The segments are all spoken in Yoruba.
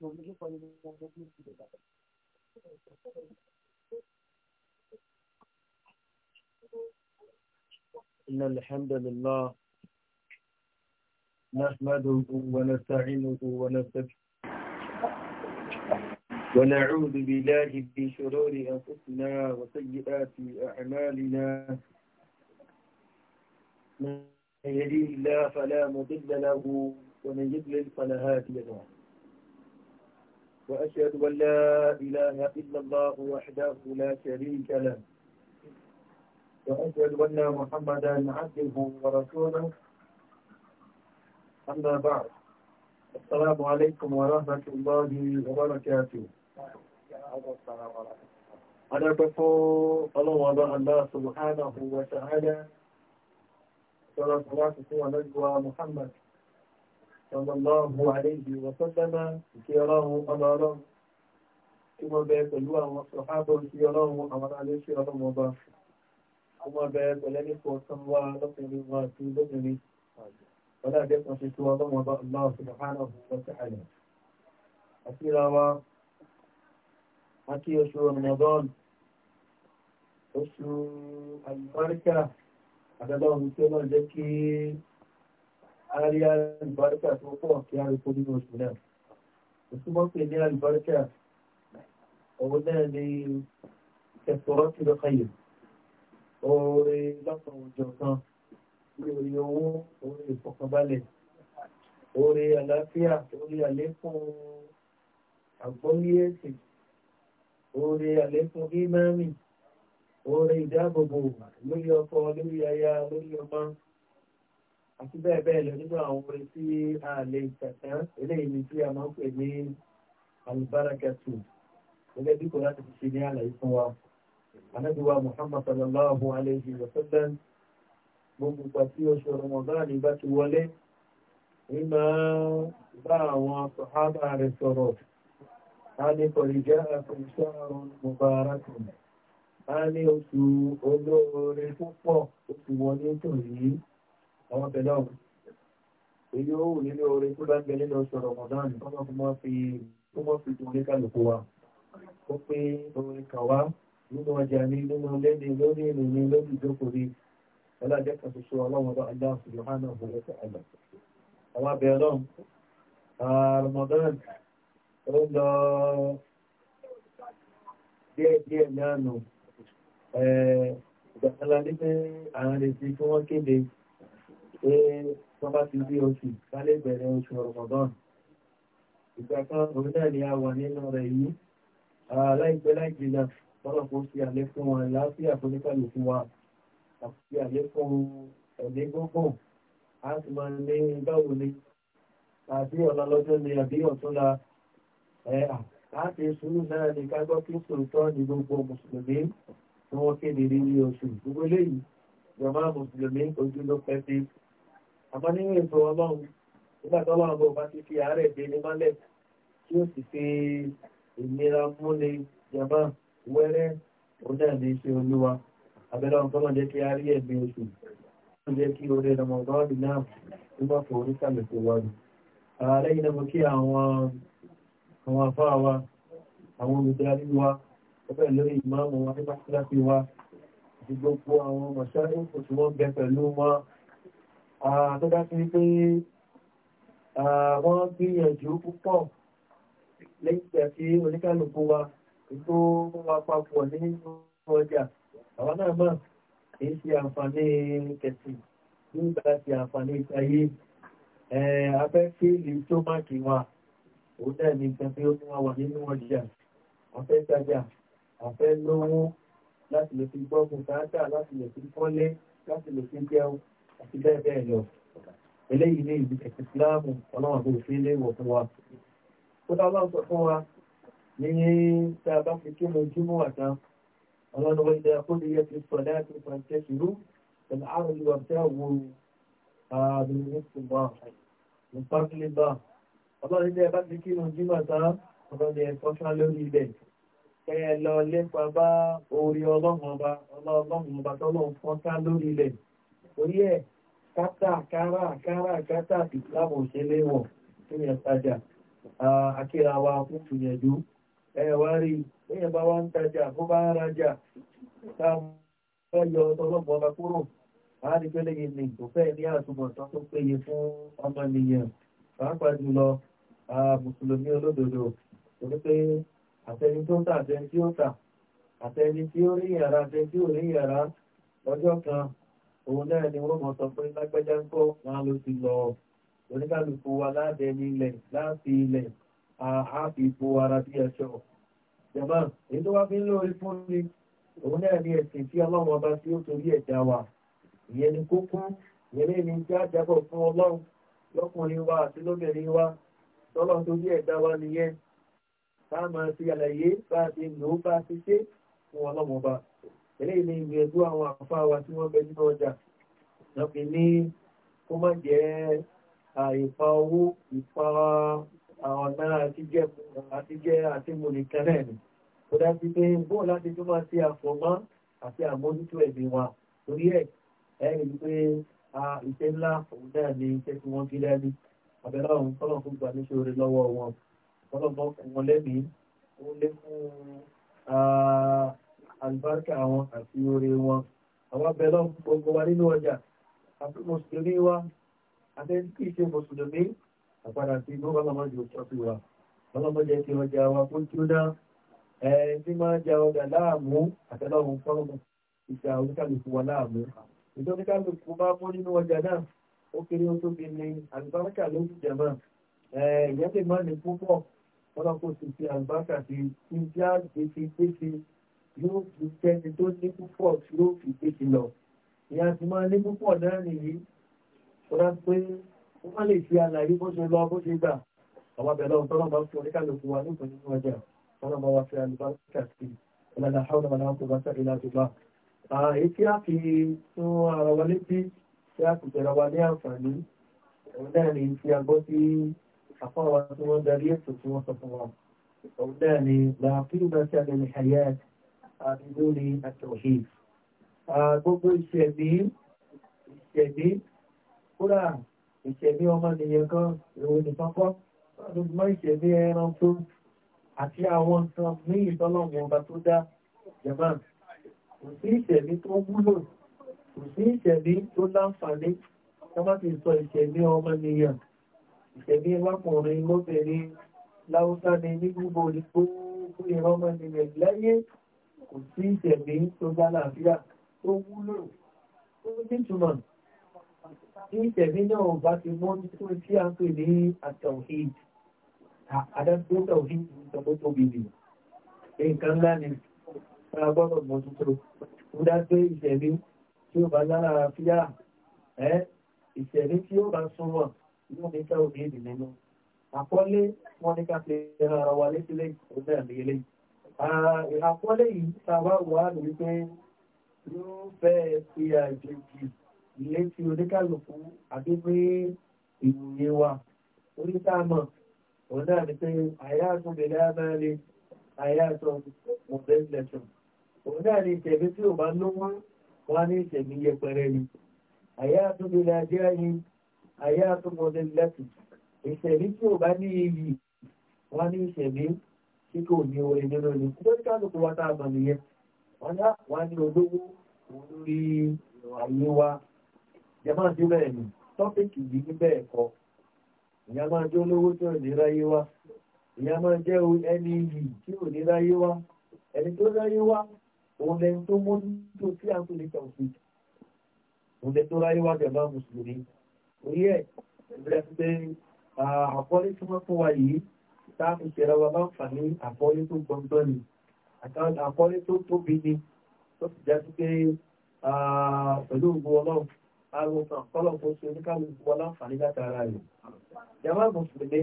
إن الحمد لله نحمده ونستعينه ونستغفره ونعوذ بالله من شرور أنفسنا وسيئات أعمالنا من يهديه الله فلا مضل له ومن يضلل فلا هادي له وأشهد أن لا إله إلا الله وحده لا شريك له وأشهد أن محمدا عبده ورسوله أما بعد السلام عليكم ورحمة الله وبركاته أنا بفو الله وضع الله سبحانه وتعالى صلى الله عليه وسلم محمد sallallahu alayhi wa sallam kí ọlọ́run ọlọ́run tí wọ́n bẹ pẹ̀lú àwọn sọ̀hábọ̀ sí ọlọ́run àwọn aléṣẹ́ ọlọ́run ọba ọmọ bẹ pẹ̀lẹ́ ní kọ̀ọ̀kan wá lọ́kùnrin wá sí lóbìnrin ọlá àdẹ́kùn ṣe tó ọlọ́run ọba Allah subhanahu wa ta'ala àti ìrawa àti oṣù àárí àlùbáríkà tó pọ̀ kí a rí kó nínú oṣù náà òtúmọ̀ pé ní àlùbáríkà òun náà ni kẹsọ̀rọ̀ ti lọ kàyè oore lọ́sàn òjò kan ní orí owó orí ìfọkànbalẹ̀ oore àlàáfíà orí àlékún àgbọ́yé ẹ̀sìn oore àlékún ímẹ́rìn oore ìdáàbòbò lórí ọkọ lórí aya lórí ọmọ àti bẹ́ẹ̀ bẹ́ẹ̀ lọ nínú àwọn orin tí a lè tẹ̀tẹ̀ eléyìí ni tí a máa ń pè ní alibarakatu gẹ́gẹ́ bí kò láti fi ṣe ní àlàyé fún wa anábì wa muhammad sallallahu alayhi wa sallam gbogbo ìgbà tí oṣù ramadan bá ti wọlé ní máa bá àwọn sọ̀hábà rẹ̀ sọ̀rọ̀ a ní kọ̀rìjẹ́ àkùnṣẹ́ àrùn mubarakun a ní oṣù olóore púpọ̀ oṣù wọlé tòun yìí àwọn tẹ̀lé ọ̀hún èyí ó wù nílé orí tó bá ń bẹ nínú oṣù rọmọdán ọmọ fún wọn fi tó wọn fi tún oníkàlùkù wa ó pé orin kà wá nínú ọjà ní nínú lẹ́ni lórí ìrìnrìn lórí ìjókòrí ọlọ́jẹ́ kan ṣoṣo ọlọ́run bá ajá òṣèlú hánà òṣèlú àgbà àwọn abẹ ọlọ́run rọmọdán ó lọ díẹ̀ díẹ̀ náà nù ìgbàkanlá ní pé àwọn èsì tí wọ́n kéde pé tó bá ti rí oṣù kálẹ̀ bẹ̀rẹ̀ oṣù ọ̀rọ̀mọ̀dán ìgbà kan òun náà ni a wà nínú rẹ̀ yìí ah, láìpẹ́ láìjìnà tọ́lọ̀ kó sí àlékún wọn láàfíà tó ní kálù fún wa àti àlékún ẹ̀mí gbọ́gbọ̀n a sì máa ní báwo ni àbí ọ̀la lọ́jọ́ ni àbí ọ̀túnla ẹ̀ láti sùúrù náà ni ká gbọ́ kí sòótọ́ ni gbogbo mùsùlùmí tí wọ́n kéde ní oṣù gbogbo eléyìí jọba mùsùlùmí ojú ló pẹ́ sí àmọ́ nínú ètò ọlọ́run nígbà tó ọlọ́run bó bá ti fi àárẹ̀ dé ní mọ́lẹ̀ tí ó sì fi ìnira múlẹ̀ jàmbá wẹ́rẹ́ onídàáni ṣe olúwa abẹ́rẹ́ ọ̀hún tọ́lọ̀ jẹ́ kí a rí ẹ̀mí oṣù tó jẹ́ kí orí ọmọdọ́ọ̀dì náà nígbà tó orí sàlẹ̀ tó wà ní. ààrẹ yìí mo kí àwọn afá wa àwọn olùdarí wa ọbẹ̀ lórí ìmáàmù wa nípa síláṣí wa àti gbogbo àwọn mọ̀ṣáláṣí tí wọ́n bẹ pẹ̀lú tó dá sí pé wọ́n gbìyànjú púpọ̀ lẹ́yìn tí oníkàlùkù wa tó wá papọ̀ nínú ọjà àwọn náà mọ̀ kìí ṣe àǹfààní kẹsì nígbà tí àǹfààní ayé abẹ́ sí ìlú tó má kí wa òun náà ní nǹkan tí ó mú wa wà nínú ọjà afẹ́ tajà afẹ́ lówó láti lè fi gbọ́ bùkátà àti bẹ́ẹ̀ bẹ́ẹ̀ lọ eléyìí ní ìlú ìsìláàmù ọlọ́run kò fi lé wọ̀ fún wa ó dá ọlọ́run sọ fún wa ní tá a bá fi kí mo jú mọ́ àtà ọlọ́run wọ́n ìdá kó lè yẹ ti sọ láti fàǹtẹ́ ṣùgbọ́n pẹ̀lú àrùn ìwà tẹ́ wo ààrùn ní ṣùgbọ́n ní pàtìlẹ̀ bá ọlọ́run ìdá bá fi kí mo jú mọ́ àtà ọlọ́run ẹ̀ fọ́nṣá lórí ilẹ̀ kẹ́ ẹ lọ lépa bá orí ọlọ́run ọba ọlọ́run ọba tọ́lọ́run fọ́nṣá lórí ilẹ̀ torí ẹ̀ kátà kárà kárà kátà ìsìlámù òṣèlé wọ̀ tó yẹ tajà àkíra wa fún tùyẹ̀dú ẹ̀wà rí lẹ́yìn bá wá ń tajà bó bá ń rajà táwọn yọ ọlọ́pọ̀ ọba kúrò wá ní pé lẹ́yìn ní kò fẹ́ ní àtúbọ̀tán tó péye fún ọmọnìyàn pàápàá jùlọ mùsùlùmí olódodo torí pé àtẹni tó ń tà àtẹni tí ó tà àtẹni tí ó rí yàrá àtẹni tí ó rí yàrá lọ́jọ́ kan òun náà ni wọ́n mọ̀ sọ pé lágbẹ́já ń kọ́ wọn ló ti lọ oníkàlùkù wa láàdẹ nílẹ̀ láti ilẹ̀ àáfi ipò ara bí ẹ̀ṣọ́ jẹ̀mọ́ èyí tó wá fi ń lò orí fún mi òun náà ni ẹ̀sìn tí ọlọ́run ọba tí ó torí ẹ̀dá wa ìyẹn ni kókó ìyẹn ní ní tí a jábọ̀ fún ọlọ́run lọ́kùnrin wa àti lóbìnrin wa tọ́lọ́run torí ẹ̀dá wa nìyẹn bá máa fi àlàyé bá ti lò ó bá ti ṣe fún ọlọ́run ọba eléyìí ni ìgbìyànjú àwọn àfáà wa tí wọ́n bẹ nínú ọjà lọ́pẹ́ ní kó má jẹ́ ìpa owó ìpa ọ̀nà àtijẹ́ àti mùnìkan náà ni kó dájú pé bóò láti tó máa ṣe àfọ̀mọ́ àti àmójútó ẹ̀mí wa torí ẹ̀ ẹ̀ rí pé iṣẹ́ ńlá òun náà ni iṣẹ́ tí wọ́n fi dání àbẹ̀rẹ̀ ọ̀hún kọ́lọ̀ fún gbà ní ṣòro lọ́wọ́ wọn kọ́lọ̀ mọ́ àlùbáríkà wọn àti oore wọn àwọn abẹ́lọ́ gbogbo wa nínú ọjà àti mùsùlùmí wa àti kí ṣe mùsùlùmí àpadà sí inú ọlọ́mọdé òṣọ́sí wa ọlọ́mọdé ti ọjà wa kó tí ó dá ẹni máa jẹ ọjà láàmú àtẹ́lọ́run fọ́ọ̀mù ìṣà oníkàlùkù wa láàmú ìjọ́níkàlùkù bá mú nínú ọjà náà ó kéré ó tóbi ní àlùbáríkà ló ń jẹ̀ máa ìyẹn lè má ní púpọ̀ ọlọ́kùnrin ti yóò fi tẹni tó ní púpọ̀ tí yóò fi tètè lọ ìyá ti máa ní púpọ̀ náà nìyí ọ̀rá pé wọ́n lè fi àlàyé bó ṣe lọ bó ṣe gbà àwọn abẹ̀lẹ̀ ọ̀tọ́nà bá fi oníkàlùkù wa ní ìpínlẹ̀ ọjà wọn máa wá fi àlùbáríkà sí ìlànà àwọn ọmọ náà kò bá sáré láti bá èyí tí a fi tún àti lórí àtọ̀hì gbogbo ìṣẹ̀bí ìṣẹ̀bí kúrà ìṣẹ̀bí ọmọnìyàn kan ìròyìn ìfọ́fọ́ lọ́dúnmọ́ ìṣẹ̀bí ẹran tó àti àwọn nǹkan ní ìtọ́lọ́mù ọba tó dá jẹ̀mọ́ kò sí ìṣẹ̀bí tó wúlò kò sí ìṣẹ̀bí tó láǹfààní tó má ti sọ ìṣẹ̀bí ọmọnìyàn ìṣẹ̀bí lákùnrin lóbìnrin láwùsá ni ní gbogbo ìgbó ìrọmọnìyàn lẹ́yìn kò sí ìtẹ̀lé tó bá làbíyà tó wúlò tó nítumọ̀ tí ìtẹ̀lé náà bá ti mọ́ tó tí a pè ní àtọ̀hìd àdájọ́ tọ̀hìd ìtọ́gbó tóbi jù nǹkan ńlá ni a gbọ́dọ̀ mọ̀ tuntun ó dájú ìtẹ̀lé tí ó bá lára fíyà ẹ́ ìtẹ̀lé tí ó bá súnmọ̀ yóò ní tọ̀hìd nínú àkọ́lé wọn ní ká fi ara wa létílé òun náà ní eléyìí Ah, àpọ́lẹ̀ yìí sábà wà lórí pé yóò fẹ́ fi àjèjì ilé tí oníkàlùkù àti pé ìwòye wa onítàmọ̀ òun náà ni pé àyáàtún bẹ̀rẹ̀ amáyálé àyáàtún mọ̀bẹ́lẹ̀tún òun náà ni ìtẹ̀mí tí ò bá lówó wá ní ìtẹ̀mí yẹpẹrẹ ni àyáàtún bẹ̀rẹ̀ ajáyí àyáàtún mọ̀bẹ́lẹ̀tún ìtẹ̀mí tí ò bá ní iyì wá ní ìtẹ̀mí tí kò ní orin nínú ni tó ń kálukú wá táàbà nìyẹn wọn ní wá ní olówó òun lórí wa jẹmọ́ bẹ́ẹ̀ ni tọ́pìkì yìí ní bẹ́ẹ̀ kọ́ ìyá máa jẹ́ olówó tí ò ní ráyé wá ìyá máa jẹ́ ẹni yìí tí ò ní ráyé wá ẹni tó ráyé wá òun lẹni tó mójútó tí a ń pè ní tọ̀sík òun lẹni tó ráyé wá jẹ̀mọ́ mùsùlùmí orí ẹ̀ ìbẹ̀rẹ̀ pé àkọ́lé tí wọ́n fún wa yìí táàkì tẹ̀rọ wa bá ń fà ní àkọ́lé tó gbọ́ngbọ́n ni àkọ́lé tó tóbi ni tó sì já sí pé pẹ̀lú ògbó ọlọ́run àwọn ọ̀pọ̀lọpọ̀ tó ṣe oníkàlùkù wa láǹfààní látara rẹ̀. Ìjọba Mùsùlùmí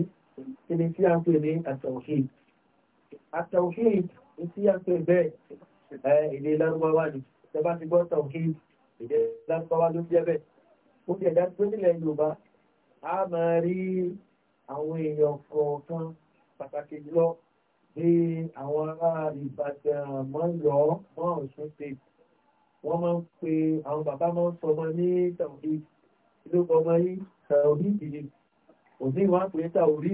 ti ni tí a ń pè ní àtàwùhíd. Àtàwùhíd ní tí a ń pè bẹ́ẹ̀ èdè lárúbáwá ni. Ìjọba ti gbọ́ tàwùhíd èdè lárúbáwá ló jẹ́ bẹ́ẹ̀. Ó ti ẹ̀dá tó nílẹ̀ Yorùbá, a máa rí àwọn èèyàn kọ̀ọ̀kan pàtàkì jùlọ bí àwọn ará Ìbàdàn mọ́yọ́ mọ́ Ọ̀ṣun state wọ́n máa ń pe àwọn bàbá máa ń sọmọ ní tàbí ìlú ọmọ yìí tàbí ìdílé òní wọ́n á pè é tàbí òní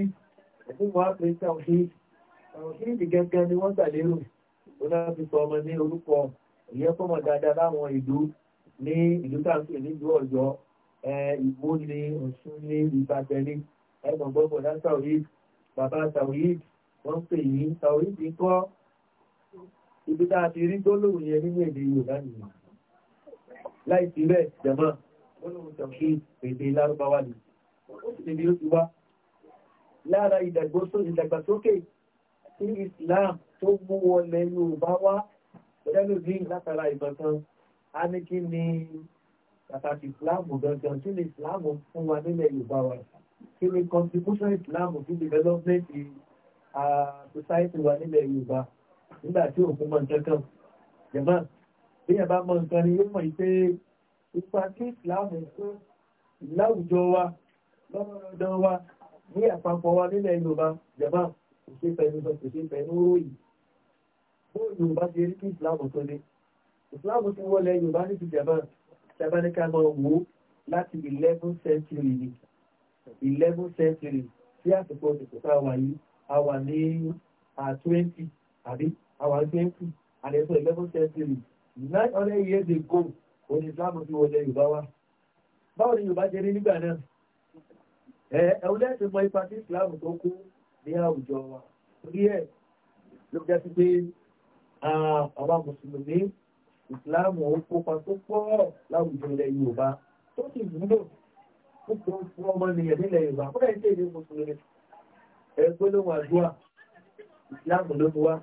wọ́n á pè é tàbí tàbí ìdí gẹ́gẹ́ ni wọ́n gbà lérò ó náà fi sọ ọmọ ní orúkọ ìyẹn fọmọ dáadáa láwọn ìlú ní ìlú tàbí nílùú Ọ̀yọ́ Ìgbó ni Ọ̀ṣun ní Ìbàdàn ni ẹgbọ̀n gbọ́gbọ̀n dá tàbí bàbá tawhid wọ́n pè ní tawhid kọ́ ibi tá a ti rí gbólóhùn yẹn nínú èdè yorùbá nìyẹn láì sí bẹ́ẹ̀ jẹ̀mọ́ gbólóhùn tawhid èdè lárúbáwá ni ó sì níbi ó ti wá lára ìdàgbàsókè tí islam tó mú wọlé yorùbá wá pẹ̀lú bí látara ìbọ̀tán a ní kí ni pàtàkì islam gangan kí ni islam fún wa nílẹ̀ yorùbá wa kí ni contribution Islam to development in uh, society wa nílẹ̀ Yorùbá nígbà tí òkú mọ̀ nǹkan kan jẹ̀mọ́ bí yẹn bá mọ̀ nǹkan ni yóò mọ̀ pé ipa tí Islam kú láwùjọ wa lọ́rọ̀dán wa ní àpapọ̀ wa nílẹ̀ Yorùbá jẹ̀mọ́ kò ṣe fẹ̀yìn sọ kò ṣe fẹ̀yìn ròyìn bó Yorùbá ti rí kí Islam tó dé Islam ti wọlé Yorùbá ní ti jẹ̀mọ́ ṣàbáníkà máa wò láti eleven century ni eleven century sí àsìkò òṣèlú tá a wà yìí a wà ní twenty àbí a wà ní twenty and ẹ̀sọ́ eleven century nine hundred years ago òní islam ti wọlé yorùbá wa báwo ni yorùbá ṣe rí nígbà náà ẹ ẹwúlẹ́ ti mọ ipa tí islam tó kú ní àwùjọ wa torí ẹ ló jẹ́ sí pé àwọn mùsùlùmí islam ó kópa tó pọ̀ láwùjọ ilẹ̀ yorùbá tó sì wúlò fún ọmọ ènìyàn nílẹ̀ Yorùbá kó lẹ́yìn tí èdè mùsùlùmí ẹ̀ pé ló wà dúà ìsìláàmù ló wá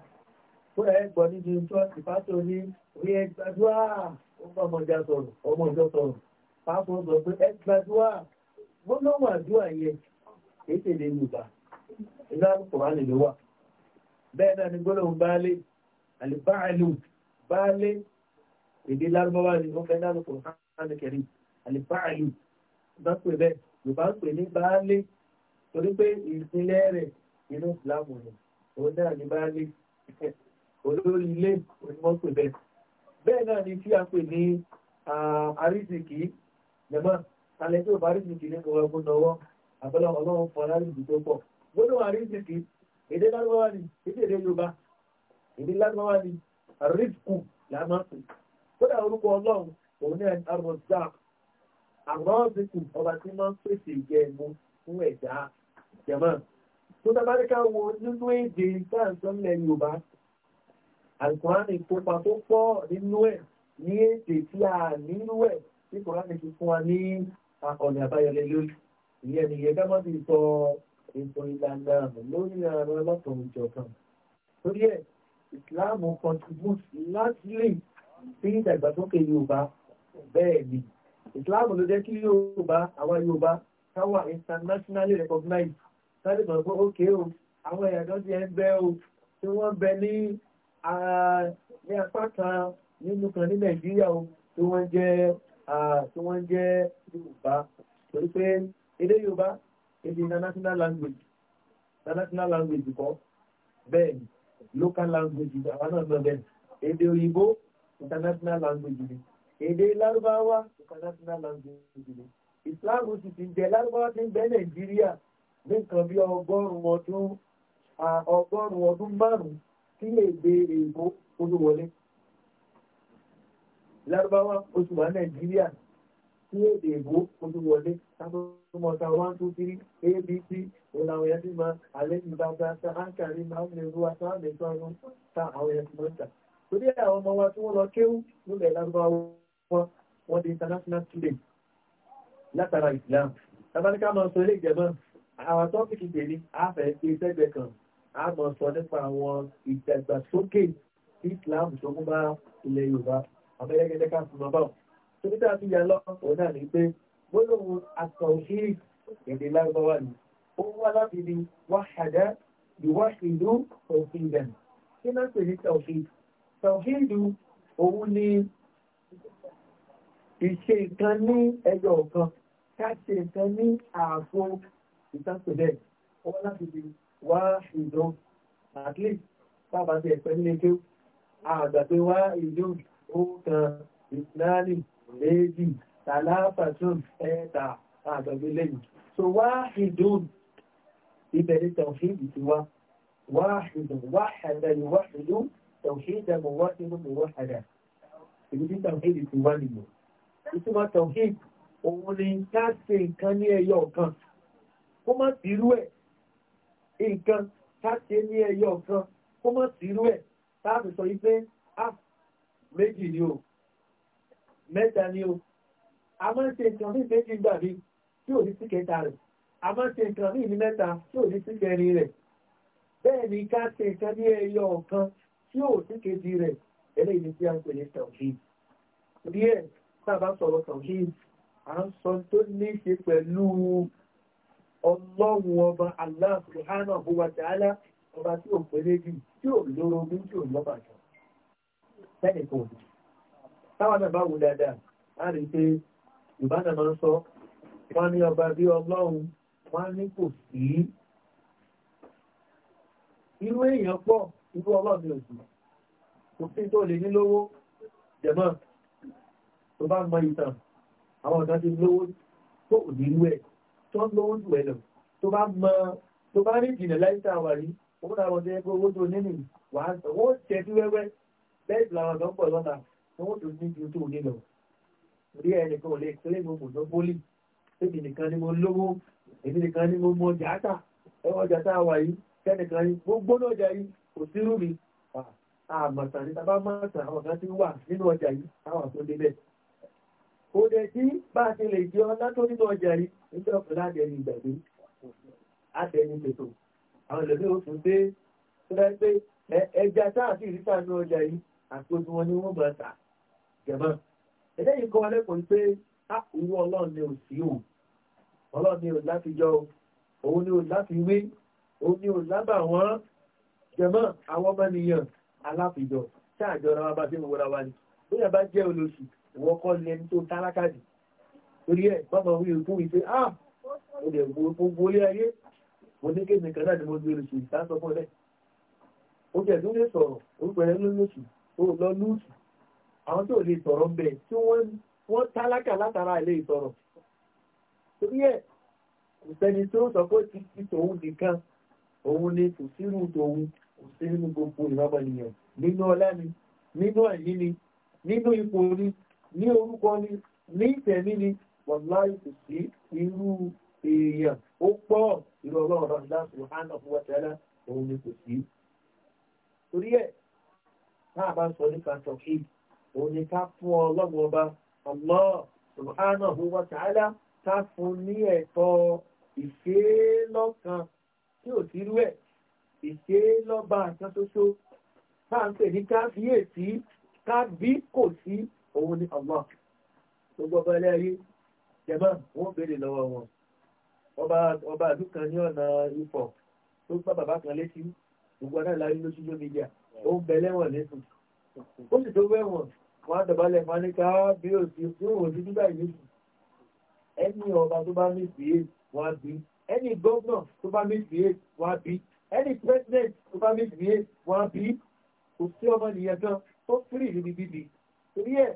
kó lẹ́yìn gbọ́ níbi tó ti pàtó ní orí ẹgbàdúà ó bá ọmọdé sọ̀rọ̀ ọmọ ìjọ sọ̀rọ̀ pàápọ̀ sọ pé ẹgbàdúà wọ́n ló wà dúà yẹn èyí tí èdè Yorùbá ìsìláàmù kò wá lè ló wà bẹ́ẹ̀ náà ni gbólóhùn baálé àlìfáàlù baálé èdè lárúbáwá ni wọ́n fẹ́ lárúkọ̀ hàn bá pè bẹ́ẹ̀ yorùbá ń pè ní baálé torí pé ìpínlẹ̀ rẹ̀ nínú ìsìlámù rẹ̀ òun náà ní baálé olórí ilé onímọ̀ pè bẹ́ẹ̀ bẹ́ẹ̀ náà ni tí a pè ní àrísìkì jẹ̀mọ́ alẹ́ tí ò bá rísìkì ní kò rọ̀gùn lọ́wọ́ àbẹ́lẹ́ ọlọ́run fún alárísìkì tó pọ̀ gbọ́dọ̀ àrísìkì èdè lárúbáwá ni èdè èdè yorùbá èdè lárúbáwá ni àrísìkù làá máa pè kódà orúkọ ọlọ́run òun náà àmọ́ bíkù ọba tí máa ń pèsè ìjẹ ẹ̀mú fún ẹ̀dá ìjẹmọ́ tó tábáríkà wo nínú èdè sáǹsọ́nlẹ̀ yorùbá àìkùránì ìkópa tó pọ̀ nínú ẹ̀ ní èdè tí a nílú ẹ̀ tí kùránì ti fún wa ní ọ̀nà àbáyọlẹ̀ lórí ìyẹn nìyẹn ká má ti sọ ètò ìlànà lórí àwọn ọlọ́tọ̀ ìjọba torí ẹ̀ ìsìláàmù contribute largely sí ìdàgbàsókè yorùbá bẹ́ẹ̀ ni ìsìláàmù ló jẹ́ kí yorùbá àwọn yorùbá káwà internationally recognized sáré sọ̀rọ̀ pé ókè o àwọn èèyàn tó ti ẹ̀ ń bẹ o tí wọ́n bẹ ní ní apá kan nínú kan ní nàìjíríà o tí wọ́n jẹ́ tí wọ́n jẹ́ yorùbá torí pé èdè yorùbá èdè international language international language kọ́ bẹ́ẹ̀ local language àwọn náà lọ bẹ́ẹ̀ èdè òyìnbó international language ni èdè lárúbáwá international language ni islam sì ti jẹ lárúbáwá ti ń bẹ nàìjíríà ní nǹkan bí ọgọ́rùn-ún ọdún ọgọ́rùn-ún ọdún márùn-ún kí èdè èèbó olúwọlé lárúbáwá oṣù wà nàìjíríà tí èdè èbó ojú wọlé sábọ́mọ́ta one two three abc òun àwọn èèyàn ti máa àlejò bàbá sa áńkàrí máa ń lè ru aṣọ àmì sọ́run ta àwọn èèyàn ti máa ń tà. torí àwọn ọmọ wa tí wọ́n lọ kéwú lólè lárúbáwá fún wọn di international student látara Islam tabaníkà máa sọ ilé ìjẹ̀mọ́ àwọn tọ́pìkì tèmi àfẹ́ ṣe sẹ́gbẹ̀ kan a mọ̀ sọ nípa àwọn ìdàgbàsókè tí Islam tó mú bá ilẹ̀ Yorùbá àbẹ́rẹ́gẹ́dẹ́ ká fún ọba tó ní dáa fi yà lọ òun náà ní pé gbólóhùn àtọ̀ṣí èdè lárúbáwá ni ó wá láti ní wáhàdá ìwáṣìlú òfin ìdàn kí náà pè ní tọ̀ṣí tọ̀ṣí ìlú òun ni ìṣe ìkan ní ẹyọ ọ̀kan káṣe ìkan ní ààfo ìtàkùnlẹ̀ ọwọ́ láti fi wá ìjọ at least bàbá ti ẹ̀pẹ́ nílé tó àgbà pé wá ìjọ ó kan ìsìláàlì méjì tàlàfàtún ẹ̀ẹ́ta àgbàgbé lẹ́yìn so wá ìjọ ìbẹ̀rẹ̀ tàwíìdì ti wá wá ìjọ wá ẹ̀dá ìwá ìjọ tàwíìdì mọ̀wá ìjọ mọ̀wá ẹ̀dá ìbí tàwíìdì ti wá nìyẹn ìtumọ̀ tọ̀hìn òun ni ká ṣe nǹkan ní ẹyọ kan kó má sírú ẹ̀ nǹkan ká ṣe ní ẹyọ kan kó má sírú ẹ̀ táàbì sọ wípé áf ah, méjì ni o mẹ́ta ni o a máa ń ṣe nǹkan ní méjì gbà mí tí ò ní sí kẹta rẹ̀ a máa ń ṣe nǹkan ní mẹ́ta tí ò ní sí kẹrin rẹ̀ bẹ́ẹ̀ ni ká ṣe nǹkan ní ẹyọ kan tí ò sí kejì rẹ̀ eléyìí tí a ń pè ní tọ̀hìn tàbá sọ̀rọ̀ tawhid à ń sọ tó ní ṣe pẹ̀lú ọlọ́run ọba Allah subhanahu wa ta'ala ọba tí ò pẹ́lẹ́ jù tí ò lórogún tí ò lọ́bàjọ́ lẹ́nì kan òdì táwọn náà bá wù dáadáa á rí pé ìbáná máa ń sọ wọ́n ní ọba bí ọlọ́run wọ́n ní kò sí irú èèyàn pọ̀ irú ọlọ́run ò sí kò sí tó lè ní lówó jẹ̀mọ́ tó bá mọ ìtàn àwọn ọ̀dọ́ ti lówó tó ò ní irú ẹ̀ tó ń lówó jù ẹ lọ tó bá mọ tó bá rí ìjìnlẹ̀ láìsí àwọn àrí owó náà wọ́n ti yẹ pé owó tó nínú wà á sọ wọ́n tẹ̀ sí wẹ́wẹ́ bẹ́ẹ̀ sì làwọn ọ̀dọ́ ń pọ̀ lọ́ta tí wọ́n tó ní ju tó ní lọ. orí ẹ̀ nìkan ò lè kílé mo mọ̀ tó bólì èmi nìkan ni mo lówó èmi nìkan ni mo mọ jàátà ẹ wọ́n jàátà wà yìí kẹ́nìkan yìí gbogbo náà yìí kò sí mi àmọ̀tàn ni tàbá mọ̀tàn àwọn kan ti wà nínú ọjà yìí àwọn àtúndé bẹ́ẹ̀ kò dẹ̀ tí bá ti lè jẹ ọlá tó nínú ọjà rí nígbà ọ̀pọ̀ láti ẹni ìgbàgbé láti ẹni àwọn ìlẹ̀lẹ́ oṣù pé tó pé ẹja táà ìrísà ní ọjà yìí àti ojú wọn ni wọ́n bá jẹ̀mọ́ ẹ̀dẹ́ yìí kọ́ ni ò sí ò ọlọ́run ni ò láti jọ òun ni ni ò lábà wọ́n jẹ̀mọ́ àwọn ọmọ nìyàn aláfijọ́ wa bá ti ń wọra wa wọ́n kọ́ lẹ́nu tó tálákà jù torí ẹ̀ bọ́mọ̀ wí fún mi pé ah mo lè gbogbo ilé ayé mo ní kéde kan láti mo gbé oṣù ìta sọ fún ẹ ó jẹ́ ló lè sọ̀rọ̀ orúkọ ẹ ló lóṣù ó lọ lóṣù àwọn tó lè sọ̀rọ̀ ń bẹ̀ tí wọ́n tálákà látara ilé ìsọ̀rọ̀ torí ẹ̀ kò sẹ́ni tó sọ pé títí tòun nìkan òun ni kò sírù tòun kò sí nínú gbogbo ìrọ̀mọ̀nìyàn nínú ọlá ni nínú ẹ̀yìn ni nínú ipò ni ní orúkọ ni ní ìtẹ̀mí ni wàláì kò sí irú èèyàn ó pọ̀ irú ọlọ́run ọ̀dá subhanahu wa ta'ala òun ni kò sí. torí ẹ̀ náà bá ń sọ nípa tọ̀kì òun ni ká fún ọlọ́run ọba ọlọ́ subhanahu wa ká fún ní ẹ̀tọ́ ìṣeélọ́kan tí ò sí rú ẹ̀ ìṣeélọ́ba kan bá ń pè ní kábíyèsí kábí kò sí òun ni Allah tó gbọ́bọ́ ilé ayé jẹba wọ́n béèrè lọ́wọ́ wọn ọba àdúkan ní ọ̀nà ipò tó gbá bàbá kan létí gbogbo náà láyé lójú lómi yà ó ń bẹ lẹ́wọ̀n lẹ́sùn ó sì tó wẹ̀wọ̀n wọn á dọ̀bálẹ̀ fún aníkà bí ó ti fún òun sí nígbà yìí ẹni ọba tó bá mí sí wọn á bí ẹni gómìnà tó bá mí sí wọn á bí ẹni president tó bá mí sí wọn á bí kò sí ọmọ nìyẹn kan tó fírì níbi bíbí torí ẹ̀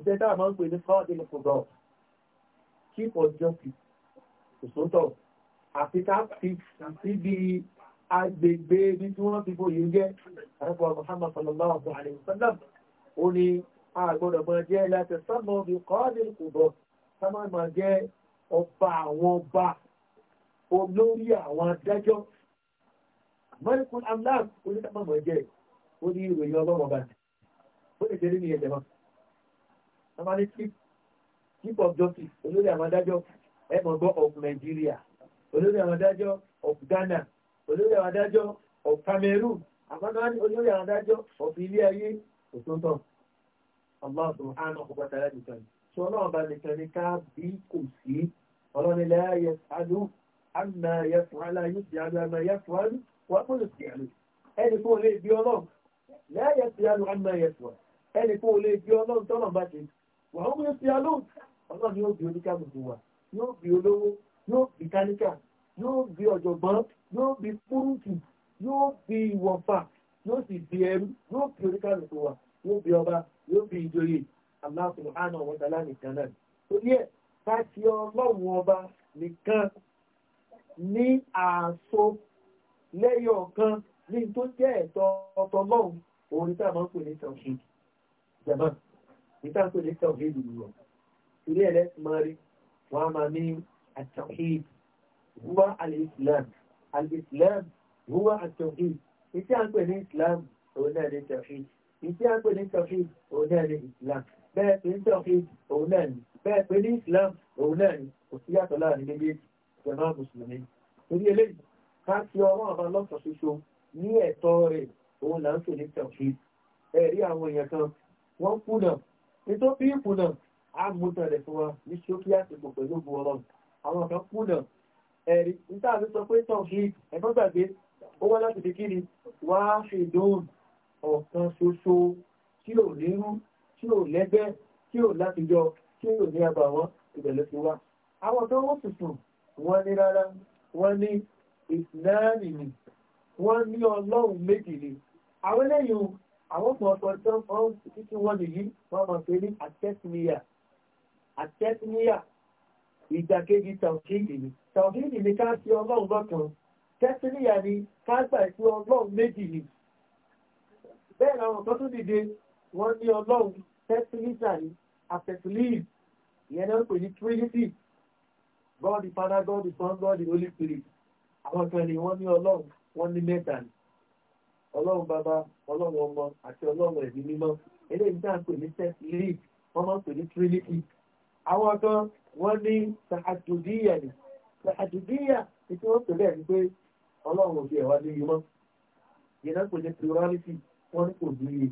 ìjẹ́ tá a máa ń pè ní fáwọn ìlú kòdọ̀ chief of justice òṣòótọ́ àti káàkiri síbi agbègbè bí tí wọ́n ti fòye jẹ́ àrẹ́pọ̀ Muhammad sallallahu alaihi wasallam ó ní àgbọ̀dọ̀ máa jẹ́ láti sọ́mọ́ bí kọ́ọ̀dì kòdọ̀ sámá máa jẹ́ ọba àwọn ọba olórí àwọn adájọ́ mọ́lẹ́kùn amlam oníkàmọ́ jẹ́ ó ní ìròyìn ọlọ́mọba ni ó lè jẹ́rí ní ẹ̀jẹ̀ wọn. wọ́n máa ní chief of justice olórí àwọn adájọ́ ẹ̀mọ̀gbọ́ of Nigeria olórí àwọn adájọ́ of Ghana olórí àwọn adájọ́ of Cameroon àmọ́nà olórí àwọn adájọ́ of ilé ayé òtótọ́ Allah subhanahu wa ta'ala nìkan tí ọlọ́run bá nìkan ní ká bí kò sí ọlọ́run ilẹ̀ ayé adú àmà yẹfun aláyé ti àlọ́ àmà yẹfun alú wọ́n kò lè sí àlọ́ ẹni fún olè bí ọlọ́run lẹ́yẹ ti àlọ́ àmà yẹfun alú ẹni kó o lè bí ọlọ́run tọ́nà bá ṣe wà ó sí alóhùn ọlọ́run yóò bí oníkàgbègbè wa yóò bí olówó yóò bí káníkà yóò bí ọ̀jọ̀gbọ́n yóò bí kúrúùtù yóò bí ìwọ̀nfà yóò sì bí ẹrú yóò bí oníkàgbègbè wa yóò bí ọba yóò bí ìjòyè aláàfin àná ọ̀wọ́dàlá nìkan náà torí ẹ̀ ká ti ọlọ́run ọba nìkan ní àṣọ lẹ́yọ̀ ní tó jẹ́ ẹ̀tọ́ ọ̀tọ̀ ọlọ́run òun ní sábà ń pè ní tàwọn jẹ̀mọ́ ìtàkùn lè tẹ̀ òfin ìlú wọn ilé ẹlẹ́sìn máa rí wọn a máa ní àtàwíìd wúwá alìsílám alìsílám wúwá àtàwíìd ìtí à ń pè ní islam òun náà ní tàwíìd ìtí à ń pè ní tàwíìd òun náà ní islam bẹ́ẹ̀ pé ní tàwíìd òun náà ní bẹ́ẹ̀ pé ní islam òun náà ní kò sí yàtọ̀ láàrin méjèèjì jẹ̀mọ́ mùsùlùmí torí eléyìí ká ti ọwọ́ ọba lọ́sọ̀ ṣoṣo ní ẹ̀tọ́ rẹ̀ òun là ń pè ní tàwíìd ẹ̀rí àwọn èèyàn kan wọ́n kùnà nítorí bí kùnà á mú tẹ̀lẹ̀ fún wa ní ṣókí àsìkò pẹ̀lú bu ọlọ́run àwọn kan kùnà ẹ̀rí níta àti sọ pé tàn kí ẹ̀fọ́ gbàgbé ó wá láti fi kí ni wá ṣe ìdóhùn ọ̀kan ṣoṣo tí ò nírú tí ò lẹ́gbẹ́ tí ò látijọ́ tí ò ní àbàwọ́n ìbẹ̀lẹ̀ ti wá àwọn tó wọ́n tuntun wọ́n ní rárá wọ́n ní ìsìnáàlì ni wọ́n ní ọlọ́run méjì ni àwọn eléyìí àwọn ọmọ ọkọ̀ tó ń fọ́n títí wọ́n lè yí wọ́n mọ̀ pé ní àtẹ́síníyà àtẹ́síníyà ìgbàkejì tàùkìdì ni tàùkìdì ni ká sí ọlọ́run lọ́kan tẹ́síníyà ni ká gbà sí ọlọ́run méjì ni bẹ́ẹ̀ làwọn kan tó dìde wọ́n ní ọlọ́run tẹ́síníyà ni àtẹ̀síníyà ìyẹn náà pè ní trinity god the father god the son god the holy spirit àwọn kan ni wọ́n ní ọlọ́run wọ́n ní mẹ́ta ni ọlọ́run bàbá ọlọ́run ọmọ àti ọlọ́run ẹ̀mí mímọ́ eléyìí tá à ń pè ní set lead wọ́n máa ń pè ní trinity àwọn kan wọ́n ní sàádùdíyà ni sàádùdíyà ni tí wọ́n pè bẹ́ẹ̀ ni pé ọlọ́run òfin ẹ̀wá ní yìí mọ́ yẹn náà pè ní plurality wọ́n ní kò dúyè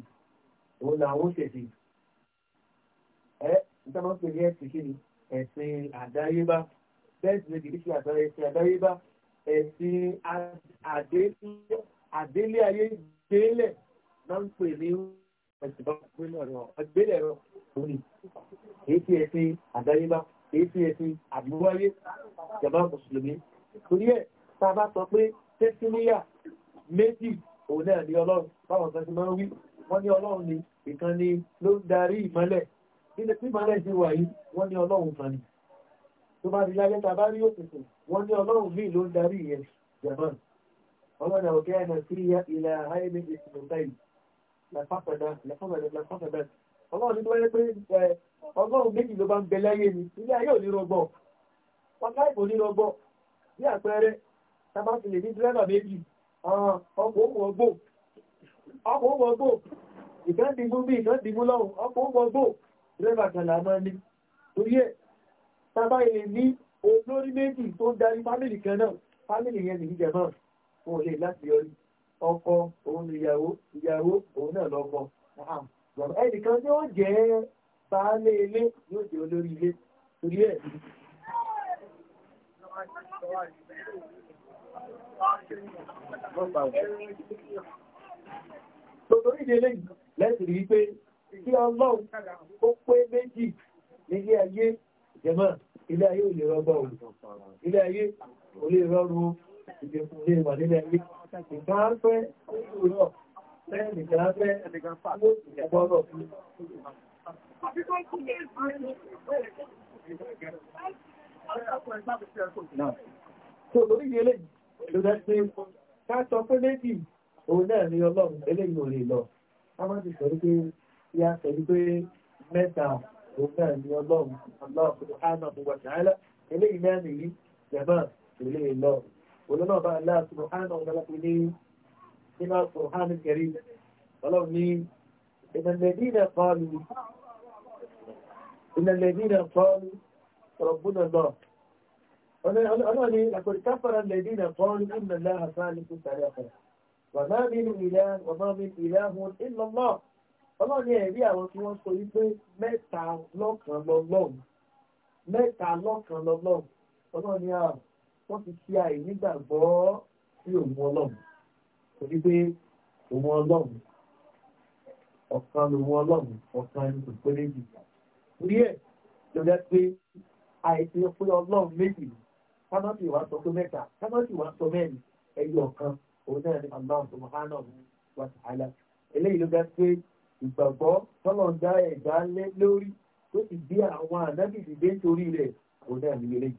òun làwọn ṣẹ̀ṣẹ̀ ẹ nígbà máa ń pè ní ẹ̀sìn kí ni ẹ̀sìn àdáyébá bẹ́ẹ̀ sì ni kì í ṣe àdáyébá ẹ̀sìn àdéhùn àdélé ayé gbélẹ̀ náà ń pè ní ọ̀gbélẹ̀ rọ òní èyí tí ẹ fi àdáyébá èyí tí ẹ fi àbúwáyé ìjọba mùsùlùmí torí ẹ̀ tá a bá sọ pé tẹ́síníyà méjì òun náà ní ọlọ́run báwọn kan ti máa ń wí wọ́n ní ọlọ́run ni ìkan ni ló ń darí ìmọ́lẹ̀ nílẹ̀ tí ìmọ́lẹ̀ ti wà yìí wọ́n ní ọlọ́run kan ni tó bá di láyé tá a bá rí òkùnkùn wọ́n ní ọlọ́run míì ló ń darí ìyẹn jẹ̀mọ́nù ولو كان فيها إلهين اثنتين لفقدت لفقدت لفقدت ọlọ́run ní tó wáyé pé ọlọ́run méjì ló bá ń bẹ láyé ni ilé ayé ò ní rọgbọ wọn láì kò ní rọgbọ bí àpẹẹrẹ tábà sì lè ní dírẹ́bà méjì ọkọ̀ òun ọgbò ọkọ̀ òun ọgbò ìkan dìbò bí ìkan dìbò lọ́hùn ọkọ̀ òun ọgbò dírẹ́bà kàlà máa ní torí ẹ̀ tábà lè ní olórí méjì tó ń darí fámìlì kan náà fámìlì yẹn nìyí jẹ náà ó lè láti yọrí ọkọ òun ìyàwó ìyàwó òun náà lọ́kọ ẹnìkan tí ó jẹ́ baálé ilé yóò jẹ́ olórí ilé torí ẹ̀ Tòtòrí ìdílé lẹ́sì rí pé kí ọlọ́run ó pé méjì nílé ayé jẹ́mọ́ ilé ayé ò lè rọgbọ́ òun. Ilé ayé ò lè rọrùn ìgbẹ̀kùnlé wà nílẹ̀ ilé ìgbà ń pẹ́ òwúrọ̀ lẹ́yìn ìgbà ń pẹ́ ẹnìkan fà ló ìgbọ́rọ̀ fún So lórí ilé ló dá sí ká sọ pé méjì òun náà ni ọlọ́run eléyìí ò lè lọ. A máa ti sọ wípé ya sọ wípé mẹ́ta olólọ́ba aláàtúrò hánà ọ̀dọ́lọ́pù ní nínú àtúrò hánà kẹrí ọlọ́run ní ìnàlẹ̀dínà kọlu ìnàlẹ̀dínà kọlu rọ̀bùnà lọ ọlọ́ni àkọ̀ríkáfàrà lẹ̀dínà kọlu ìnàlá àfáàlùkù sàrẹ̀ ọ̀fẹ́ wà máa mi nù ìlà wà máa mi ìlà hun ìlọ́mọ́ ọlọ́ni ẹ̀rí àwọn tí wọ́n sọ wípé mẹ́ta lọ́kàn lọ́lọ́run mẹ́ta lọ́kàn lọ́lọ́run wọ́n ti ṣe àìnígbàgbọ́ sí òun ọlọ́run torí pé òun ọlọ́run ọ̀kan lòun ọlọ́run ọ̀kan ní ìpínlẹ̀ èdè torí ẹ̀ ló jẹ́ pé àìsí pé ọlọ́run méjì kámọ́tì wàá sọ pé mẹ́ta kámọ́tì wàá sọ mẹ́rin ẹyọ ọ̀kan òun náà ní aláwọ̀ tó máa náà wà sàálà eléyìí ló jẹ́ pé ìgbàgbọ́ tọ́lọ̀ ń dá ẹ̀dá lórí tó sì gbé àwọn ànábìsí dé torí rẹ̀ òun náà ní eléyìí.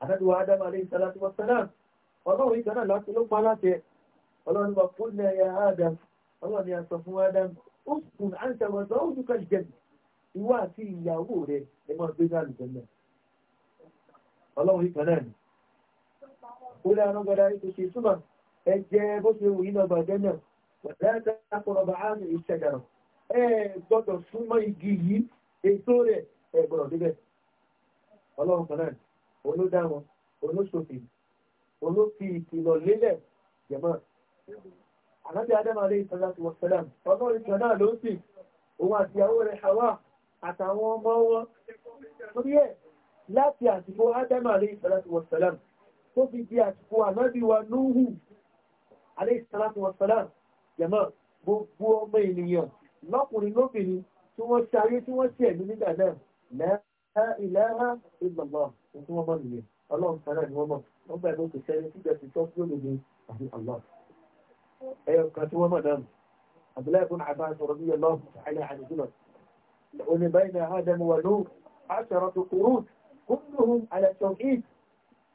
àtàdùwà adam alayhi salatu wa salam ọlọ́run ìkànnà láti ló pa láti ọlọ́run bá fún ní ẹ̀yà adam ọlọ́run ni a sọ fún adam ó sùn à ń tẹ̀wọ̀ sọ ó dúkọ̀ jẹ́ ìwọ àti ìyàwó rẹ̀ ẹ máa gbé sáà lùjẹ́ náà ọlọ́run ìkànnà ni ó lé àwọn gbọdọ̀ ètò ṣe súnmọ́ ẹ jẹ́ bó ṣe wù yín ọgbà jẹ́ náà wọ̀dá àkọrọ̀bà àmì ìṣẹ̀dàrọ̀ ẹ gbọ́dọ̀ súnmọ́ igi yìí ètò rẹ̀ ẹ gbọ́dọ̀ débẹ̀ ọlọ́run kan náà olódàwọn olóṣòfin olófi ìkìlọ̀ lélẹ̀ jẹ̀mọ́. Ànábì Adama alayhi salatu wa salam, ọmọ ìtàn náà ló sì, òun àti ìyàwó rẹ̀ Hawa àtàwọn ọmọ wọn. Torí ẹ̀ láti àsìkò Adama alayhi salatu wa salam, tó fi di àsìkò ànábì wa Núhù alayhi salatu wa salam, jẹ̀mọ́ gbogbo ọmọ ènìyàn lọ́kùnrin lóbìnrin tí wọ́n ṣe ayé tí wọ́n ṣe ẹ̀mí nígbà náà, la ilaha illallah ní tí wọ́n mọ̀ nìyẹn ọlọ́run kan náà ni wọ́n mọ̀ wọ́n gbà lókè sẹ́yìn síbẹ̀ ti tọ́ sí òdodo àti allah ẹyọ kan tí wọ́n mọ̀ náà abdullahi bin abbas sọ̀rọ̀ bí yẹlọ́ àìlẹ̀ àdìsúnà òní báyìí ní adam wà ló aṣọ̀rọ̀ tó kúrú kúndùn alẹ́ tọ́kì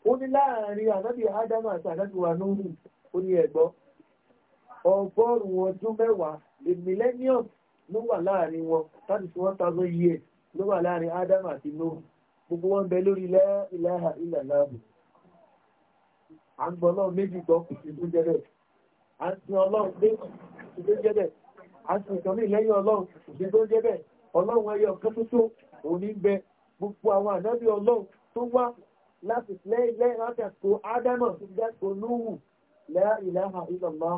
ó ní láàrin ànábì adam àti ànábì wà lórí ó ní ẹ̀gbọ́ ọgọ́rùn-ún ọdún mẹ́wàá a millennium ló wà láàrin wọn thirty one thousand years ló wà láàrin adam àti lóhùn gbogbo wọn bẹ lórí ilaha illallah à ń gbọ́ ọlọ́run méjì gbọ́ kò sí tó jẹ́ bẹ́ẹ̀ à ń sin ọlọ́run méjì kò sí tó jẹ́ bẹ́ẹ̀ à ń sin ìkan ní ìlẹ́yìn ọlọ́run kò sí tó jẹ́ bẹ́ẹ̀ ọlọ́run ẹyọ ọ̀kan tó tó òní ń bẹ gbogbo àwọn ànábì ọlọ́run tó wá láti lẹ́yìn láti àsìkò ádámọ̀ tó jẹ́ àsìkò núhù láìláha illallah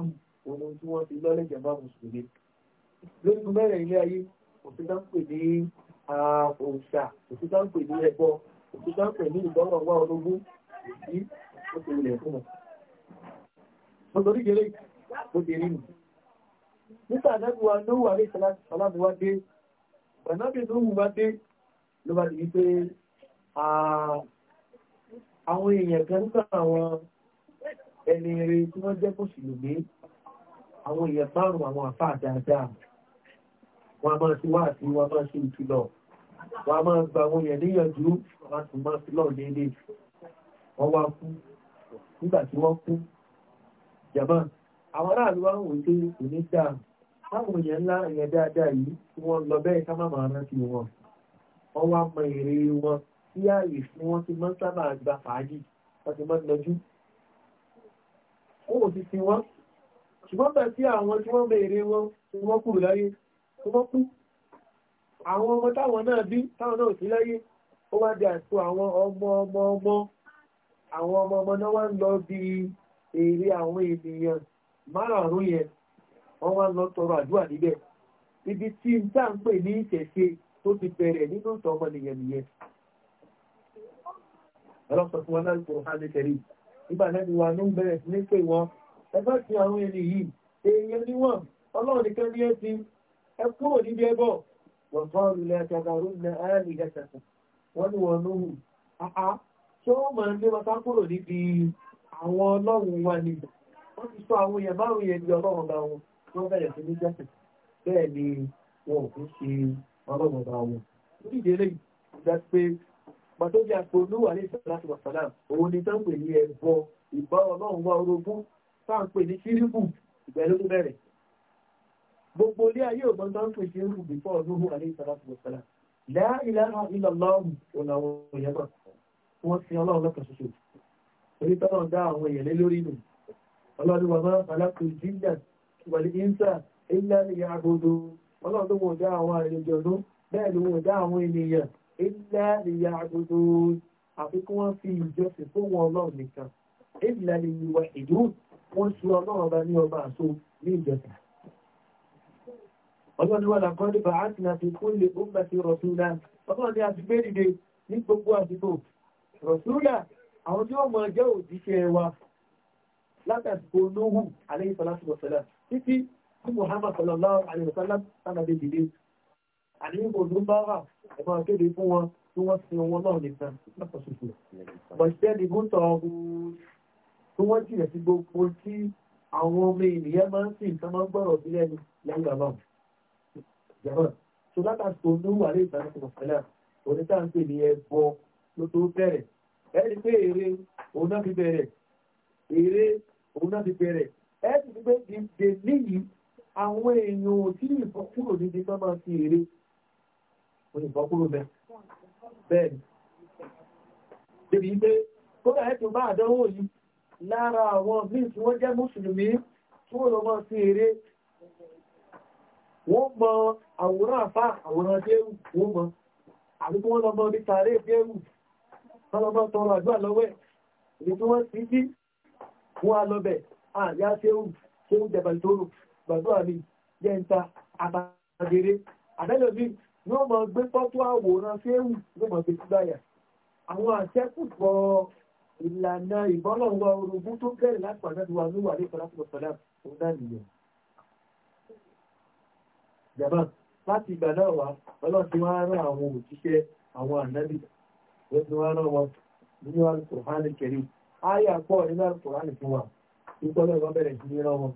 ohun tí wọ́n ti lọ́lẹ́jẹ̀ bá mùsùlùmí lóṣù mẹ́rẹ̀ ilé ayé òfin náà pè ní òòṣà òtítọ́ ń pè ní ẹbọ òtítọ́ ń pè ní ìdánwò ọgbà ológun sí ó ti wulẹ̀ fún wọn. mo sọ nígbèrè bó ti rí nù. nígbà nẹ́bù wa ló wà ní sàlámù wa dé bànábì ló wù wá dé ló bá di wípé àwọn èèyàn kan nígbà àwọn ẹni rere tí wọ́n jẹ́ kó sì lò ní àwọn èèyàn márùn-ún àwọn àfáà dáadáa wọ́n máa sí wáàtí wọ́n máa sí ìfilọ̀ wọ́n máa gba àwọn èèyàn níyànjú wọ́n tún máa filọ̀ léde wọ́n wá kú nígbà tí wọ́n kú jàmá àwọn aráàlú wá ń wò pé kò ní dáa táwọn èèyàn ńlá èèyàn dáadáa yìí tí wọ́n lọ bẹ́ẹ̀ ká má máa rántí wọn wọ́n wá mọ èrè wọn tí ààyè fún wọn ti máa ń sábà gba fàájì wọ́n máa ń lọ́jú ó ò ti sin wọn ṣùgbọ́n bẹ̀ sí àwọn tí wọ́n bẹ̀rẹ̀ wọn tí wọ́n kù láyé tó bọ́ kú àwọn ọmọ táwọn náà bí táwọn náà sí láyé ó wá di àsìkò àwọn ọmọ ọmọ ọmọ àwọn ọmọ ọmọ náà wá ń lọ bí èrè àwọn ènìyàn márààrún yẹn wọ́n wá ń lọ tọrọ àdúrà níbẹ̀ ibi tí n tá ń pè ní ìṣẹ̀ṣe tó ti bẹ̀rẹ̀ nínú ìtọ́ ọmọnìyàn nìyẹn ọlọ́pàá fún wọn láti kọ̀ọ̀kan ní kẹrì nígbà lẹ́nu wa ló ń bẹ̀rẹ̀ sí ní pé wọn ẹgbẹ́ ti àwọn ẹni yìí èèyàn ni ọlọ́run nìkan ní ẹ ẹ kúrò níbi ẹbọ wọ̀tọ́ọ̀lù lẹ́tẹ̀gàrú ní ààrẹ ìdẹ́sẹ̀sẹ̀ wọ́n ní wọn lóhùn àá tí ó máa ń lé wọn kúrò níbi àwọn ọlọ́run wa ni wọ́n ti sọ àwọn èèyàn márùn-ún yẹn di ọlọ́run bá wọn tí wọ́n bẹ̀rẹ̀ sí ní jẹ́sẹ̀ bẹ́ẹ̀ ni wọn ò fi ṣe ọlọ́run bá wọn. níbi ìdílé ìgbà pé pàtó àpò olúwa ní ìsàlátì wàsálà òun ni tán pè ní ẹ̀bọ ìbá ọlọ́run wa orogún táà ń pè ní kíríbù ìgbẹ́lódún bẹ̀rẹ̀ gbogbo ilé ayé ògbọ́n tó ń pè sí rú bí fọ́ ọdún hùwà ní ìsọ̀rọ̀ ìgbòsọ̀lá láìláha ìlọlọ́run òlàwọ̀ òyẹ́bọ̀ wọ́n sin ọlọ́run lọ́kàn ṣoṣo torí tọ́lọ́run dá àwọn èèyàn lé lórí nù ọlọ́run wọn máa falákùn jíjà wọlé íńsà ilá ìyá agodo ọlọ́run tó wọn dá àwọn àrẹ̀jọ ọdún bẹ́ẹ̀ ló wọn dá àwọn ènìyàn ilá ìyá agodo àfi kí wọ́n fi ìjọsìn fún wọn ọlọ́run nìkan ilá ìwà ìdú wọn ṣe ọlọ́run ọba ní ọba àṣọ ní ìjọsìn ọlọ́ni wà lákọ́dé bá á ti na fi kún lè ó gbàtí rọ̀súlá ọlọ́ni a ti gbérìde ní gbogbo àdúgbò rọ̀súlá àwọn tí wọ́n mọ̀ jẹ́ òjíṣẹ́ wa látàkó nóhù alayhi títí tí muhammad sallallahu alayhi wa sallam sánàdé dìde àníyàn òdún bá wà ẹ̀fọn akéde fún wọn tí wọ́n sin wọn náà nìkan lọ́pọ̀ ṣoṣo bọ̀ṣẹ́ ni bó tọ̀ sí gbogbo tí àwọn ọmọ ènìyàn máa ń sìn tán sílẹ̀ jẹ̀mọ́ tó látàrí tó ní wà ní ìtàkùn ọ̀sẹ̀lá onítàǹpé ni ẹbọ ló tó bẹ̀rẹ̀ ẹni pé èrè òun náà fi bẹ̀rẹ̀ èrè òun náà fi bẹ̀rẹ̀ ẹni ti pé dìde níyì àwọn èèyàn ò tí ì fọkúrò níbi tó máa fi èrè òun ìfọkúrò bẹ bẹ́ẹ̀ ni débi pé kódà ẹ̀ tó bá àdánwò yìí lára àwọn míì tí wọ́n jẹ́ mùsùlùmí tí wọ́n lọ máa fi èrè wọ́n mọ àwòrán àfá àwòrán jẹ́rù wọ́n mọ àdúgbò wọ́n lọmọ ní tààrí jẹ́rù wọ́n lọmọ tọrọ àdúrà lọ́wẹ́ ní tí wọ́n ti jí wọ́n á lọ́bẹ̀ àyá jẹ́rù jẹ́rù jẹbàlítóró gbàdúrà mi jẹ́ǹta àtàgèrè àbẹ́lẹ̀ mi yóò mọ gbé pọ́tù àwòrán jẹ́rù yóò mọ gbé sígbàyà àwọn àṣẹ́kù kọ ìlànà ìbọ́lọ̀wọ́ orogún tó bẹ̀rẹ̀ láti pàdánù wa ní wà ní ìfọlásílọ̀pọ̀lá òun náà nìyẹn jàmá láti ìgbà náà wá ọlọ́run ti rán àwọn òjíṣẹ́ àwọn ànábì wa ìgbọ́dọ̀ ìwọ́n bẹ̀rẹ̀ sí ní rán wọn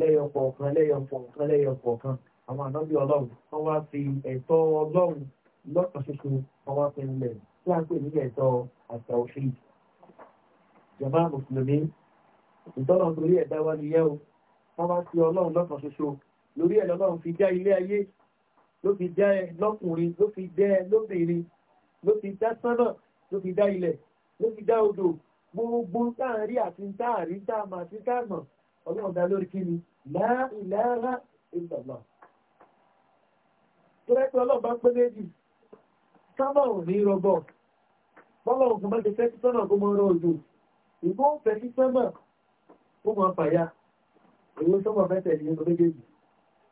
lẹ́yọ kọ̀ọ̀kan lẹ́yọ kọ̀ọ̀kan lẹ́yọ kọ̀ọ̀kan àwọn ànábì ọlọ́run wọ́n wá fi ẹ̀tọ́ ọlọ́run lọ́kàn ṣoṣo wọ́n wá fi ilẹ̀ tí a ń pè ní ẹ̀tọ́ àṣà òfin mùsùlùmí torí ẹ̀dá o wọ́n wá fi ọlọ́run lọ́kàn lórí ẹ̀ lọ́lọ́run fi dá ilé ayé ló fi dá ẹ lọ́kùnrin ló fi dá ẹ lóbìnrin ló fi dá sánà ló fi dá ilẹ̀ ló fi dá odò gbogbo táàrí àti táàrí táàmà àti táàmà ọlọ́run dá lórí kí ni láìlára ìgbàgbà tó rẹ́ pé ọlọ́run bá pé méjì sábà ò ní rọgbọ bọ́lá ògùn bá ti fẹ́ sí sánà kó mọ ọrọ̀ òjò ìgbó fẹ́ sí sánà kó mọ fàyà èwo sọ́mọ̀ fẹ́ tẹ̀lé ní ọdún méjèèjì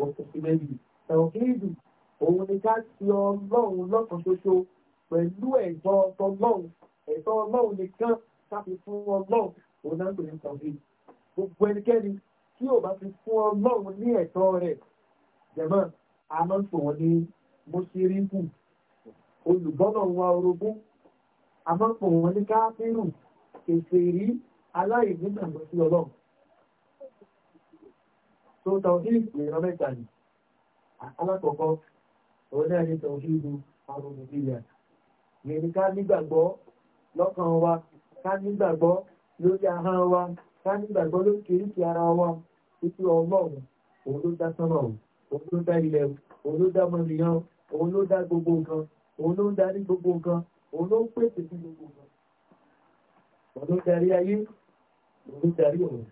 wọ́n kò sí méjì tẹ̀wọ̀kéèdì òun ni ká ti ọlọ́run lọ́kan ṣoṣo pẹ̀lú ẹ̀tọ́ ọlọ́run ẹ̀tọ́ ọlọ́run nìkan káfi fún ọlọ́run òun náà ń pè ní tẹ̀wọ̀kéèdì gbogbo ẹnikẹ́ni tí ò bá fi fún ọlọ́run ní ẹ̀tọ́ rẹ̀ jẹ̀mọ́ a máa ń pè wọ́n ní mọ́ṣíríkù olùgbọ́nà wa orogún a máa ń pè wọ́n ní káfíìrù kèsè rí aláìnígbàgbọ́ sí ọlọ́run tó tàwí ìpìlẹ̀ mẹ́ta ni alákọ̀ọ́kọ́ òun náà ní tàwí ìlú àrùn nàìjíríà yẹn ni ká nígbàgbọ́ lọ́kàn wa ká nígbàgbọ́ lórí ahọ́n wa ká nígbàgbọ́ lórí kìrìkì ara wa títí ọlọ́run òun ló dá sánmà o òun ló dá ilẹ̀ òun ló dá mọ̀nìyàn òun ló dá gbogbo nǹkan òun ló ń darí gbogbo nǹkan òun ló ń pèsè sí gbogbo nǹkan òun ló darí ayé òun ló darí òun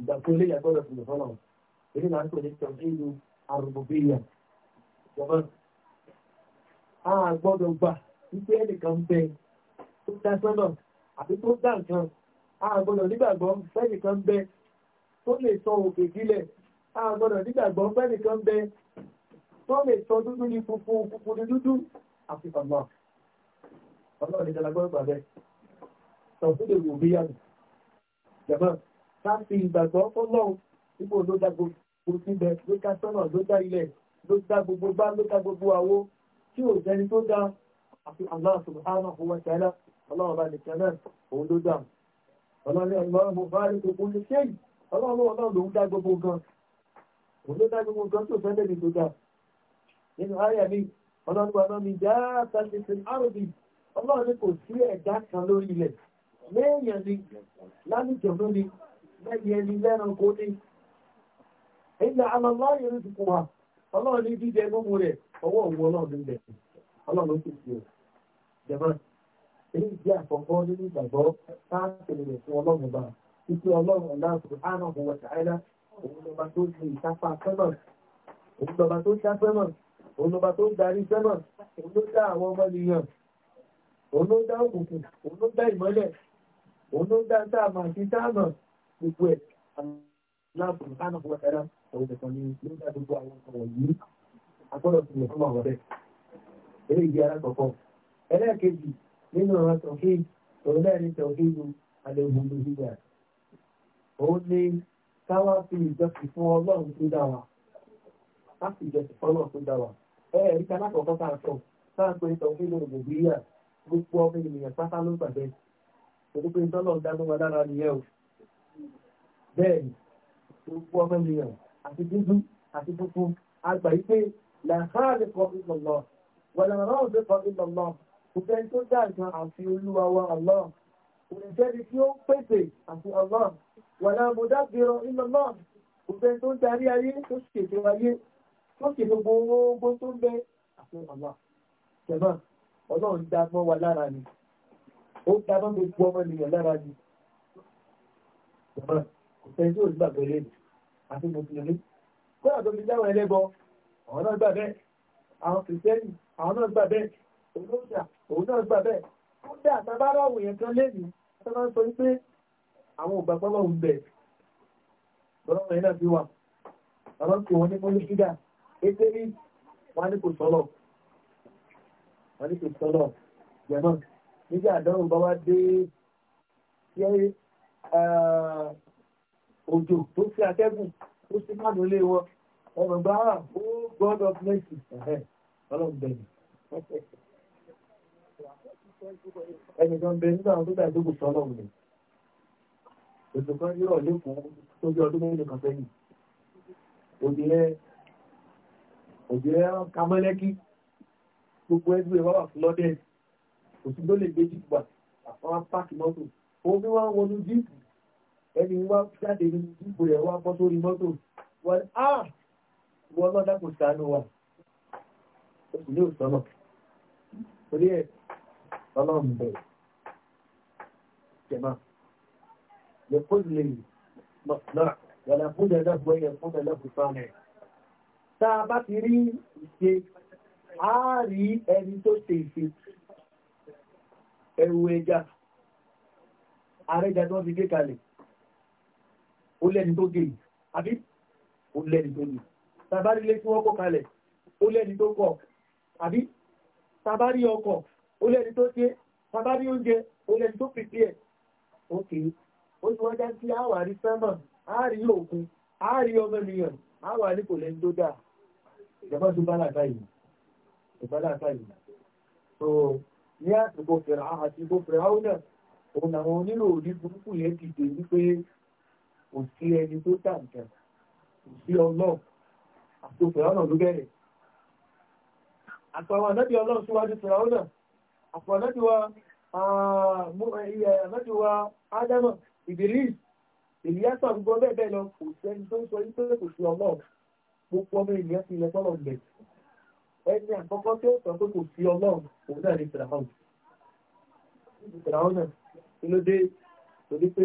ìgbà tó lè yàgbọ́dọ̀ sí ìfọ́nà òun èyí là ń pè ní tọ̀síìlú arúgbóbíyà ìjọba a gbọ́dọ̀ gbà wípé ẹnìkan bẹ tó dá sọ́nà àbí tó dá nǹkan a gbọ́dọ̀ nígbàgbọ́ fẹ́nìkan bẹ tó lè sọ òkè sílẹ̀ a gbọ́dọ̀ nígbàgbọ́ fẹ́nìkan bẹ tó lè sọ dúdú ní funfun funfun ní dúdú àti ọ̀nà ọlọ́run ní ìdàlágbọ́n gbà bẹ́ẹ̀ tọ̀síìlú arúgbóbíyà ìjọba láti ìgbàgbọ́ fọ́lọ́run ipò ló dá gbogbo kò sí bẹ̀ ló ká sọ́nà ló dá ilẹ̀ ló dá gbogbo bá ló dá gbogbo àwo tí ò jẹni tó dá àfi Allah subhanahu wa ta'ala ọlọ́run bá nìkan náà òun ló dá ọlọ́run ọlọ́run mo bá rí gbogbo ní ṣé ọlọ́run ọlọ́run lòún dá gbogbo gan òun ló dá gbogbo gan tó sẹ́lẹ̀ ní tó dá nínú àyà mi ọlọ́run wa náà mi dá tàbí sí àròbí ọlọ́run kò sí ẹ̀dá kan lórí ilẹ̀ lẹ́yìn ni lálùjọ́ lórí lẹ́yìn ẹni lẹ́ranko ní ìlà àmàlá yẹn ti kùn wa ọlọ́run ní jíjẹ gbogbo rẹ̀ ọwọ́ òun ọlọ́run ń bẹ̀ ọlọ́run ti fi jẹ̀mọ́ èyí jẹ́ àkọ́kọ́ nínú ìgbàgbọ́ káàkiri rẹ̀ fún ọlọ́run bá títí ọlọ́run aláàbò àná òun wọ̀tà àìlá òun lọba tó ṣe ìkápá sẹ́mọ̀ òun lọba tó ṣá sẹ́mọ̀ òun lọba tó darí sẹ́mọ̀ òun ló dá àwọn ọmọ nìyàn òun ló dá òkùnkùn òun ló dá ìmọ́lẹ̀ òun ló dá táàmù àti táàmù gbogbo ẹ̀ aláàbò àná òun wọ̀tà àìlá òun nìkan ní nígbà gbogbo àwọn nǹkan wọ̀nyí agbọ́dọ̀ ti lè fún àwọn ọ̀rẹ́ eré ìdí alákọ̀ọ́kọ́ ẹlẹ́ẹ̀kejì nínú ọ̀rọ̀ tọ̀kí òun náà ní tọ̀kí lu alẹ́ òun ló gbígbà òun ní káwá fi ìjọsìn fún ọlọ́run tó dá wa ká sì ìjọsìn fún ọlọ́run tó dá wa ẹ̀ẹ́dí alákọ̀ọ́kọ́ tá a sọ tá a pè tọ̀kí lu nàìjíríà gbogbo ọmọ ènìyàn pátá ló pàdé torí gbogbo ọmọ ènìyàn àti dúdú àti funfun àgbà yìí pé làhálì kọ ìlọ̀lọ̀ wàlàmọ́ràn ọ̀sẹ̀ kọ ìlọ̀lọ̀ kò fẹ́ tó dá nǹkan àfi olúwa wa Allah kò ní fẹ́ni tí ó pèsè àti Allah wàlàmọ́dá bìrọ̀ ìlọ̀lọ̀ kò fẹ́ tó darí ayé tó ṣètò ayé tó ṣètò gbogbo tó ń bẹ àti Allah tẹ̀mọ́ ọlọ́run dá mọ́ lára ni ó dá gbogbo ọmọ ènìyàn lára ni tẹ̀mọ́ kò fẹ́ tó ìgbàgbọ́ lẹ́nu àti mùsùlùmí kódà tó fi jáwọ́ ẹlẹ́gbọ́ àwọn náà gbà bẹ́ẹ̀ àwọn kìrìsìtẹ́nì àwọn náà gbà bẹ́ẹ̀ olóòṣà òun náà gbà bẹ́ẹ̀ kódà tábàárọ̀ òwòyàn kan lẹ́yìn tó máa ń sọ wípé àwọn ògbà pọ́lọ́ ń bẹ̀ lọ́wọ́ yẹn náà fi wà àwọn kò wọ́n ní mọ́lẹ́sídà ètè ní wọ́n ní kò sọ́lọ̀ wọ́n ní kò sọ́lọ̀ jẹ̀mọ́ nígbà àdánwò bá wá dé òjò tó fi atẹ́gùn ó sì má lólé wọn ọ̀rọ̀ gbá ó god of mercy ọlọ́run bẹ̀rẹ̀ ẹni tó ń bẹ nígbà tó dá ìdókòó sọ ọlọ́run ni ètò kan yóò lékòó tó bí ọdún mẹ́rin kan sẹ́yìn òdìrẹ́ òdìrẹ́ kamẹ́lẹ́kí gbogbo ẹgbẹ́ wa wà flooded òsì tó lè gbé jìgbà àwọn páàkì mọ́tò omi wa wọnú jíìpù ẹni wá jáde nígbò rẹ̀ wá bọ́ sórí mọ́tò wọ́n á ah! wọ́n náà dákò sánú wa ilé òsánà orí ẹ̀ ọlọ́run bẹ̀rẹ̀ jẹ̀má lè kó lè náà yàrá fún ẹ̀ náà fún ẹ̀ fún ẹ̀ lọ́kùn sánú ẹ̀ tá a bá ti rí ìṣe á rí ẹni tó ṣe ìṣe ẹrù ẹja àrẹjà tó ti gé kalẹ̀ ó lẹ́ni tó gèè àbí ó lẹ́ni tó gèè tàbárí ilé tí wọ́n kó kalẹ̀ ó lẹ́ni tó kọ̀ àbí tàbárí ọkọ̀ ó lẹ́ni tó ṣe tàbárí oúnjẹ ó lẹ́ni tó fi píẹ̀ ókè ó ti wọ́n já sí àwárí sẹ́mọ̀ àárí òkun àárí ọmọ ènìyàn àwárí kò lẹ́ni tó dáa ìjọba tó bá làtà yìí ìbá làtà yìí so ní àsìkò fẹ̀rẹ̀ àti ìbò fẹ̀rẹ̀ àwọn náà òun àwọn onílò orí burúkú yẹn ti dè wípé kò sí ẹni tó tàǹkà kò sí ọlọ́ọ̀ àti fẹ̀rọ̀nà ló bẹ̀rẹ̀ àpàwọn ànábì ọlọ́ọ̀ síwájú fẹ̀rọ̀nà àpàwọn ànábì wa ànábì wa ádámà ìbílíìs ìlíyàtọ̀ gbọ́ bẹ́ẹ̀ bẹ́ẹ̀ lọ kò sẹ́ni tó ń sọ yín pé kò sí ọlọ́ọ̀ gbogbo ọmọ ènìyàn ti ilẹ̀ tọ́lọ̀ gbẹ̀ ẹni àkọ́kọ́ tí ó sọ pé kò sí ọlọ́ọ̀ òun náà ní fẹ̀rọ̀nà ìlódé torí pé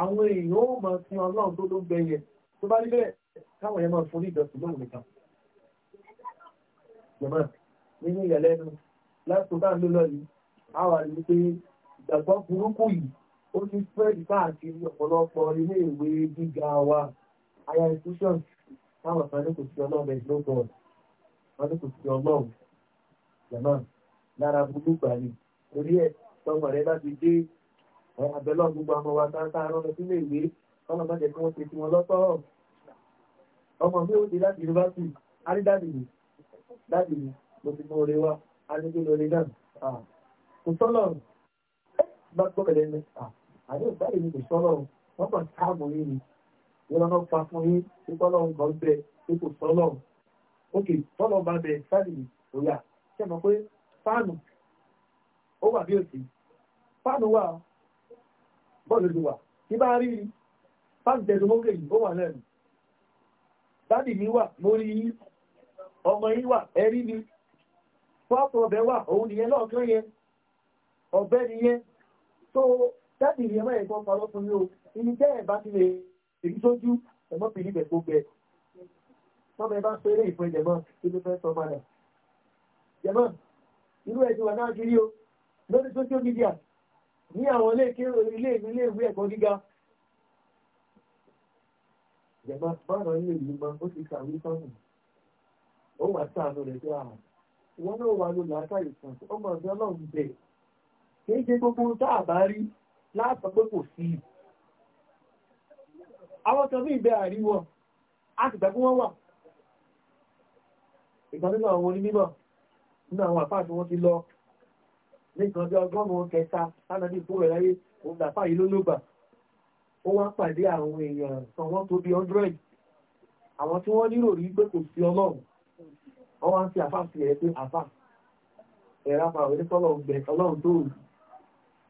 àwọn èèyàn ó máa sin ọlọ́run tó ló ń gbẹ̀yẹ tó bá níbẹ̀ káwọn yẹn máa forí ìjọsìn lóhùn nìkan. jọ̀mọ́ nínú ìyàlẹ́nu lásìkò bá ń lò lọ́ọ̀lì a wà ní pé ìgbàgbọ́ burúkú yìí ó ti spread káàkiri ọ̀pọ̀lọpọ̀ ilé ìwé gíga wa higher institutions táwọn kan ní kò sí ọlọ́run ẹ̀ ló bọ̀ wọn ní kò sí ọlọ́run jọ̀mọ́ lára burúkú àlè torí ẹ̀ tọmọ rẹ bá ti dé àbẹ̀lọ́ gbogbo ọmọ wa tá a rán lọ sílé ìwé ọmọ bá jẹ́ kí wọ́n ṣe tí wọ́n lọ́tọ̀ ọmọ mi ò dé láti yunifásitì a ní dáàbì mi dáàbì mi mo ti mọ oore wa a ní kí lóore náà kò sọ́lọ̀ bá gbọ́kẹ̀lẹ́ mi àdé ìbáyé mi kò sọ́lọ̀ wọ́n kàn káàbù yín ni wọ́n lọ́nà pa fún yín nípa ọlọ́run kan bẹ pé kò sọ́lọ̀ ok sọ́lọ̀ bá bẹ sáàbì mi òyà ṣe mọ̀ pé fáànù ó wà bí òsì fáànù wà bọ́ọ̀lù ló wà tí bá rí fáàkì tẹ̀sán mọ́kè yìí ó wà lẹ́nu dádì mi wà mo rí ọmọ yìí wà ẹ̀rí mi fọ́ọ̀pù ọbẹ̀ wà òun nìyẹn lọ́ọ̀kan yẹn ọbẹ̀ nìyẹn tó dádì mi ẹ̀mọ́ ẹ̀kọ́ parọ́ fún yóò ibi tẹ́ ẹ̀ bá ti lè èyí sójú ẹ̀mọ́ pìlì bẹ̀ kó bẹ̀ tọ́mọ ẹ bá péré ìfún ìjẹ̀mọ́ kí ló fẹ́ sọ padà jẹ̀mọ́ irú ẹ̀ ti wà náà kiri o lórí social media ní àwọn ilé ìwé ẹ̀kọ́ gíga ìjọba báwọn ilé ìlú ma ó ti kàwé sọ́nù ó wà sáànù rẹ̀ tó àmà wọ́n náà wà ló látàrí kan ó mọ̀ sí ọlọ́run bẹ̀ ṣe gbogbo táà bá rí láàpọ̀ pé kò sí àwọn kan bí ìbẹ̀ àríwọ̀ a sì gbàgbé wọ́n wà ìkan nínú àwọn onímọ̀ nínú àwọn àpá àti lọ nìkan bí ọgọ́rùn-ún kẹta lánàbí fún rẹ̀ láyé òun gbà fáyé ló ló gbà ó wá pàdé àwọn èèyàn kan wọ́n tó bí hundred àwọn tí wọ́n nílò rí pé kò sí ọlọ́run wọ́n wá ń fi àfà sí ẹ̀ pé àfà ẹ̀rá pa òwe tọ́lọ̀ ń bẹ ọlọ́run tó rù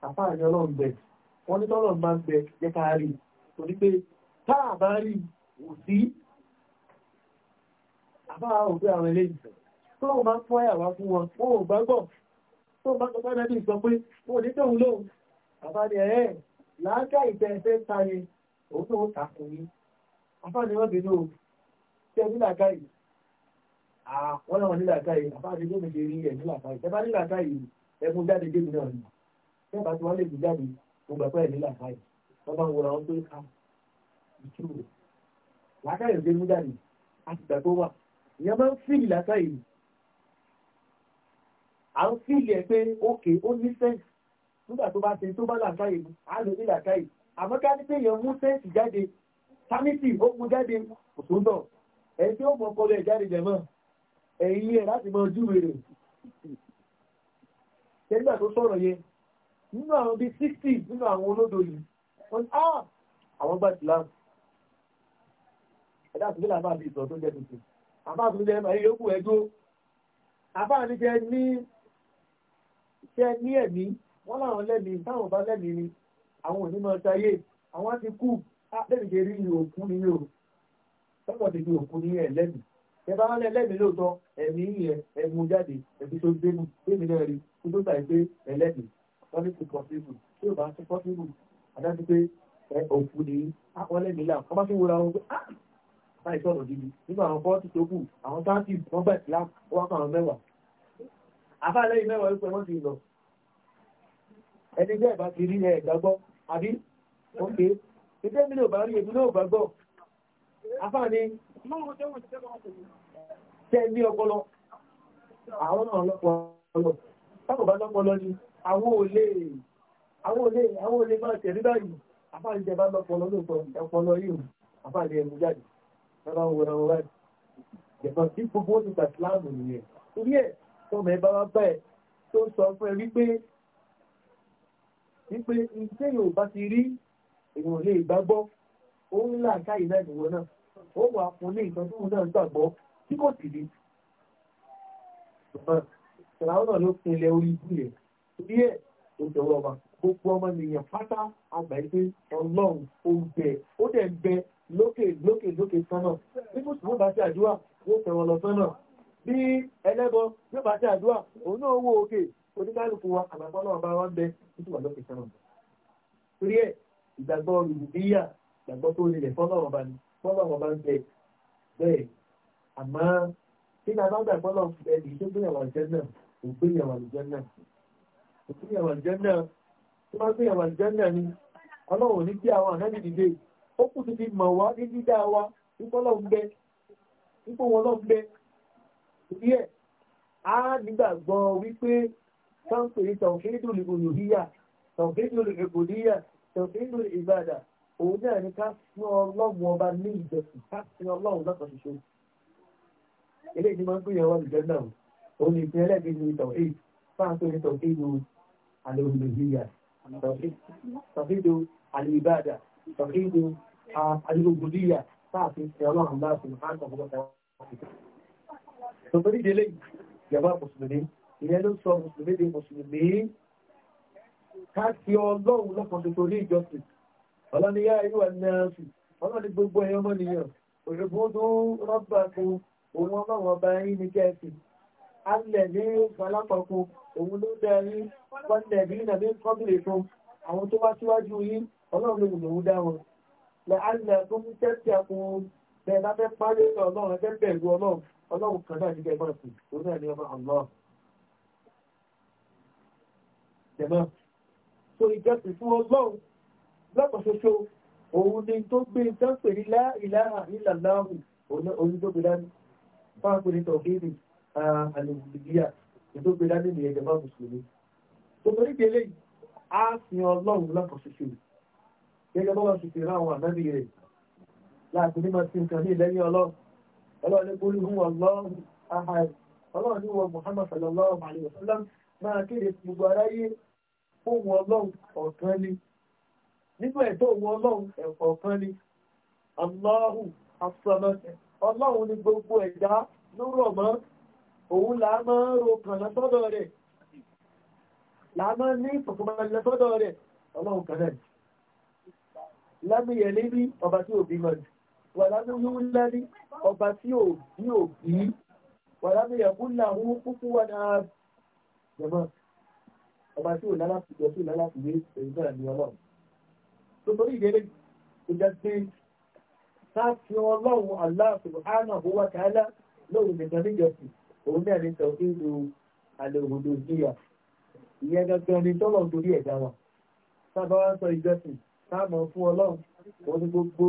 àfà ni ọlọ́run bẹ wọ́n ní tọ́lọ̀ máa ń bẹ jẹ́ ká rí torí pé tá a bá rí kò sí àfà òfin àwọn eléyìí tó máa ń fọ́ ẹ̀wà fún wọn wọ́n ò gbàgbọ́ tó bá tó bẹ́ẹ̀ bí sọ pé mo ní tóun lóun bàbá ni ẹ̀ láàkà ìfẹ́ ẹ̀fẹ́ ta ni òun tó tàkùn yìí afá ni wọ́n bínú tí ẹ nílà ká yìí àwọn náà nílà ká yìí afá ni gómìnà rí ẹ̀ nílà ká yìí ẹ bá nílà ká yìí ẹ mú jáde débi náà ni tí ẹ bá ti wọ́n lè mú jáde mo gbà pé ẹ nílà ká yìí wọ́n bá ń wọra wọn pé à ń fíìlì ẹ̀ pé ókè ó ní sẹ́ǹsì nígbà tó bá ṣe tó bá làákàyè mu á lò ní làákàyè àmọ́ ká ní pé èèyàn mú sẹ́ǹsì jáde támítì ó mú jáde òtúndọ̀ ẹ̀ tí ó mọ ọkọ rẹ̀ jáde jẹ̀mọ́ ẹ̀yìn ẹ̀ láti mọ ojúwe rẹ̀ nígbà tó sọ̀rọ̀ yẹn nínú àwọn bíi sixty nínú àwọn olódo yìí wọ́n ní ah àwọn gbà ìsìlámù ẹ̀dá àti nílà máa bí ìsọ̀ tó jẹ́ tuntun àbá àti nílẹ̀ ẹ̀yọ́kù ẹ̀dó àbá àti ṣe ní ẹ̀mí wọ́n láwọn lẹ́mí táwọn bá lẹ́mí ni àwọn òní máa ṣayé àwọn ti kú lẹ́mí ṣe rí òkú ni yóò sọ́kọ̀ ti di òkú ni ẹ̀ lẹ́mí ẹ bá lẹ́ lẹ́mí lóòótọ́ ẹ̀mí yẹn ẹ̀mú jáde ẹ̀mí tó gbénu gbémi náà rí kó tó tàì pé ẹlẹ́mí wọ́n ní ti pọ̀sibù tí ò bá ti pọ̀sibù adájú pé òkú ni wọ́n lẹ́mí là wọ́n bá ti wúra wọn pé láì sọ̀rọ̀ dídí nígbà àwọn fọ́ọ̀tì tó kù àwọn táǹtì wọ́n gbà ìsìlámù wọ́n kàn án mẹ́wàá àfáàlẹ́ ìmẹ́wàá wípé wọ́n ti lọ ẹni jẹ́ ìbá ti rí ẹ̀ ìgbàgbọ́ àbí òkè ìdẹ́ mi ló bá rí èmi náà gbàgbọ́ àfáàní tẹ́ ní ọpọlọ àwọn náà lọ́pọlọ táwọn bá lọ́pọlọ ni àwọn olè àwọn olè àwọn olè máa tẹ̀lé báyìí àfáàní jẹ bá lọ́pọlọ lóòpọ̀ ọpọlọ yìí àfáàní ẹmu jáde lọ́wọ́ wọn wọn báyìí ìjẹ̀bọ̀n tí gbogbo ó ti gbà síláàmù nìyẹn torí ẹ̀ tó mẹ́ bá wá bẹ́ẹ̀ tó sọ fún ẹ wípé wípé iṣẹ́ yóò bá ti rí èèyàn lè gbàgbọ́ ó ń là káyìí náà nìwọ náà ó wà fún ní ìtàn tó náà gbàgbọ́ tí kò sì rí. ṣàlàyé náà ló pin ilẹ̀ orí ibú yẹn torí ẹ̀ tó jọ̀wọ́ wa gbogbo ọmọ nìyẹn pátá àgbà yìí pé ọlọ́run ó ń bẹ ó dẹ̀ ń bẹ lókè lókè lókè sánà bí mo sì mú bá sí àdúrà yóò fẹ́ wọn lọ sánà bí ẹlẹ́bọ yóò bá ṣe àdúrà òun náà wó òkè oníkálukú wa àgbàgbọ́ náà bá wá bẹ títí wà lókè sẹ́wọ̀n. torí ẹ ìgbàgbọ́ olùdíyà ìgbàgbọ́ tó lè fọ́nà ọ̀bà ni fọ́nà ọ̀bà ń bẹ bẹ́ẹ̀ àmọ́ tí ní abágbà fọ́nà ẹni tó gbéyàwó àlùjẹ́ náà kò gbéyàwó àlùjẹ́ náà kò gbéyàwó àlùjẹ́ náà tó bá gbéyàwó àlùjẹ́ náà ni ọlọ́run ò ní bí àwọn àná ó kù ti fi mọ̀ wá ní dídá wa ipò ọlọ́run bẹ ipò wọn ọlọ́run bẹ torí ẹ̀ á nígbàgbọ́ wípé sáǹpé tọ̀kídù olùhíyà tọ̀kídù ìbòdíyà tọ̀kídù ìbàdà òun náà ni ká fún ọlọ́run ọba ní ìjọsìn ká fún ọlọ́run lọ́kàn ṣoṣo eléyìí ni máa ń pè yẹn wọ́n lùjọ́ náà òun ni ìpín ẹlẹ́gbẹ̀ẹ́ ní ìtọ̀ èyí sáǹpé ní tọ̀kídù alòhìyà tọ̀kídù alìbàdà tọ̀kídù alìbòdíyà sáàfin ọlọ́run bá fi hàn kọ̀ọ̀kọ̀ torí délé ìjọba mùsùlùmí ìyẹn ló sọ mùsùlùmí di mùsùlùmí ká fi ọlọ́run lọ́kàn tó torí ìjọsìn ọlọ́niyá irú ẹ̀nẹ́sì ọlọ́ni gbogbo ẹ̀yọ́ mọ́niyàn òṣèbó tó rọ́bà fún òun ọlọ́run ọba yìí ní kẹ́ẹ̀sì alẹ̀ ní falápọ̀kù òun ló dẹ̀rí pọ́nlẹ̀ bí nàbí kọ́bìlì fún àwọn tó wá síwájú yìí ọlọ́run ló lòun dá wọn lẹ́ alẹ̀ tó ń tẹ́tí àkùn bẹ́ẹ̀ bá fẹ́ pálí ọlọ́run fẹ́ bẹ̀rù ọlọ́run ọlọ́run kan náà nígbà ẹgbọ́n sí òun náà ní ọmọ ọ̀lọ́ jẹ̀mọ́ tó ìjọsìn fún ọlọ́run lọ́pọ̀ ṣoṣo òun ni tó gbé ìjọsìn nílá ìlànà ìlàláhùn òun tó gbé dání fáwọn pé nítorí kéèrè àlùmùdíyà tó gbé dání ní ẹ̀jẹ̀ máa mùsùlùmí tó torí délé á sin ọlọ́run lọ́pọ̀ ṣoṣo gẹ́gẹ́ bọ́lá ti fi rán àwọn ànábì nǹkan ní ìlẹ́yìn ọlọ́run ọlọ́run ní kúrú fún ọlọ́run ahad ọlọ́run ní wọ muhammad sallallahu alayhi wa sallam máa kéde gbogbo aráyé fóun ọlọ́run ọ̀kan ni nínú ẹ̀tọ́ òun ọlọ́run ẹ̀kọ́ kan ni allahu asamad ọlọ́run ní gbogbo ẹ̀dá ló rọ̀ mọ́ òun là á máa ń ro kàn lọ́sọ́dọ̀ rẹ̀ là ní ìfọ̀kànbalẹ̀ lọ́sọ́dọ̀ rẹ̀ ọlọ́run kan náà lámìyẹ̀ níbi ọba tí òbí mọ̀ jù wàlámúyú lẹ́rí ọba tí ò bí ò bí wàlámúyẹ̀kú làwọn púpọ̀ wà náà jẹmọ́ ọba tí ò lálá fìdí ọtí lálá fìdí èyí náà ní ọlọ́run tó torí ìdílé tó jẹ́ pé káàkiri ọlọ́run aláàfin hánà owó àtàlá lóòrùn nìkan níjọsìn òun náà ní tọ́kí lu alẹ́ òdodo ìjìyà ìyẹn gangan ni tọ́lọ̀ torí ẹ̀dá wa sábà wá sọ ìjọsìn táàmù fún ọlọ́run òun ní gbogbo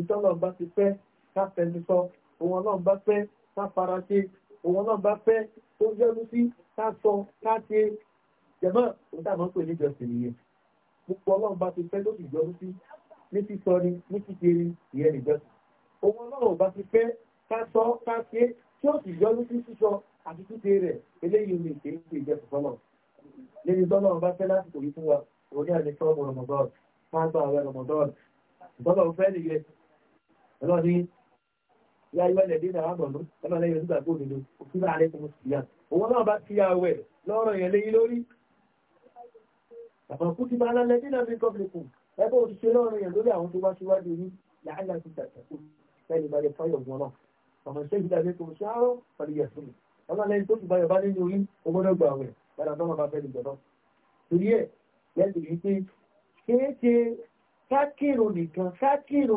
ìtọ́lọ̀ bá ti fẹ́ ká fẹnu sọ òun ọlọ́run bá fẹ́ ká fara ṣe òun ọlọ́run bá fẹ́ tó yọnu sí ká sọ ká ṣe jẹ̀mọ́ òun táwọn máa ń pè níjọsìn nìyẹn gbogbo ọlọ́run bá ti fẹ́ tó sì yọnu sí ní sísọ ni ní kíkiri ìyẹn nìjọsìn òun ọlọ́run bá ti fẹ́ ká sọ ká ṣe tí ó sì yọnu sí sísọ àti títẹ rẹ̀ eléyìí ni ìṣe ń pè jẹ́ fọ́lọ́ lẹ́ni tọ́lọ́run bá fẹ́ lásìkò yìí fún wa òun ní àlẹ́ tọ́ọ̀mù rọmọdọ́ọ̀n máa gba àwẹ̀ rọmọdọ́ọ̀n tọ́lọ́run fẹ́ nìyẹn ọlọ́ni ya yọ ilẹ̀ dínà àmọ̀nú ọlọ́ni yóò nígbà gbòdodo òfin láàrin fún ìyá òun náà bá ti ya wẹ̀ lọ́rọ̀ yẹn léyìn lórí àmọ́ kú ti máa lálẹ́ dínà ní kọ́pìlìkù ẹgbẹ́ òṣìṣẹ́ lọ́rọ̀ yẹn lórí àwọn tó bá síwájú yìí làálà ti tàkàkù fẹ́ni balẹ̀ fáyọ̀ wọn náà ọmọ iṣẹ́ ìdá ní kò ṣáárọ̀ pẹ̀lú yẹ̀sùn ọlọ́lẹ́yìn tó ti báyọ̀ bá nínú orí ogódó gbà wẹ̀ padà tó máa bá fẹ́ nìjọ náà torí ẹ̀ yẹ́sùn yìí pé kéèké kákìrò nìkan kákìrò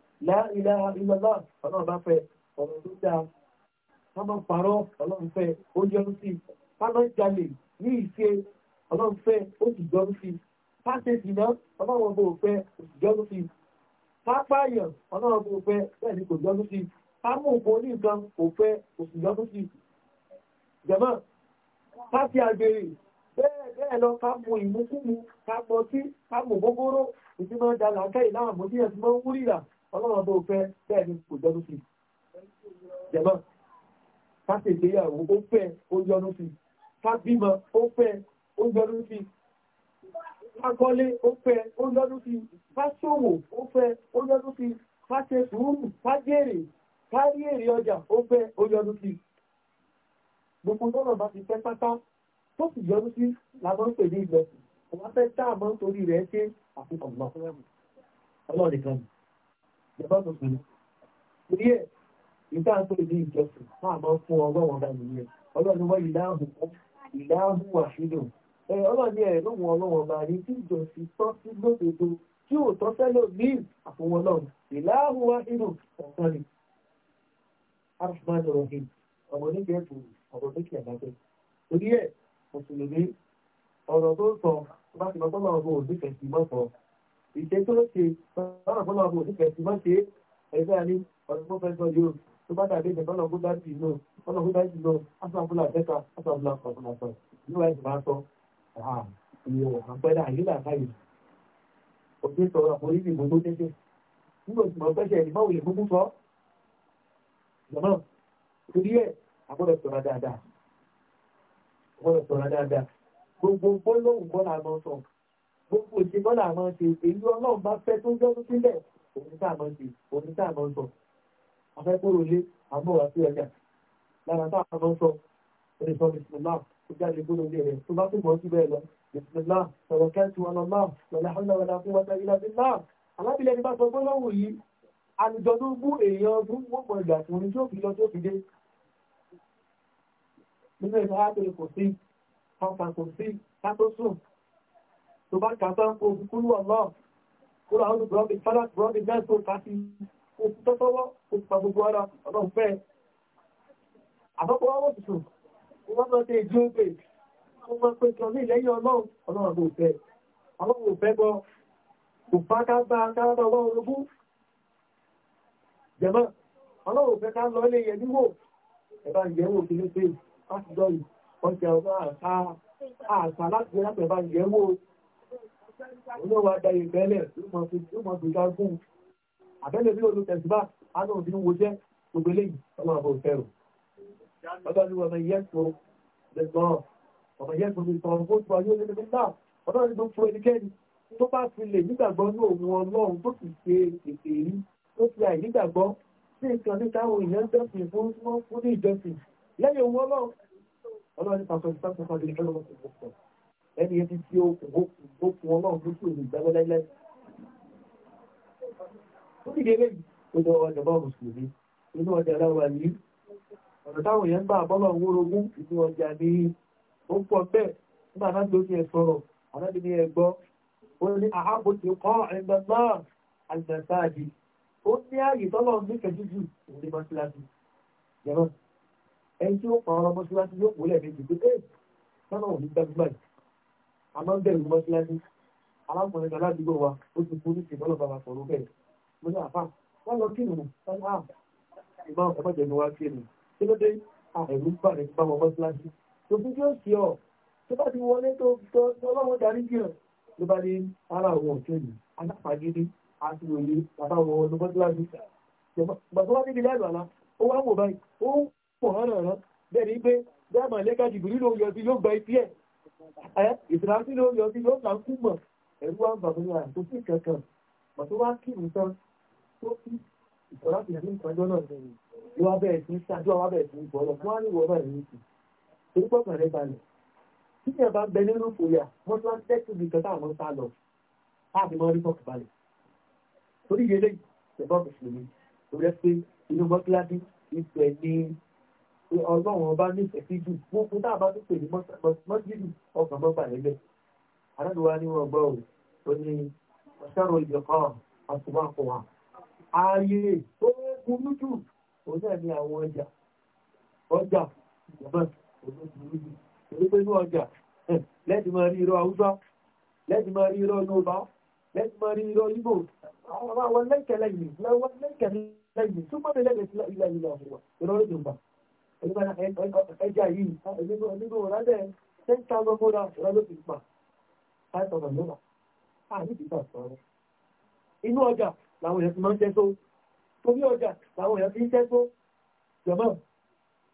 láìlá ìlọ́lá ọlọ́run bá fẹ́ ọ̀rọ̀ tó dáa wọ́n máa parọ́ ọlọ́run fẹ́ ó jọ sí pálọ́ jalè ní ìṣe ọlọ́run fẹ́ ó sì jọ sí pàṣẹ ìná ọlọ́run bò fẹ́ ó sì jọ sí pápáyọ̀ ọlọ́run bò fẹ́ bẹ́ẹ̀ ni kò jọ sí pámú òpó ní nǹkan kò fẹ́ ó sì jọ sí jẹ̀mọ́ pàṣẹ àgbèrè bẹ́ẹ̀ bẹ́ẹ̀ lọ káàmù ìmúkúmu káàmù ń da ìlànà ọlọ́run tó fẹ́ bẹ́ẹ̀ ni kò jọ́nu sí jẹ̀mọ́ fásitìyàwó ó fẹ́ ó jọ́nu sí fábímọ ó fẹ́ ó jọ́nu sí fákọ́lé ó fẹ́ ó jọ́nu sí fáṣòwò ó fẹ́ ó jọ́nu sí fáṣe sùúrù fájèrè kárí èrè ọjà ó fẹ́ ó jọ́nu sí gbogbo tọ́nà bá ti fẹ́ pátá tó sì jọ́nu sí làbọ́n pè ní ìjọsìn òun á fẹ́ tá àmọ́ torí rẹ̀ ṣe àfihàn ọ̀gbọ̀n ọlọ́ọ̀nìkan nù ìjọba tuntun torí ẹ̀ ìta ń pè ní ìjọsìn máa máa fún ọlọ́run ọba nìyẹn ọlọ́run wọ́n ìdáhùn ìdáhùn àṣìlò ẹ ọlọ́run ní ẹ̀rọ wọn ọlọ́run ọba ní tí ìjọsìn tọ́ sí lódodo tí ò tọ́ sẹ́lẹ̀ ní àfọwọ́ ọlọ́run ìdáhùn àṣìlò ọ̀sán ni. arṣman rahim ọmọ oníjẹ ètò ọ̀rọ̀ lókè àbájẹ torí ẹ̀ mùsùlùmí ọ̀rọ̀ tó sọ bá ti lọ sọ́nà ọgbọ́n òdìfẹ̀sì mọ́sọ̀ọ́ ìṣe tó ló ṣe lọ́nà fọlọ́ ọmọ òṣìṣẹ́ tí wọ́n ẹgbẹ́ ní ọ̀rọ̀ mọ́ fẹ́ẹ́ sọ yóò tó bá dàbí ìṣẹ̀ fọlọ́ ọgbọ́n náà fọlọ́ ọgbọ́n dájú náà asàbùlà tẹ́ka asàbùlà kọ̀ọ̀kan sọ ìlú wa ìṣẹ̀ máa sọ ìwọ̀ àpẹẹrẹ àyílà káyè òṣèlú sọ̀rọ̀ àpò orílẹ̀ ìbò tó tẹ́tẹ́ nígbà tí mo gbẹ́sẹ̀ ní báwo lè gbogbo sọ ìjọba torí ẹ̀ àgbọ̀dọ̀ sọ̀rọ̀ dáadáa àgbọ̀dọ̀ sọ̀rọ̀ dáadáa gbogbo gbólóhùn kọ́ la lọ gbogbo òṣè mọ́là àwọn ṣe èyí ọlọ́run bá fẹ́ tó yọ́nú sílẹ̀ òní táàmọ́ ṣe òní táàmọ́ sọ afẹ́kúrò lé àmọ́ wà sí ọjà lára táàmọ́ sọ ẹni sọ bisimilá tó jáde gbọ́dọ̀ lé rẹ̀ tó bá tún mọ́ síbẹ̀ lọ bisimilá sọ̀rọ̀ kẹ́ntì wọn lọ máa lọ́lẹ́ hàlọ́ wọn fún wọn tẹ́lẹ̀ bí náà alábìlẹ̀ ni bá sọ gbọ́lọ́wọ̀ yìí àlùjọ tó bú èèyàn fún gbogbo ìgbà tí wọn tó fi tó bá kàtà ń kó kúrú ọ̀nà kúrò àwọn olùbọ̀rọ̀bì fádà bọ̀rọ̀bì náà tó ká sí òkú tọ́tọ́wọ́ òkú pa gbogbo ara ọ̀nà òfẹ́ àkọ́kọ́ wọ́n tuntun wọ́n máa tẹ ìjú pé wọ́n máa pé kan ní ìlẹ́yìn ọlọ́run ọlọ́run kò fẹ́ ọlọ́run kò fẹ́ gbọ́ kò bá ká bá ká bá wọ́n orogún jẹ̀mọ́ àṣà láti jẹ́ láti ẹ̀bá olówó da ìbẹ́lẹ̀ yóò mọ̀ gbèjà fún àbẹ́lẹ̀ bí olú tẹ̀síbá ánà òbí wo jẹ́ gbogbo eléyìí ọmọ àbò ìfẹ́rù ọjọ́ ni wọ́n yẹ kó lè gbọ́n ọmọ yẹ kó lè sọ ọmọ fún ọjọ́ ilé nígbà náà ọjọ́ ni gbogbo ẹnikẹ́ni tó bá fi lè nígbàgbọ́ ní òun ọlọ́run tó sì ṣe ètè rí tó fi àì nígbàgbọ́ sí nǹkan ní táwọn èèyàn jọ́sìn fún fún ní ìjọsìn lẹ́yìn òun ọlọ́run ọlọ́run ní pàṣẹ ìpàṣẹ ẹni ebi tí ó kún ọlọ́run tó kú èdè ìgbàgbọ́ lẹ́lẹ́ ó ti délé ìpínlẹ̀ ọjọ́ bá mùsùlùmí inú ọjà láwà ní ọ̀nà táwọn èèyàn bá bọ́lọ̀ wórogún inú ọjà ní ó pọ̀ bẹ́ẹ̀ nígbà náà ló ní ẹ̀sọ̀rọ̀ àlábì ní ẹ̀gbọ́ ó ní àhábò tí ó kọ́ ẹgbẹ́ náà àgbẹ̀sáàdì ó ní ààyè tọ́lọ̀ ní a máa ń bẹ̀rù mọ́síláṣí alákùnrin kan ládùúgbò wa ó ti fún ní ìbọ́lọ̀ bàbá sọ̀rọ̀ bẹ́ẹ̀ mo ní àfà wọ́n lọ kí nù sáyà ìmọ̀ ẹ̀mọ́jẹ̀ ni wá kí nù kí ló dé àìrú bà ní bá wọn mọ́síláṣí tó fi kí ó sì ọ tó bá ti wọlé tó ọlọ́wọ́ darí jẹ́ ló bá ní ara àwọn òṣèlú alápàgídí àti òye bàbá wọn ọdún mọ́síláṣí bàbá wá níbi lẹ́nu àlá ó wá wò báyìí ó pọ̀ hánà rán bẹ́ẹ̀ ni pé dáàmà lẹ́ka jìbìrì ló yọ sí ló gba ipi ẹ̀ ìsìlámù tí ló yọ sí ló là ń kú mọ̀ ẹ̀rú wa ń bà mí rà tó sì kankan mà tó wá kírun tán tó kí ìtọ́lá ti rí ìtọ́jọ́ náà lẹ́yìn ló wá bẹ̀rẹ̀ sí ṣáájú àwọn abẹ̀rẹ̀ sí ìbọ̀ lọ wọ́n á ní wọ́n náà ní ìsìn torí pọ̀kàn rẹ̀ balẹ̀ tí ìyẹn bá bẹ nínú fòyà wọ́n ti wá ń tẹ́tù bí kan táwọn ń sá lọ láti mọ́ rí pọ̀kàn balẹ̀ torí yẹlẹ́ ìṣẹ̀bọ̀ mùsùlùmí tó rẹ́ pé inú mọ́kíládì ìfẹ́ pé ọlọ́run ọba nífẹ̀ẹ́ sí jù gbogbo tá a bá tún pè ní mọ́sídìí ọkàn mọ́ba ẹ̀lẹ́ àdádùwá ní wọn gbọ́ ò ní ọ̀ṣọ́rọ̀ ìjọkọ́ àtùmákọ̀ wa ààyè tó burú jù òun náà ní àwọn ọjà ọjà ìjọba òun burú jù torí pé ní ọjà lẹ́ẹ̀dì máa rí irọ́ haúsá lẹ́ẹ̀dì máa rí irọ́ yorùbá lẹ́ẹ̀dì máa rí irọ́ ibo àwọn ọmọ àwọn lẹ́kẹ̀ẹ́ lẹ́yìn lẹ́wọ́ lẹ́kẹ̀ẹ́ lẹ́yìn túmọ̀ mi lẹ́gbẹ̀ẹ́ sí ilẹ̀ ìlà òfin wa irọ́ ló ti ń bà ẹja yìí ẹgbẹ́gbẹ́ ọ̀rẹ́dẹ̀ ten thousand mọ́ra ọ̀rẹ́ ló fi pa five thousand lọ́wọ́ àní ìgbà sọ̀rọ̀ inú ọjà làwọn èèyàn ti máa ń tẹ́só torí ọjà làwọn èèyàn ti ń tẹ́só jọ̀mọ́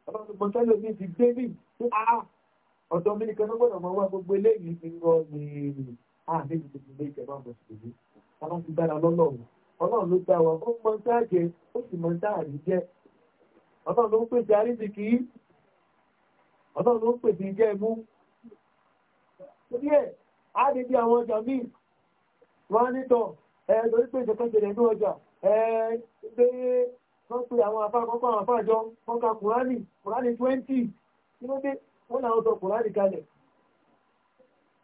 ọlọ́dún tẹ́lẹ̀ mi ti gbé mi sí àá ọ̀dọ́ mi nìkan gbọ́dọ̀ máa wá gbogbo eléyìí ti rọ ní àní ìdìbò ilé ìjọba ọmọ ìṣèlú táwọn ti gbára lọ́lọ́run ọlọ́run ló gbá wa ó mọ táàjẹ ó sì mọ táàrí jẹ́ ọlọ́run ló ń pèsè àríṣìkí ọlọ́run ló ń pèsè ìjẹ́ imú díẹ̀ á lè bí àwọn ọjà míì wọ́n á nítọ̀ ẹ̀ lórí pèsè kẹsẹ̀lẹ̀ ní ọjà ẹ̀ pé wọ́n pe àwọn afá kọ́kọ́ àwọn afáàjọ wọ́n ka kùránì kùránì twenty kí ló dé wọ́n làwọn sọ kùránì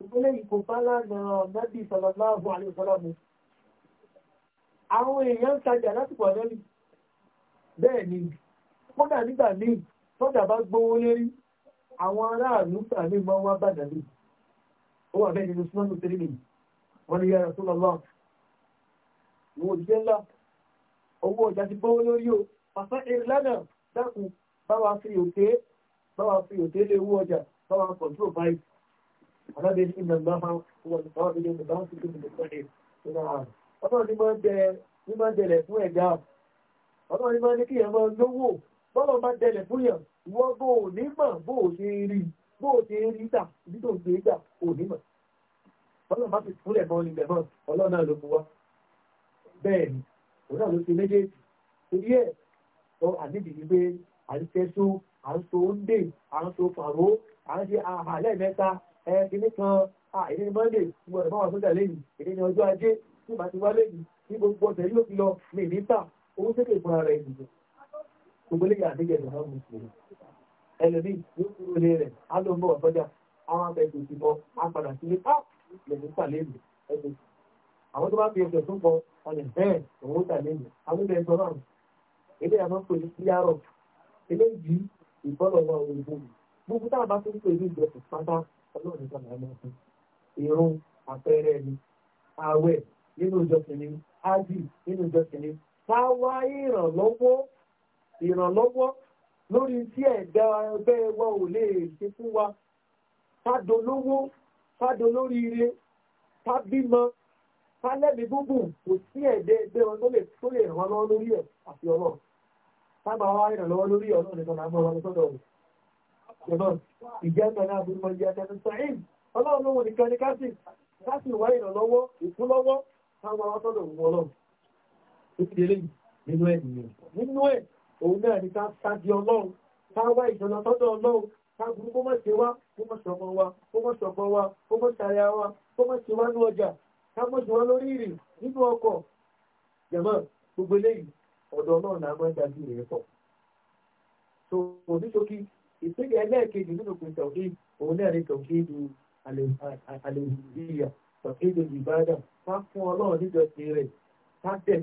ìpínlẹ̀ ìkó bálá na nẹ́bí sọlọ́láàbù àwọn èèyàn ń tajà lásìkò ọ̀dọ́lì bẹ́ẹ̀ ni kódà nígbà míì tọ́jà bá gbówó lérí àwọn aráàlú tàbí mọ́ wá bàdà lè ó wà bẹ́ẹ̀ nínú súnmọ́ nítorí mi wọ́n ní yára tó lọ́lọ́ ìwò òṣìṣẹ́ ńlá owó ọjà ti gbówó lórí o pàṣẹ èrè lánàá dákun báwa fi òté báwa fi òté lé owó ọjà báwa kọ̀ǹtró báyìí alábẹ́ni ìnàgbà máa wọ̀ nípa ọ̀dọ́dẹ́ ìnàgbà ń fi kí ọlọ́run ní máa ń dẹ̀lẹ̀ fún ẹ̀dá ọlọ́run ní máa ń ní kí ẹ̀ máa lówó bọ́lọ̀ bá dẹlẹ̀ fún yàn wọ́n bó o ní mọ̀ bó o ṣe rí bó o ṣe rí gbà bí tó ń gbé gbà o ní mọ̀ bọ́lọ̀ bá ti fúnlẹ̀ mọ́ nílẹ̀ mọ́ ọlọ́run náà ló mú wá bẹ́ẹ̀ ni òun náà ló ṣe méjèèjì torí ẹ̀ sọ àníbi ni pé à ń tẹ́só à ń so oúnjẹ à ń so fàró à ń ṣe àhàlẹ́ mẹ́ta ẹ kìíní kan èdè ni monday mo rẹ̀ báwọn sójà lẹ́yìn èdè ni ọjọ́ ajé tí màá ti wá lẹ́yìn tí gbogbo ọ̀sẹ̀ yóò fi lọ ní ta owó sékè fúnra rẹ̀ nìyẹn gbogbo lè yàtí yẹ̀ lọ́wọ́ mùsùlùmí ẹlòmí yóò kúrò lé rẹ̀ á ló ń bọ̀ sọ́jà àwọn abẹ́gbẹ̀ ti bọ́ á padà sílé á lẹ̀mí sàlẹ̀mí ẹgbẹ́ àwọn tó bá fi ẹsẹ̀ tó pọ̀ ọ̀nà bẹ́ẹ̀ òun ó sàlẹ̀mí àwọn ibẹ̀ sọ náà ilé yàtọ̀ pè ní síyárọ̀ ilé yìí ìfọ́lọ̀ wà òun ìbò gbogbo tá a bá tún pè ní ìjọsìn pátá ọlọ́run ìjọba ẹ̀ máa fún irun àpẹẹrẹ ni àwẹ̀ ìrànlọ́wọ́ lórí tí ẹ̀dá ẹgbẹ́ wa ò lè ṣe fún wa tádo lówó tádo lórí ire tábímọ tálẹ́bí gúngùn kò sí ẹ̀dẹ́ ẹgbẹ́ wọn tó lè tó lè ràn wá lọ́wọ́ lórí ẹ̀ àti ọlọ́run tábà wá ìrànlọ́wọ́ lórí ọlọ́run nìkan àmọ́ ọlọ́run sọ́dọ̀ ọ̀rọ̀ ìjẹ́ kan náà bí mo jẹ́ ẹ̀kẹ́ sàìn ọlọ́run lóhun nìkan ni kásì kásì wá ìrànlọ́wọ́ ìfúnlọ́wọ́ táwọn ọlọ́sọ́dọ̀ ọ̀rọ̀ ọlọ́run òun náà ni ká sáàdì ọlọ́run ká wá ìjọlọ tọ́jọ́ ọlọ́run ká burú kó mọ̀ ṣe wá kó wa kó wa kó wa kó ṣe wá ní ọjà ká mọ̀ ṣe wá lórí ìrìn nínú ọkọ̀ jẹ̀mọ́ gbogbo eléyìí ọ̀dọ̀ náà náà máa ń dájú rẹ̀ pọ̀. ìpínlẹ̀ ẹlẹ́ẹ̀kejì nínú tọ̀kí òun náà ni tọ̀kí fún ọlọ́run sí rẹ̀ ká tẹ̀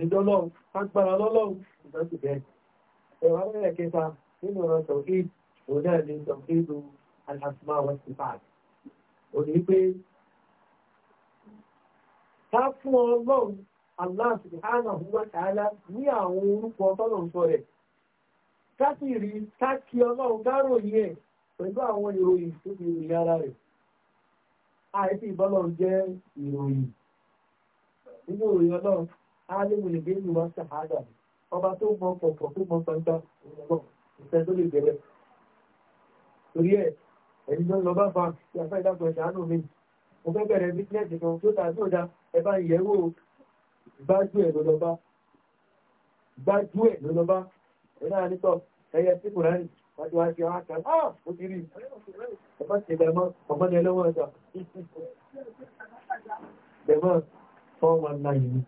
ẹ̀wọ̀n rẹ̀ kẹta nínú ọ̀rọ̀ tọ̀hìd òun náà ni tọ̀hìdù alhasma westpac ò ní pé ká fún ọlọ́run Allah subhanahu wa ta'ala ní àwọn orúkọ ọlọ́run sọ rẹ̀ ká sì rí ká kí ọlọ́run gárò yẹ pẹ̀lú àwọn ìròyìn tó fi rìn ara rẹ̀ àìsí ìbọ́lọ̀ jẹ́ ìròyìn nínú ìròyìn ọlọ́run á lè wùlé gbé ìwọ́n sàádà rẹ̀ ọba tó mọ pọ̀pọ̀ tó mọ gbangba ìrọ̀lọ́ ìfẹ́ tó lè bẹ̀rẹ̀ torí ẹ̀ ẹ̀yin ló lọ bá fa ti afẹ́ ìdàgbọ̀ ẹ̀ṣẹ̀ àánú mi mo fẹ́ bẹ̀rẹ̀ bísíǹnẹ̀sì kan tó ta tó da ẹ bá ìyẹ̀wò gbájú ẹ̀ ló lọ bá gbájú ẹ̀ ló lọ bá ẹ náà ní tọ́ ẹyẹ tí kò rárí wájú wá sí ọ̀hán kan áà ó ti rí ẹ bá ti bẹ̀rẹ̀ mọ́ ọmọdé ẹlẹ́wọ̀n ẹ̀ṣà bẹ̀rẹ̀ mọ́ 419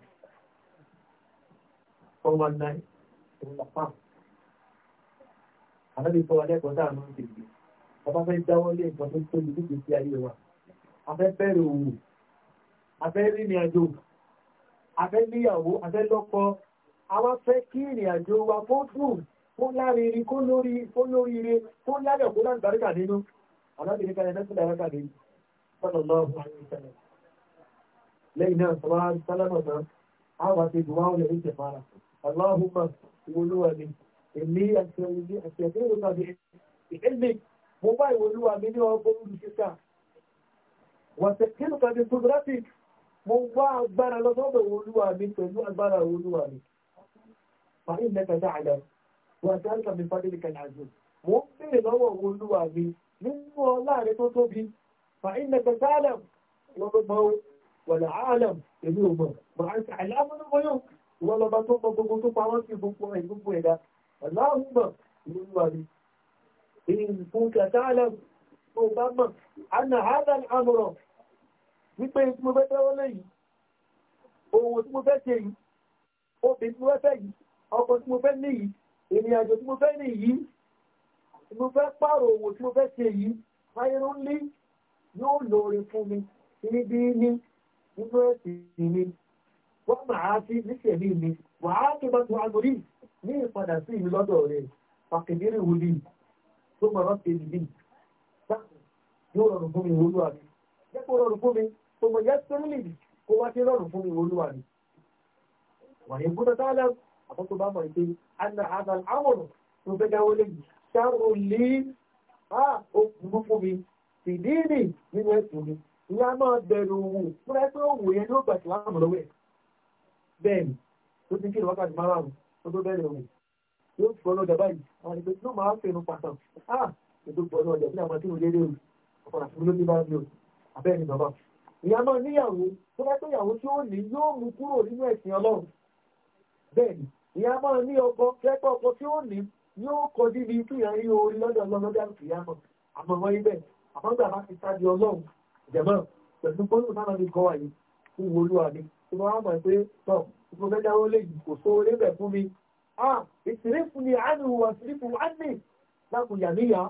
419 òun là pàm. Àlọ́bí fọ́ wa lẹ́kọ̀ọ́ sáà ló ń tètè. Bàbá fẹ́ jáwọ́ lé nǹkan tó tóbi nígbè sí ayé wa. Afẹ́ bẹ̀rẹ̀ òwò. Afẹ́ rí ní àjò. Afẹ́ níyàwó. Afẹ́ lọ́kọ. Àwa fẹ́ kí ìrìn àjò wa kó dùn kó lárinri kó lórí kó lórí ire kó lálẹ̀ kó láti bàríkà nínú. Àlọ́bí ní kalẹ̀ nẹ́sìn dára kalẹ̀ sọ́dọ̀ Allahumma ìwòlúwa mi èmi àti ẹ̀yìn àti ẹ̀dẹ́ ìwòlúwa mi ìhẹ́mi mo bá ìwòlúwa mi ní ọgbọ́n olùṣẹ́ta wọ̀sẹ̀ kí ló kàdé photographic mo wá agbára lọ́sọ́dọ̀ ìwòlúwa mi pẹ̀lú agbára ìwòlúwa mi fàáyì mẹ́ta dáadáa wọ́n ti àríkà mi fàdé nìkan àjò mo ń bèèrè lọ́wọ́ ìwòlúwa mi nínú ọlá rẹ tó tóbi fàáyì mẹ́ta dáadáa wọ́n gbọ́ wọ̀lẹ̀ àálẹ̀ èmi ò mọ̀ màá ń sàlámù ní ìwọ́n lọ́ba tó mọ gbogbo tó pa wọ́n sí gbogbo ẹ̀ gbogbo ẹ̀dá aláhùnmọ̀ olúwa mi ìfún kàtàlẹ̀ tó bá mọ̀ àna hádà àmọ̀rọ̀ wípé tí mo fẹ́ tẹ́wọ́ lẹ́yìn owó tí mo fẹ́ ṣe yìí obìnrin tí mo fẹ́ fẹ́ yìí ọkọ̀ tí mo fẹ́ ní yìí ìrìn àjò tí mo fẹ́ ní yìí tí mo fẹ́ pààrọ̀ owó tí mo fẹ́ ṣe yìí ayérúnlé yóò lóore fún mi níbi ní nínú ẹ̀sìn mi wọ́n máa fi níṣẹ̀mí mi wàá tó bá tó agorí ní ìpadà sí ìlú lọ́dọ̀ rẹ̀ pàkìdírí wuli tó mọ̀ rọ́ tèmi bí yóò rọrùn fún mi olúwa mi jẹ́pọ̀ rọrùn fún mi ní gbọ́dọ̀ tààlà àkókò bá fún mi fìdí yẹn ló gbà sí láàmú bẹ́ẹ̀ ni tó ti kírun wákàtí márùn-ún tó tó bẹ̀rẹ̀ òun yóò fi ọlọ́ ọjà báyìí àwọn ìgbésí náà máa ń fẹ́nu pàtàkì ah ètò ìpọ̀lọ ọjà sí àwọn tí mo lédè òun ọ̀pọ̀ àti mi ló ní bá mi ò abẹ́ ni bàbá ìyá náà níyàwó tó bá tó ìyàwó tí ó ní yóò mú kúrò nínú ẹ̀sìn ọlọ́run bẹ́ẹ̀ ni ìyá máa ní ọkọ kẹ́kọ̀ọ́ ọkọ tí ó ní yóò kọjú ní kí ìyá rí orí lọ́dọ̀ lọ́dọ̀ ìyá náà àmọ́ wọ́n ibẹ̀ àmọ́ gbà bá ti sáájú ọlọ́run jẹ̀mọ́ pẹ̀lú pọ́nlù náà ní kọ́ wáyé fún olúwa ni ṣùgbọ́n wọ́n mọ̀ pé tọ́ mo fẹ́ dáwọ́ lè kò sówó lébẹ̀ fún mi ah ìsìrífù ni àánú wà sírífù ánì lákùnyà níyà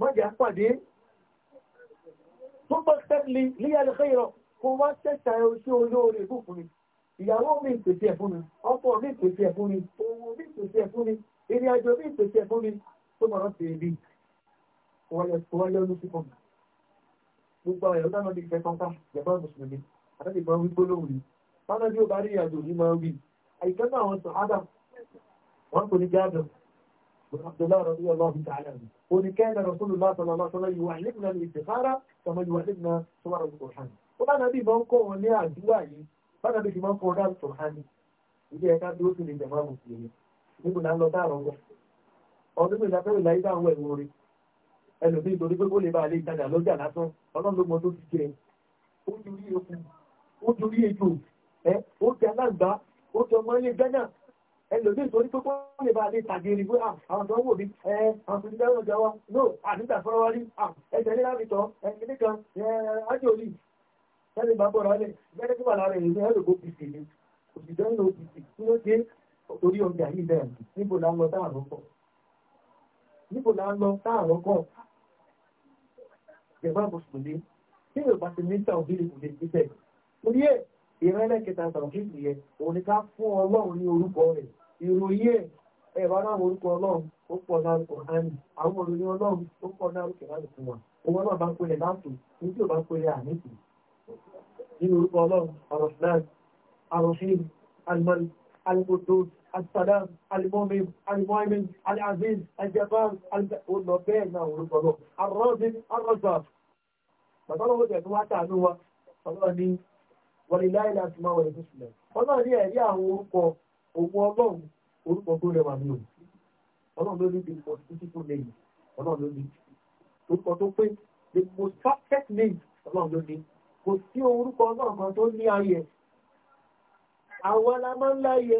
mọ́jà pàdé tó bọ́ sẹ́lì líyàlẹ́ kẹ́yọ̀ kó wá ṣẹ̀ṣà oṣù olóore fún fún mi ìyàwó mi ìpèsè ẹ̀ fún mi ọkọ mi ìpèsè ẹ̀ fún mi owó mi ìpèsè ẹ̀ fún mi ìrìn àjò mi ìpèsè ẹ̀ fún mi tó mọ̀ràn sí ibi wọ́n yọ lọ́nu sí fún mi gbogbo ẹ̀rọ dáná àtàkì máa ń wí gbólóhùn ni báná bí ó bá rí ìyàjò ní máa ń wí àìkẹ́ náà wọn sọ ádà wọn kò ní gáàdọ̀ Abdullahi rọ̀bí ọlọ́run ti àlẹ́ mi ó ní kẹ́ẹ̀nà rọ̀sọ́lù láti ọ̀nà lọ́sọ́lá yìí wà nígbà ní ìtẹ̀fára tọmọ yìí wà nígbà tó wà rọ̀ sọ̀hánì ó bá nàbí máa ń kọ́ wọn ní àdúrà yìí bá nàbí fi máa ń kọ́ ọ̀dà sọ̀hánì ilé ẹ̀ka lè bá àwọn ìtajà lọ́jà lásán ọlọ́run ló mọ tó ti jẹ ó ń ó dorí ètò ẹ ó jẹ aláǹgbá ó jọ ọmọ ilé ghana ẹlòmí ìtorí tó kọ́ lè bá lè tàgé ní wíwá àwọn tó ń wò ní ẹ àwọn tó ń dáwọ́ ọjà wa no àdúgbà fọ́nrán wá rí ẹsẹ̀ ní láti tọ́ ẹni nìkan ẹ ájòlì sẹ́ni bá bọ̀rọ̀ ọlẹ̀ bẹ́ẹ̀ tó wà lára èyí ní ẹlòmí òbísì ni òṣìṣẹ́ ń lo òbísì tí ó dé torí ọjà yìí bẹ́ẹ̀ níbo là ń lọ táàrọ̀ kọ́ níbo là ń lọ táàrọ̀ kọ́ ìjọba mùsùlùmí tí Yorùbá ti ní torí ẹ̀ ìrẹ́lẹ̀ kẹta tàwọ̀kìtì yẹ òun ni ká fún ọlọ́run ní orúkọ rẹ̀ ìròyìn ẹ̀ ẹ̀rọ aláwọ̀ orúkọ ọlọ́run ó pọ̀ náà kòránì àwọn olóyìn ọlọ́run ó pọ̀ náà kẹwàá lè fún wa owó náà bá ń pèlè láàtò ní tí ò bá ń pèlè àníkù nínú orúkọ ọlọ́run arọ̀fúnán arọ̀fíìm alimọ́lì alikoto alisadam alimọ́mí alimọ́mí aliaziz aljabar olùlọ bẹ́ẹ̀ náà orúkọ ọlọ́run arọ́bí arọ́gbà bàbá lọ́wọ́ jẹ̀ tó wá tà ní wa ọlọ́run ní wọ́n ní láyé láti máa wọlé fífi lẹ̀. ọlọ́run ní ẹ̀rí àwọn orúkọ òun ọlọ́run orúkọ tó rẹwà ní òun ọlọ́run ló ní bí mo títí tó lẹ́yìn ọlọ́run ló ní orúkọ tó pé the most perfect name ọlọ́run ló ní kò sí orúkọ ọlọ́run kan tó ní ayẹ àwọn la máa ń láyẹ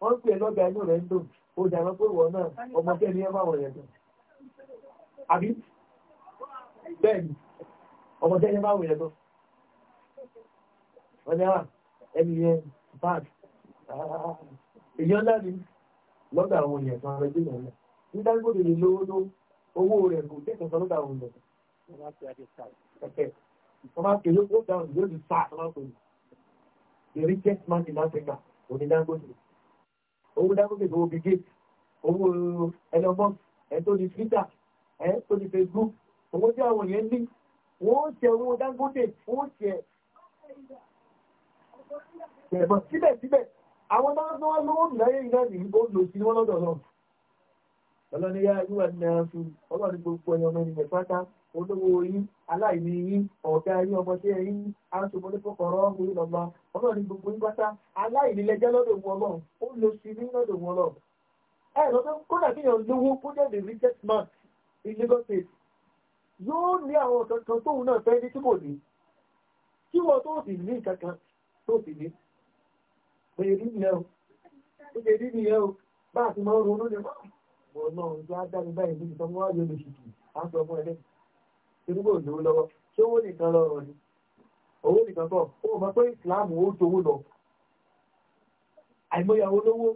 wọ́n pè lọ́gbà inú rẹ̀ ń dùn ó dàgbà pé wọ́n náà ọmọdé ní ẹ bá wọ̀ yẹn dùn àbí bẹ́ẹ̀ ni ọmọdé ní ẹ bá wọ̀ yẹn dùn wọ́n ní ah, ẹni yẹn bad èyí ọ̀la ni lọ́dọ̀ àwọn èèyàn kan rẹ̀ dínà náà ní dáńgòdì ní lówó ló owó rẹ̀ kò tẹ̀sán sọ lọ́dọ̀ àwọn èèyàn. wọ́n máa fi adé sáà. kẹ̀kẹ́ wọ́n máa kéde ó dáhùn yóò di sáà tó máa pè é the richest man in Africa òní dáńgòdì. owó dáńgòdì owó bíi gate owó Elon Musk ẹ̀ tó ní Twitter ẹ̀ tó ní Facebook owó tí àwọn èèyàn ní wọ́n ṣe owó dáńgòdì wọ́n ṣe ẹ̀bọ̀ síbẹ̀síbẹ̀ àwọn bá ń wọ́n lówó láyé iná ní ó lò sí wọ́n lọ́dọ̀ náà ọlọ́niyá yíwà ní aṣù ọlọ́ni gbogbo ẹ̀yọ́ mẹ́rin rẹ̀ pátá olówó yín aláìní yín ọ̀gá yín ọmọ sí ẹ̀yìn aṣọ mọ́lẹ́ fọkọ̀rọ̀ ọmọ yín lọ́gbà ọlọ́ni gbogbo yín pátá aláìní lẹ́jẹ́ lọ́dọ̀ wọn lọ ó lò sí ní lọ́dọ̀ wọn lọ. ẹ lọ́dọ̀ kódà kí yàn lówó kó jẹ́ the richest man in Lagos state yóò ní àwọn kankan tóun náà fẹ́ ní tí kò ní kí wọ́n tó sì ní kankan tó sì ní oye rí nìyẹn o oye rí ni wọn náà ń gbá dáni báyìí níbi tó ń wá yóò lè ṣùkú á sọ ọmọ ẹlẹ́ irúgbó ìlú lọ́wọ́ ṣé owó nìkan lọ́rọ̀ ni owó nìkan kọ́ ó mọ̀ pé ìsìláàmù ó jowó lọ àìmọye àwọn olówó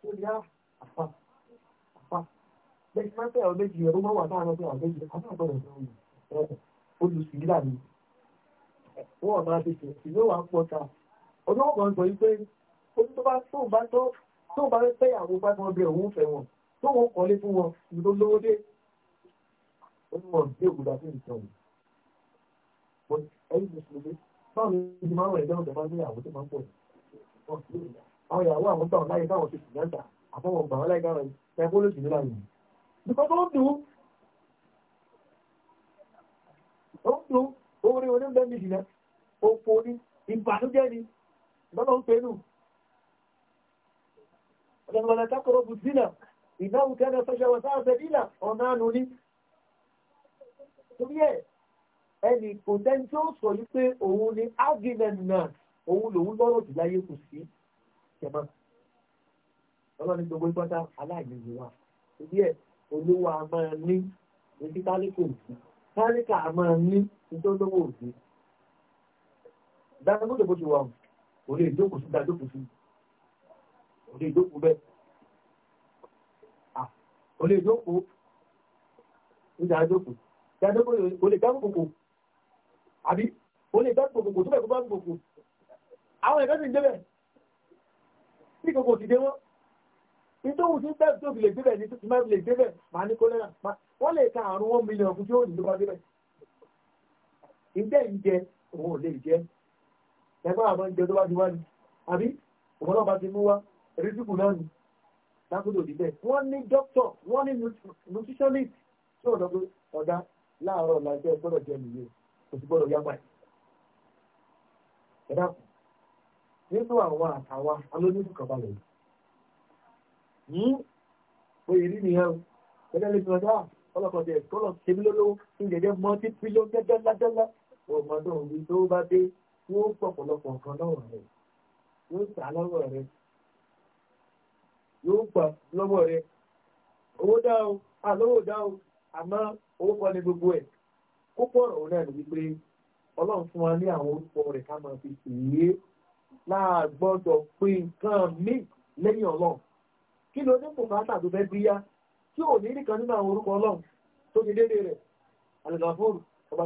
tó ní ah, àfà àfà lẹ́yìn máa ń tẹ̀ ọ́ méjì ẹ̀rọ ni wọ́n máa ti ọdún kan sọ wípé ó tó bá tó bá tó tó bá fẹ́ ìyàwó bá tó bẹ òun fẹ́ wọn tó wọn kọ́lé fún wọn ìlú tó lówó dé ó ní wọn dé òkúta sí ìtàn wọn ẹ̀yìn mùsùlùmí ìdí máa rẹ̀ lọ́wọ́ tó ní ìyàwó tó máa ń pọ̀ àwọn ìyàwó àwọn gbà láyé táwọn ti sì dáńtà àbọ̀wọ̀n gbà wọn láyé káwọn ẹgbẹ́ bọ́lá ń pẹ́nu ọ̀dọ̀mọ̀lá tákọrọ bù dínà ìdáhùn kẹ́rẹ́ fẹ́ṣẹ́ wọ́n sáà fẹ́ dínà ọ̀nà àánú ní torí ẹ̀ ẹni kò tẹ́ni tí ó sọ yí pé òun ni argument náà òun lòun lọ́rọ̀ jù láyé kò sí jẹ̀mọ́ ọlọ́ni gbogbo ìpátá aláìníyí wa torí ẹ̀ olówó a máa ní ibi tálíkà òsì tálíkà a máa ní nítorí lówó òsì dáná gbọ́dọ̀ bó ti wà hù kò lè jókòó sí dá jókòó sí kò lè jókòó bẹ́ẹ̀ kò lè jókòó ní dá jókòó dá jókòó kò lè dá kòkòkò àbí kò lè dá kòkòkò tó bẹ̀ kó bá kòkòkò àwọn ẹ̀ka sì ń débẹ̀ tí kòkò sì dé wọ́n nítorí tí bẹ́ẹ̀ tó fi lè débẹ̀ ní tuntun máa fi lè débẹ̀ máa ní kólẹ́rà wọ́n lè ka àrùn one million fún tí ó ní ló bá débẹ̀ ìjẹ́ ìjẹ òun ò lè jẹ́ ẹgbọ́n àmọ́ jẹ tó bá ti wá ní àbí ọmọlọ́ bá ti mú wá rísìkù náà ní lákòótò dìbẹ̀ wọ́n ní dókítọ̀ wọ́n ní nutritionist tí ọ̀dọ́ pé ọ̀dá láàárọ̀ làjẹ́ gbọ́dọ̀ jẹ nìyẹn kò sì gbọ́dọ̀ yápa ẹ̀ ẹ̀dá kù nínú àwọn àtàwa alóníṣù kan balẹ̀ yìí hmm? oyè rí nìyẹn o gẹ́gẹ́ lè fi ọjà ọlọ́kọ̀ jẹ kọ́lọ̀ ṣe mí lólówó kí n jẹjẹ mọ́ sí pílíọ̀n gẹ́gẹ́ lájọ́lá ọmọdé òun tó bá dé yóò pọ̀pọ̀lọpọ̀ nǹkan lọ́wọ́ rẹ̀ yóò tà lọ́wọ́ rẹ̀ yóò gbà lọ́wọ́ rẹ̀ owó dáhùn àlówó dáhùn àmọ́ owó ní gbogbo ẹ̀ kókó ọ̀rọ̀ náà ni wípé ọlọ́run fún wa ní àwọn orúkọ rẹ̀ ká fi láàgbọ́dọ̀ nǹkan lẹ́yìn ọlọ́run kí ló máa tàbí fẹ́ bí yá tí ò ní nínú àwọn ọba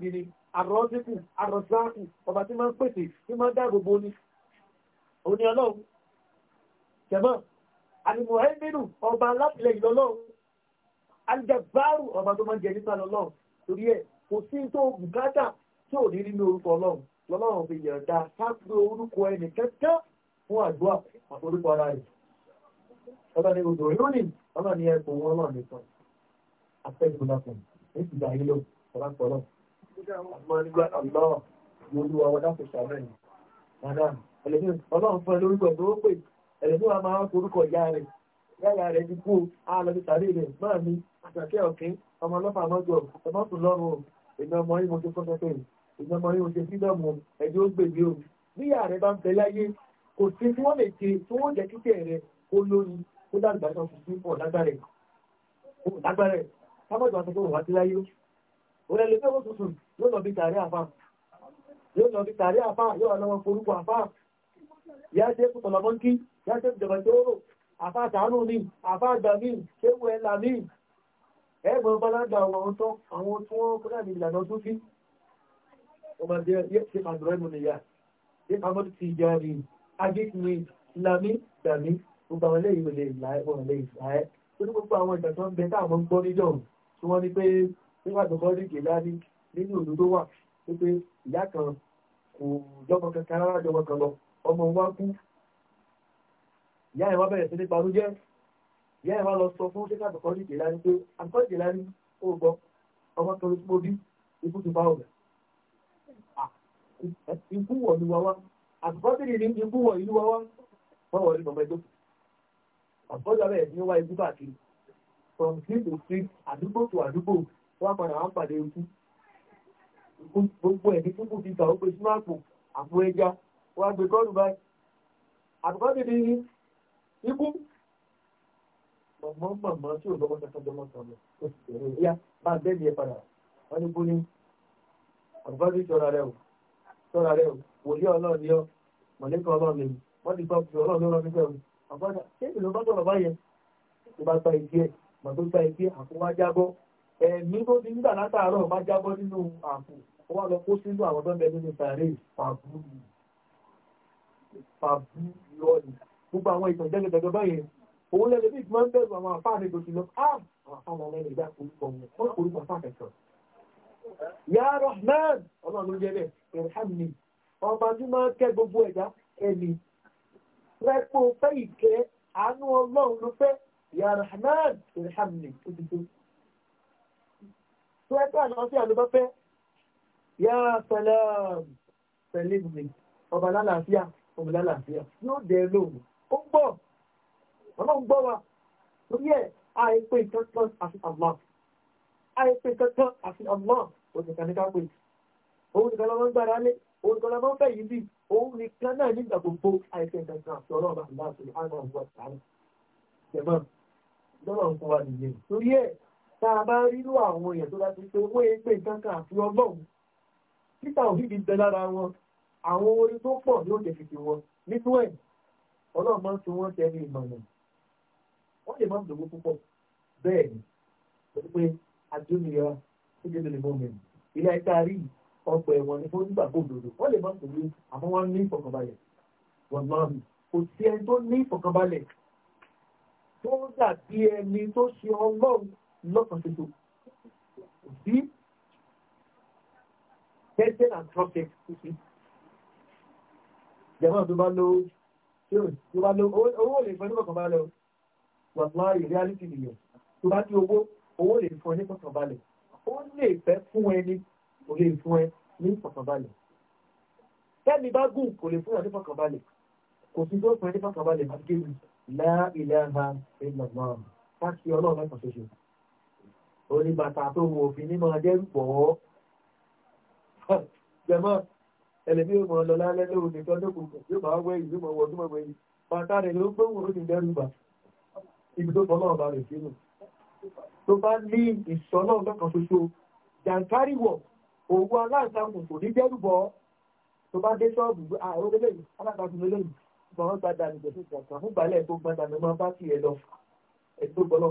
tí ń àrọ́síkù àrọ̀sáàkù ọba tí máa ń pèsè tí máa ń dáàbòbò ní òní ọlọ́run jẹ̀mọ́ àlìmọ̀ẹ́mìnù ọba alátìlẹyìn lọ́lọ́run alìjẹ̀báàrù ọba tó máa ń jẹ nípa lọ́lọ́run torí ẹ̀ kò sí tó bùkátà tí ò ní nínú orúkọ ọlọ́run lọ́lọ́run fi yẹ̀ǹda sápẹ́ orúkọ ẹnì kẹ́kẹ́ fún àdúrà àti orúkọ ara rẹ̀ ọba ní odò ìlú ni ọlọ́run ni ẹ̀kọ́ wọn ọlọ́run nìkan afẹ́ ìgbọ́lá Ẹlẹ́gbẹ́ máa ń forúkọ ìyá rẹ̀, yáyà rẹ̀ ti kú ààlọ́bí tàbí rẹ̀ máa ní àtàkẹ́ ọ̀kẹ́, ọmọ ọlọ́pàá mọ́jọ, ọmọ́sùn lọ́rùn ìgbà ọmọ yìí mo ṣe fọ́n tẹ́tẹ́ ìgbà ọmọ yìí mo ṣe fídọ̀mù ẹjọ́ gbèbí o. Bí ìyá rẹ̀ bá ń bẹ láyé, kò sí tí wọ́n lè ṣe tí wọ́n jẹ́ kíkẹ́ rẹ̀ kó lórí kó dàgbà sọ fún sí pọ̀ lágbàrẹ̀. Lágbàrẹ̀, ká yóò lọ bí tàrí àfá yóò lọ bí tàrí àfá yóò lọ forúkọ àfá yá ṣe kù tọ̀lọ̀mọ́ kí yá ṣe jọba tó rò àfá tàánù mi àfá àgbà mi ṣéwù ẹ̀là mi ẹgbọ̀n bálágbà àwọn tó àwọn tó wọ́n kúrò àmì ìlànà tó fi ọmọdé ṣe àdúrà ẹnu nìyà ṣe àmọ́ ti yà rí agit mi ìlàmí ìdàmí gbogbo àwọn ilé ìwòlè ìlà ẹ̀ nínú òdò tó wà wípé ìyá kan kò jọmọ kankan rárá jọmọ kan lọ ọmọ wa kú ìyá ẹ̀ wá bẹ̀rẹ̀ sí ní parújẹ́ ìyá ẹ̀ wá lọ sọ fún ṣẹ́kà àkọ́kọ́ ní ìjìlá ní pé àkọ́kọ́ ìjìlá ní ó gbọ́ ọmọ kan tó bí ikú ti bá ọ̀bẹ̀ ikú wọ̀ ní wawa àkọ́kọ́ sì ní ikú wọ̀ ìlú wawa wọ́n wọ̀ ní bọ̀mọ̀ ẹjọ́ àkọ́kọ́ ìjọba ẹ̀ ní wá ikú káàkiri from street to street àdúgbò to àdúgbò wọ́n padà wá ń pàdé ikú gbogbo ẹ̀dí tó kù fi kà ó gbé sínú àpò àpò ẹja wọ́n á gbé kọ́ọ̀lù báyìí àbùkọ́ dìde ní ikú mọ̀mọ́ mọ̀mọ́ tí ò lọ́wọ́ kankan jọmọ́ kan lọ ó sì tẹ̀lé ìyá bá bẹ́ẹ̀ni ẹ padà wọ́n ní kú ní àbùkọ́ dìde sọ́ra rẹ̀ o sọ́ra rẹ̀ o wòlíì ọlọ́ọ̀ni ọ mọ̀lẹ́kọ̀ ọlọ́ọ̀ni wọ́n ti gbọ́ fi ọlọ́ọ̀ni ọlọ́ọ̀ni fẹ́ o àbọ̀dà ṣé ìlú bá sọ̀rọ̀ báyẹn tó bá gba ìgbé ẹ̀ mọ̀ tó gba ìgbé àkówájábọ́ ẹ̀mí tó ti nígbà látàárọ̀ má jábọ́ nínú àpò ó wá lọ kó sínú àwọn tó ń bẹ sàárè pàbú pàbú lọ́ọ̀nì gbogbo àwọn ìtàn jẹ́gẹ̀dẹ̀gẹ̀ báyìí òun lẹ́nu bí ìtumọ̀ bẹ̀rù àwọn àfáà nígbà tí lọ àwọn ìdá orúkọ tó ẹ pé àlàáfíà ló bá fẹ́ yá pẹ̀lẹ́ pẹ̀lẹ́ ìbùgbé ọba lálàáfíà ọba lálàáfíà yóò dẹ̀ lóhùn ó ń bọ̀ ọmọ ń gbọ́ wa torí ẹ̀ àìpé kankan àfi Allah àìpé kankan àfi Allah òṣìkà ní ká pè òun nìkan lọ́wọ́ ń gbára lé òun nìkan lọ́wọ́ ń fẹ́ yìí bí òun nìkan náà nígbà gbogbo àìpé kankan àfi ọlọ́ọ̀bà Allah àti àwọn ọ̀gbọ̀n sáré jẹ̀mọ́ lọ́wọ́ ń kọ́ wa nìyẹn torí ẹ̀ tá a bá rírò àwọn èèyàn tó bá ti pé owó ẹgbẹ́ ìkankan àti ọlọ́run títà òfìdí ń bẹ lára wọn àwọn orí tó pọ̀ ló jẹ́ fìdí wọn nínú ẹ̀ ọlọ́run máa ń fi wọ́n tẹ́lẹ̀ ìmọ̀nà wọ́n lè máa ń lówó púpọ̀ bẹ́ẹ̀ ni pẹ̀lú pé àjọyọ̀ ìjọba lè mọ̀ mẹ́rin ilé ẹ̀ka rí ọ̀pọ̀ ẹ̀wọ̀n ní fún nígbà tó dòdò wọ́n lè máa ń pèlú àmọ́ wọ́n ní ìfọ̀kànbalẹ̀ wọ́n máa ń kò sí ẹni tó ní ìfọ̀kànbalẹ̀ tó dàbí ẹni tó ṣe ọlọ́run lọ́kàn ṣoṣo bí tẹ́tẹ́ and trọ́kẹ́ ṣoṣo. Jẹ̀mọ́ tó bá lo tó bá lo owó lè fọ́ nípa kan bá lọ you má ìrẹ́álítì nìyẹn tó bá ní owó owó lè fọ́ nípa kan bá lẹ̀ ó lè fẹ́ fún ẹ ní kò lè fún ẹ ní ìfọ̀kànbalẹ̀. Tẹ́mi bá gùn kò lè fún ẹ ní ìfọ̀kànbalẹ̀ kò sí tó fún ẹ ní ìfọ̀kànbalẹ̀ àti kéwì láìláha ìlànà láti ọlọ́run mẹ́ta ṣoṣo orí bàtà tó wò fi ní máa dẹ́rù pọ̀ ọ́ jẹmọ́ ẹlẹ́bí ò mọ̀ lọ lálẹ́ lóhùn nìkan tó kù yóò máa wẹ̀ yìí yóò máa wọ̀ tó máa wẹ̀ yìí bàtà rẹ̀ ló gbóhùn ó ti dẹ́rù bà ibi tó tọ́lọ́ ọba rẹ̀ sínú tó bá ní ìṣọ́nà lọ́kàn ṣoṣo jàǹkárì wọ̀ owó aláǹtakùn kò ní dẹ́rù bọ́ tó bá dé ṣọ́ọ̀bù àwọn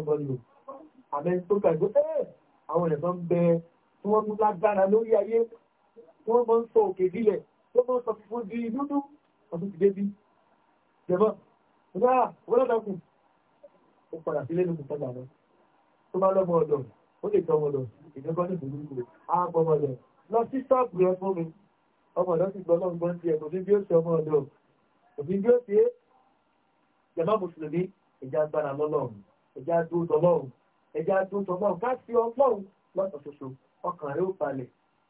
olóyìn àmẹ́ tó gbàgbé ẹ́ àwọn ẹ̀sán bẹ tí wọ́n mú lágbára lórí ayé tí wọ́n mọ́ ń sọ òkè dílẹ̀ tí wọ́n mọ́ ń sọ fífún di dúdú ọdún ti dé bí jẹ̀mọ́ ọ̀gá ah, ọ̀gọ́lọ́dọ̀kùn ó padà sílé ní kùtọ́gbà lọ tó bá lọ́mọ ọ̀dọ̀ ó lè tọ́ ọmọdọ̀ ìjọba ní ìlú ìlú ààbọ̀ ọmọdọ̀ lọ sí sọ́ọ̀bù rẹ fún mi ọmọ ọ̀dọ̀ ti gbọ́nà gbọ́n ti ẹ̀kọ́ bí ó ṣe ọmọ ọ̀dọ̀ òbí bí ó ṣe jẹ̀mọ́ mùsùlùmí ìjà gbára lọ́lọ́run ìjà dúró tọ́lọ́run Eja tó tọmọ ká sí ọlọ́run lọ́sàn ṣoṣo ọkàn rẹ ó balẹ̀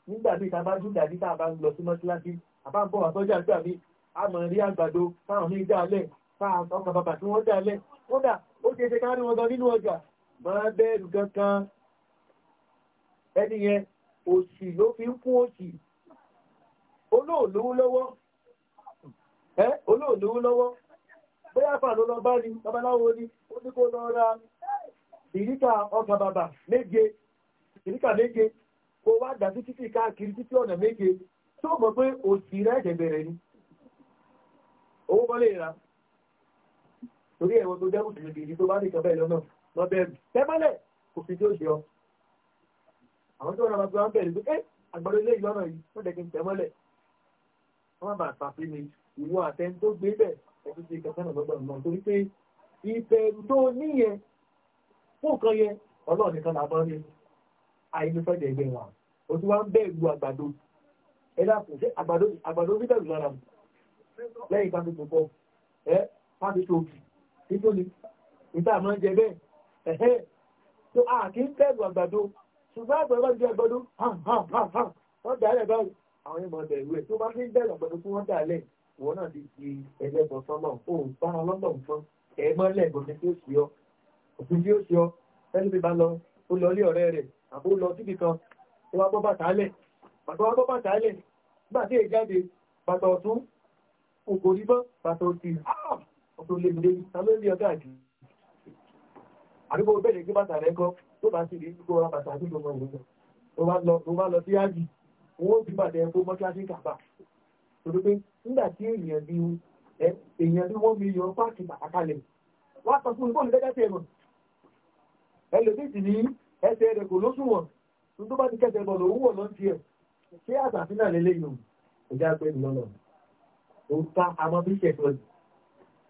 nígbà bíi ta bá jù dàbí tá a bá ń lọ sí mọ́ṣáláṣí àbá ń bọ̀ wá sọ́jà sí àmọ̀ rí àgbàdo táwọn ní dálẹ̀ táwọn wọn kankan ẹni yẹn ló fi ń kún olóòlówó lọ́wọ́ bóyá fà ní babaláwo ni ó lọ ra ìríkà ọkà bàbà méje ìríkà méje kó wá dà sí títí káàkiri títí ọ̀nà méje tó mọ̀ pé òsì rẹ̀ ẹ̀jẹ̀ bẹ̀rẹ̀ ni owó mọ́lẹ̀ ìra torí ẹ̀wọ̀n tó jẹ́ òsì gidi tó bá ní ìkan bẹ́ẹ̀ lọ́nà lọ bẹ́ẹ̀rù tẹ́mọ́lẹ̀ kò fi tí ó ṣe ọ àwọn tó rọra máa bẹ̀rẹ̀ pé ẹ́ àgbàdo ilé ìlọ́nà yìí wọ́n dẹ̀ kí n tẹ́mọ́lẹ̀ wọ́n máa fàfi mi ìwọ àtẹn gbé bẹ̀ ẹ̀tún fún nǹkan yẹn ọlọ́run nìkan làbọ́ rí àìnífẹ́jẹ̀ ẹgbẹ́ wa o ti wá ń bẹ̀rù àgbàdo ẹ̀dàkùn ṣe àgbàdo rí bẹ̀rù lára lẹ́yìn ká tuntun kọ ẹ́ pàdé tó kì títún ni ìta àmọ́ jẹ bẹ́ẹ̀ ẹ̀hẹ́ tó a kì í bẹ̀rù àgbàdo ṣùgbọ́n àgbàdo bá ti jẹ àgbàdo hàn hàn hàn hàn wọ́n dàálẹ̀ báyìí àwọn ìmọ̀ bẹ̀rù ẹ̀ tó bá fi ń bẹ̀rù àgbàdo fún wọn dàálẹ̀ wọn náà ti di ẹlẹ́gbọ̀n sọ́nà òun bá ọlọ́dọ̀ nǹkan ẹ̀ẹ́mọ́lẹ̀ gbọ̀ngàn tó sì ọ́ òbí bí ó ṣe ọ ẹni bí bá lọ ó lọ lé ọ̀rẹ́ rẹ̀ àbó lọ síbi kan ó wá bọ́ bàtà lẹ̀ bàtà wá bọ́ bàtà lẹ̀ nígbà tí èyí jáde bàtà ọ̀tún òkò rí bọ́ bàtà òtì ah! ọ̀tún lè mìíràn ta ló ń lé ọgá àjù àdúgbò bẹ́ẹ̀ gbé bàtà rẹ̀ kọ́ tó bá sì rí gbogbo ọ̀rọ̀ bàtà àdúgbò mọ̀ ìwọ̀n tó bá lọ sí ájì owó ti bàtà ẹ̀kọ́ mọ́ṣáláṣí kàbà torí pé nígbà tí èèyàn bí èèyàn bí wọ́n mi yọ páàkì bàtà kalẹ̀ sọ fún un bóòlù gẹ́gẹ́ ẹlòmíjì ní ẹsẹ̀ rẹ̀ kò lóṣùwọ̀n tó tó bá ti kẹsẹ̀ bọ̀ lòun wọ̀ lọ́n tiẹ̀ ṣé àtàfin náà lélẹ́ yìí ò já pé ní lọ́nà ó ta àmọ́ bí ṣẹ̀ tọ́jú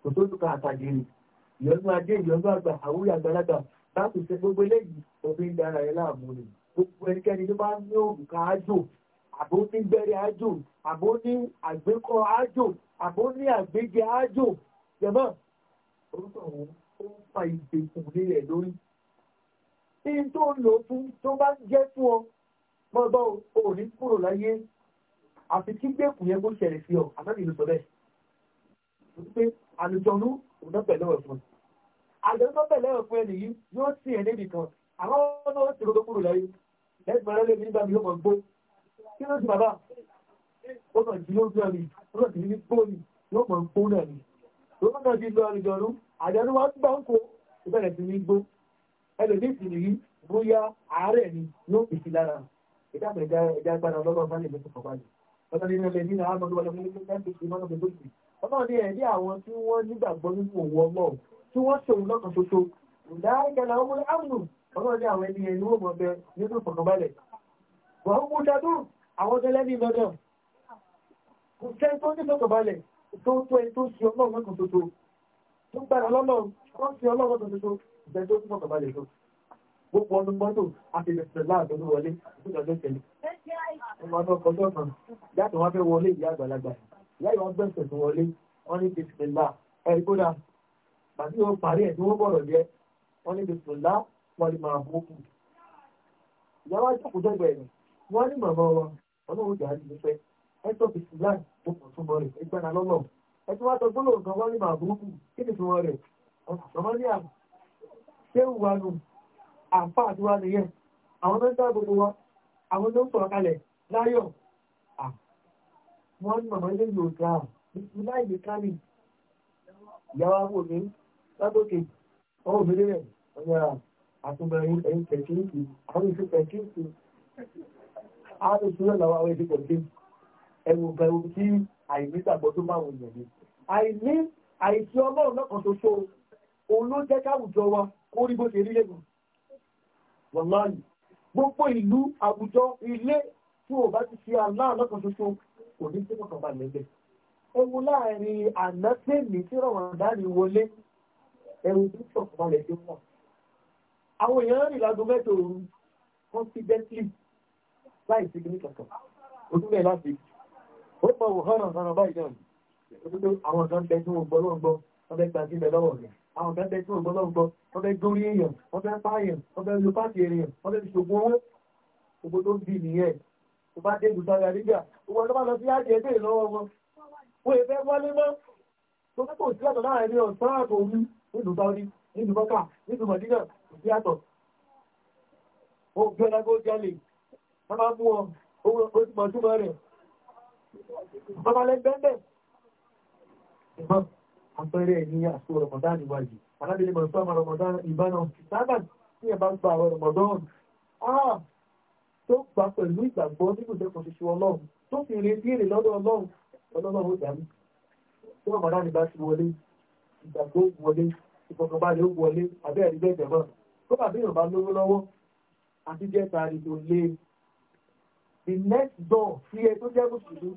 kò tó túkà àtàgìrì ìyọ́nú ajé ìyọ́nú àgbà àwúrẹ́ àgbàlagbà láti ṣe gbogbo eléyìí òfin dára ẹ láàmú ni gbogbo ẹnikẹ́ni tó bá ní òògùn ká ájò àbó ní gbẹ́rẹ́ ájò àbó ní àgbékọ́ ájò àbó ní àgbéjẹ ájò jẹ̀mọ́ orúkọ òun ó ń fa ìgbèkùn nílẹ̀ lórí in tó lò fún tó bá jẹ́ fún ọ mọ́bọ́ òní kúrò láyé àfi kí gbẹ̀kù yẹn kó ṣẹlẹ̀ sí ọ àmọ́bí ló sọ bẹ́ẹ̀ pé àlùjọ̀nú òun pẹ̀lú ẹ̀ fún àlùjọ̀nú pẹ̀lú ẹ̀ fún ẹni yìí yóò sì ẹ̀ níbi kan àwọn ọmọ náà ti rọ́gbọ́ kúrò láyé lẹ́gbẹ̀rẹ́ lẹ́lẹ́ nígbà mi yóò mọ̀ gbó kí ló ti bàbá ó kàn jí lójú ẹni ó kàn jí ní gbóni yóò mọ̀ gbó náà ni lókàn náà ti lọ àlùjọ̀nú àjọ̀nú wa gbà ẹlòmíì sì rí bóyá àárẹ̀ ni yóò fi sí lára ìdáàbò ẹja ẹja gbára lọ́wọ́ bá lè mẹ́tò fọ́pá yìí ọ̀tọ̀ nínú ẹlẹ́ nínú àwọn ọmọdé wọlé fún ẹgbẹ́ ìgbìmọ̀ náà gbogbo ìgbì ọlọ́run ní ẹ̀rí àwọn tí wọ́n nígbàgbọ́ nínú òwò ọlọ́run tí wọ́n ṣòwò lọ́kàn ṣoṣo ìdáríkẹlẹ̀ ọmọ ámù ọlọ́run ní àwọn ẹni ẹni wọ́n mọ̀ bẹ nínú ìfọ̀kànbalẹ̀ wọ́n mú dadú àwọn gẹ́lẹ́ ní lọ́dọ̀ kò sẹ́ tó ní ìfọ̀kànbalẹ̀ tó tó ẹni tó ṣe ọlọ́run lọ́kàn ṣoṣo tó ń gbára lọ́lọ́run wọ́n fi ọlọ́run tó tuntun bẹ́ẹ̀ tó fún ọ̀tọ̀bá lè tó gbogbo ọdún mọ́tò àti ìrẹsẹ̀ láàbọ̀ ló wọlé ìgbàgbọ́ tẹ̀lé ọmọ ọdún ọkọ̀ tó kàn yàtọ̀ wọn fẹ́ wọlé ìyá àgbàlagbà ìyá ìwọ̀n gbẹ̀sẹ̀ tó wọlé wọn ní bisimilá ẹ̀rí kódà bàbí wọn parí ẹ̀ tí wọ́n bọ̀rọ̀ jẹ́ wọn ní bisimilá wọn lè máa bó kù ìyá wa jókòó dẹ́gbẹ̀ ẹ̀ wọ́n ní màmá wọn ọlọ́run jà á ti fẹ́ ẹ ẹtí wá sọ gbọ́dọ̀ nǹkan wá ní màbúrúkú kí ni tiwọn rẹ̀ ọ̀sán ní àbù ṣé ń wa nù àǹfà àti wa nìyẹn àwọn tó ń dá gbogbo wa àwọn tó ń sọ̀rọ̀ kalẹ̀ láyọ̀ wọ́n ní màmá ilé yóò ga ní láì lè ká ní ìyàwó àwọn mi lábòkè ọmọ mi rẹ̀ ọ̀yà àtúbẹ̀rẹ̀ ẹ̀yìn kẹ̀kẹ́kì àwọn àwọn ìṣúná làwọn àwọn àìní àìsí ọlọ́run lọ́kàn ṣoṣo òun ló jẹ́ káwùjọ wa kó rí bó ṣe rí lẹ́gùn wọ̀láyì gbogbo ìlú àwùjọ ilé tí ò bá ti fi aláà lọ́kàn ṣoṣo kò ní sí kọ̀kan balẹ̀ bẹ̀ ewu láàrin àná tèmi tí rọ̀mọ̀dánì wọlé ẹ̀rù tí kọ̀kan balẹ̀ dé wọ̀ àwọn èèyàn rìn lágbo mẹ́ta òru confidently láì sí kí ní kankan ojúmọ̀ láti ó mọ̀ wò hànà hànà báyìí náà àwọn kan bẹ tí wọ́n gbọ́ lọ́wọ́ gbọ́ wọ́n fẹ́ gbajú bẹ lọ́wọ́ rẹ̀ àwọn kan bẹ tí wọ́n gbọ́ lọ́wọ́ gbọ́ wọ́n fẹ́ gbórí èèyàn wọ́n fẹ́ pààyàn wọ́n fẹ́ lo pàṣẹ èèyàn wọ́n fẹ́ fi ṣògùn owó gbogbo tó ń bì nìyẹn kò bá dé ìgbùsára nígbà gbogbo ọlọ́pàá lọ sí àjẹ́ ẹgbẹ́ ìlọ́wọ́ wọn wọ́n èfẹ́ wọlé mọ́ tó fẹ́ kò sí àtọ̀ láàrin ní ọ̀sán àtọ̀ omi nínú Saudi nínú Mọ́kà nínú Mọ̀dínà kò sí àtọ̀ ó gbé ọlágó jálè wọ́n máa mú ọ owó ojúmọ̀túmọ̀ rẹ̀ bàbá lẹ́gbẹ́ẹ́ ṣùgbọ́n àpẹẹrẹ ní àsìkò rọmọdán ìwáyé alábìnrin mọ̀ sọ́mọ rọmọdán ìbáná sábà tí ẹ bá ń gba rọmọdán tó gbà pẹ̀lú ìgbàgbọ́ nínú ìdẹ́kùn ṣoṣo ọlọ́run tó fi retí èrè lọ́dọ̀ ọlọ́run ọlọ́run ó dàrú tí rọmọdán ìbá ti wọlé ìgbàgbọ́ wọlé ìfọ̀kànbalẹ̀ ó wọlé àbẹ́ ẹ̀rí bẹ́ẹ̀ bẹ́ẹ̀ tó bàbí ìrọ̀bá lówó lọ́wọ́ next door sí ẹ tó jẹ́ mùsùlùmí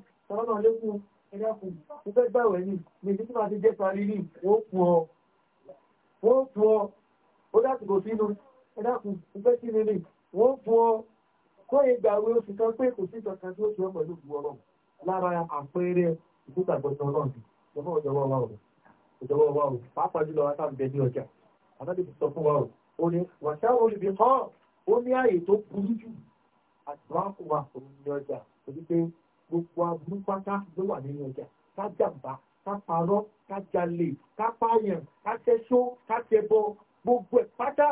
ẹ̀dàkùn tó fẹ́ gbàwẹ̀ ní méjì tí máa ti jẹ́ parí ní ó pù ọ́ ó pù ọ́ ó láti kò sínú ẹ̀dàkùn tó fẹ́ sínú ní ó pù ọ́ kó ìgbà wo oṣù kan pé kò sí kankan tí ó ti ọmọ ìlú gbọ́ ọlọ́run lára àpẹẹrẹ ìkútàgbọ̀tàn ọlọ́run ìjọba ọjọ́wọ́ wa ò ìjọba wa ò pàápàá jùlọ wa tá bẹ ní ọjà àbádìí sọ fún wa ò ó ní wàṣà olùbí kan ó ní ààyè tó burú jù àti wàá kó wa òun ní ọjà torí gbogbo aburú pátá ló wà nínú ọjà ká jàmbá ká parọ́ ká jalè ká pààyàn ká tẹ́ṣó ká tẹbọ gbogbo ẹ̀ pátá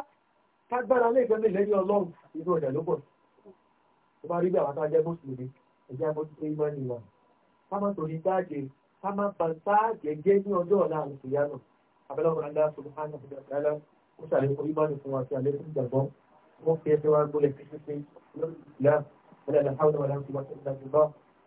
ká gbára lé ìfẹ́ mi lẹ́yìn ọlọ́run inú ọjà ló bọ̀ tó bá rí bí àwọn akájẹ́ mùsùlùmí ẹ̀jẹ̀ àmójútó ìmọ̀ ni wọn. ká má torí dáàjẹ ká má ba sáàjẹ jẹ́ ní ọjọ́ ọ̀la àwọn ìyanu abẹ́lẹ́ ọmọ aláǹdá subhanahu wa ta'ala fi ẹsẹ̀ wa gbọ́lẹ̀ fífífí lórí ìlà ولا لا حول ولا قوة إلا بالله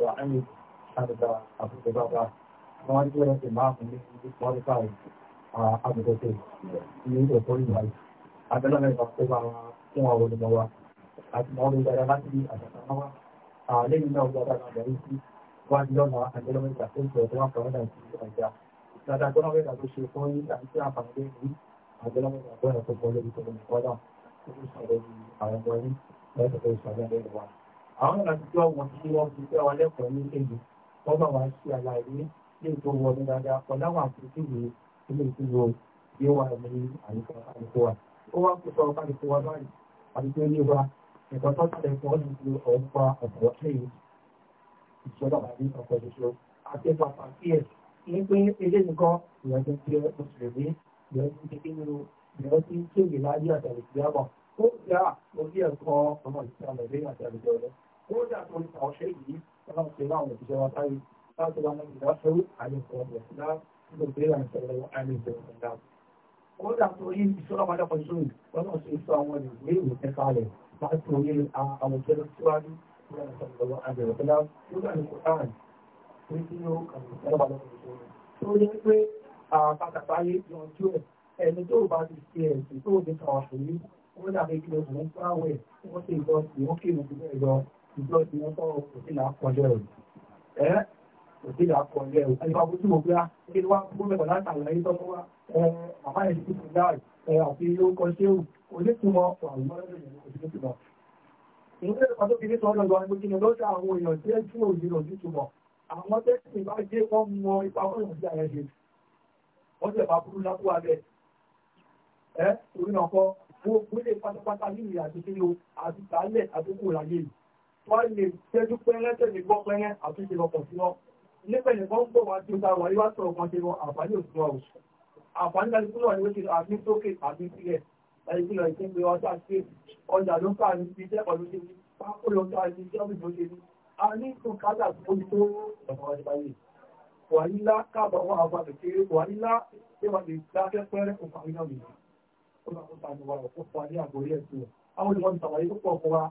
القرآن هذا أبو بابا نواجه الإمام من مالكاي أبو بابا يريد كل ما أدلنا من بابا ما هو النوا أتمنى بيرانتي أتمنى عليه من بابا نبيه وأدلنا أدلنا من بابا ما هو النوا dada tó lọ́wọ́ ìdàgbé ṣe fún yí àti tí àǹfààní lè rí àgbélọ́wọ́ ìdàgbé ẹ̀kọ́ pọ̀ lórí tó lè kọ́ dà tó ń sọ̀rọ̀ àwọn ọmọ yìí lẹ́sẹ̀ tó ń sọ̀rọ̀ ẹ̀rọ wa àwọn àtijọ́ wọn tí wọ́n ti fẹ́ wa lẹ́kọ̀ọ́ ní èyí wọ́n bá wa ṣe àlàyé lè tó wọlé dáadáa pọ̀ láwọn àtijọ́ ìwé ilé ìtúwò yóò wà ní àyíkọ́ wa. ó wá kó sọ ọba ìkó wa báyìí àdúgbò ilé wa ẹ̀kọ́ tó ti lẹ́kọ̀ọ́ ní ti ọ̀pá ọ̀pọ̀ lẹ́yìn ìṣọ́lá àbí ọ̀pọ̀ ṣoṣo àti pàpà kíyè ní pé ilé nìkan ìrọ̀jẹ́ tí ó mùsùlùmí ìrọ̀jẹ́ tí kí nínú kódà tó ń ta ọ̀ṣẹ́ yìí ọlọ́run ṣe láwọn òṣìṣẹ́ wa táyé láti wá lẹ́yìn ìdáṣẹ́wó àyẹ̀kọ́ ọ̀rẹ́ sílá nígbà tí ìlànà ìṣẹ̀lẹ̀ wọn àmì ìṣẹ̀lẹ̀ ńlá. kódà tó yí ìṣọ́lá padà pọ̀ sí ọlọ́run ṣe sọ àwọn ìwé ìwé kẹta rẹ̀ láti orí àwọn òṣèlú síwájú ìlànà ìṣẹ̀lẹ̀ wọn àmì ìṣẹ̀lẹ̀ ńlá ẹni tó bá ti ṣe ẹ̀sìn tó ní kàwáṣe yìí wọ́n dàbí kí lóògùn fún àwẹ̀ wọ́n sì lọ sí ó kí lóògùn bẹ́ẹ̀ lọ ìjọ ti wọ́n tọ́rọ kò sí làá kọjọ́ rẹ̀ ẹ́ kò sí làá kọjọ́ rẹ̀ ẹni bá bó tí mo gbé kí ni wá kó mẹ́kọ̀ láti àlàyé tó wá ẹ bàbá yẹn ti fi dáì ẹ àti yóò kọ ṣé ò kò ní túmọ̀ ọ̀pọ̀ àwọn ọmọdé rẹ̀ kò sí ní túmọ̀. ìwé ẹ̀kọ́ tó fi ní sọ́dọ̀ lọ ẹgbẹ́ kí ni lọ́sẹ̀ àwọn èèyàn tí ẹ tí ò ní lọ sí túmọ̀ àwọn tẹ́sí bá dé wọ́n mọ ipa ọ̀rọ̀ sí ayẹ ṣe wọ́n tẹ̀ bá burú lápò abẹ́ ẹ́ torí náà kọ́ wọ́n gbélé pátápátá nínú ìyàtọ̀ sínú àti sàálẹ̀ àdókò láyé yìí wọ́n lè tẹ́jú pẹ́rẹ́ tẹ́jú gbọ́ pẹ́rẹ́ àtúnṣe lọ́pọ̀ sí wọn nípa ẹnìkan ń bọ̀ wá tí ó ta wà yíwá sọ̀rọ̀ kan ṣe wọn àǹfààní òṣùn wa òṣù àǹfààní láti kúrò ní wíṣẹ àbí sókè àbí sílẹ̀ láti kúrò ní pé wọn tá ṣe ọjà ló ká ní ti jẹ́ ọ̀dọ́ ṣe ní pápó ló ká ní jẹ́ ọ̀dọ́ ṣe tó ní tó wa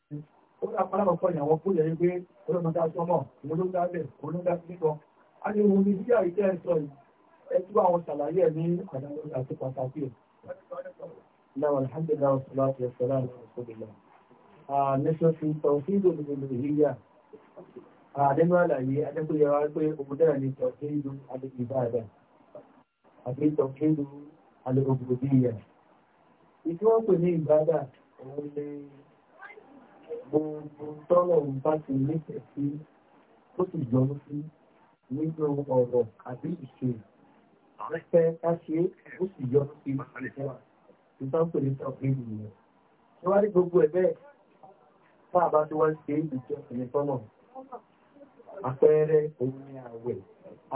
ó ní apalábọ̀pọ̀ ìyàwó kó yẹ wípé olóńgbà sọmọ olóńgbà bẹ̀ olóńgbà sísọ a ní ohun ní bíyà ìjẹ́ ẹ̀sọ́ yìí ẹ tú àwọn ṣàlàyé ẹ̀ ní àdáyọ̀ àti pàtàkì ẹ̀. Náà alhamdulilayi wa salatu wa salam wa rahmatulah. Nẹ́sọ̀sì Tọ̀fíìdò Olùdíyà. Àdẹ́nu àlàyé Adékúnyẹ wa pé òmùdára ni Tọ̀fíìdò Adébíbáàdà àti Tọ̀fíìdò Alẹ́gbòdìyà. Ìtí wọ́n pè ní ìbádà òun ni gbogbo tọ́lọ̀ ń bá ti nífẹ̀ẹ́ sí ó sì yọrú sí nínú ọ̀rọ̀ àbí ìṣe àrẹ́fẹ́ ká ṣe ó sì yọrú sí ìṣẹ́wà tí sáà ń pè ní sọ̀rọ̀ nínú ìyẹn. tí wọ́n rí gbogbo ẹ̀ bẹ́ẹ̀ tá a bá ti wá ṣe ìjọ ìṣẹ̀lẹ̀ tọ́lọ̀ àpẹẹrẹ òun ni ààwẹ̀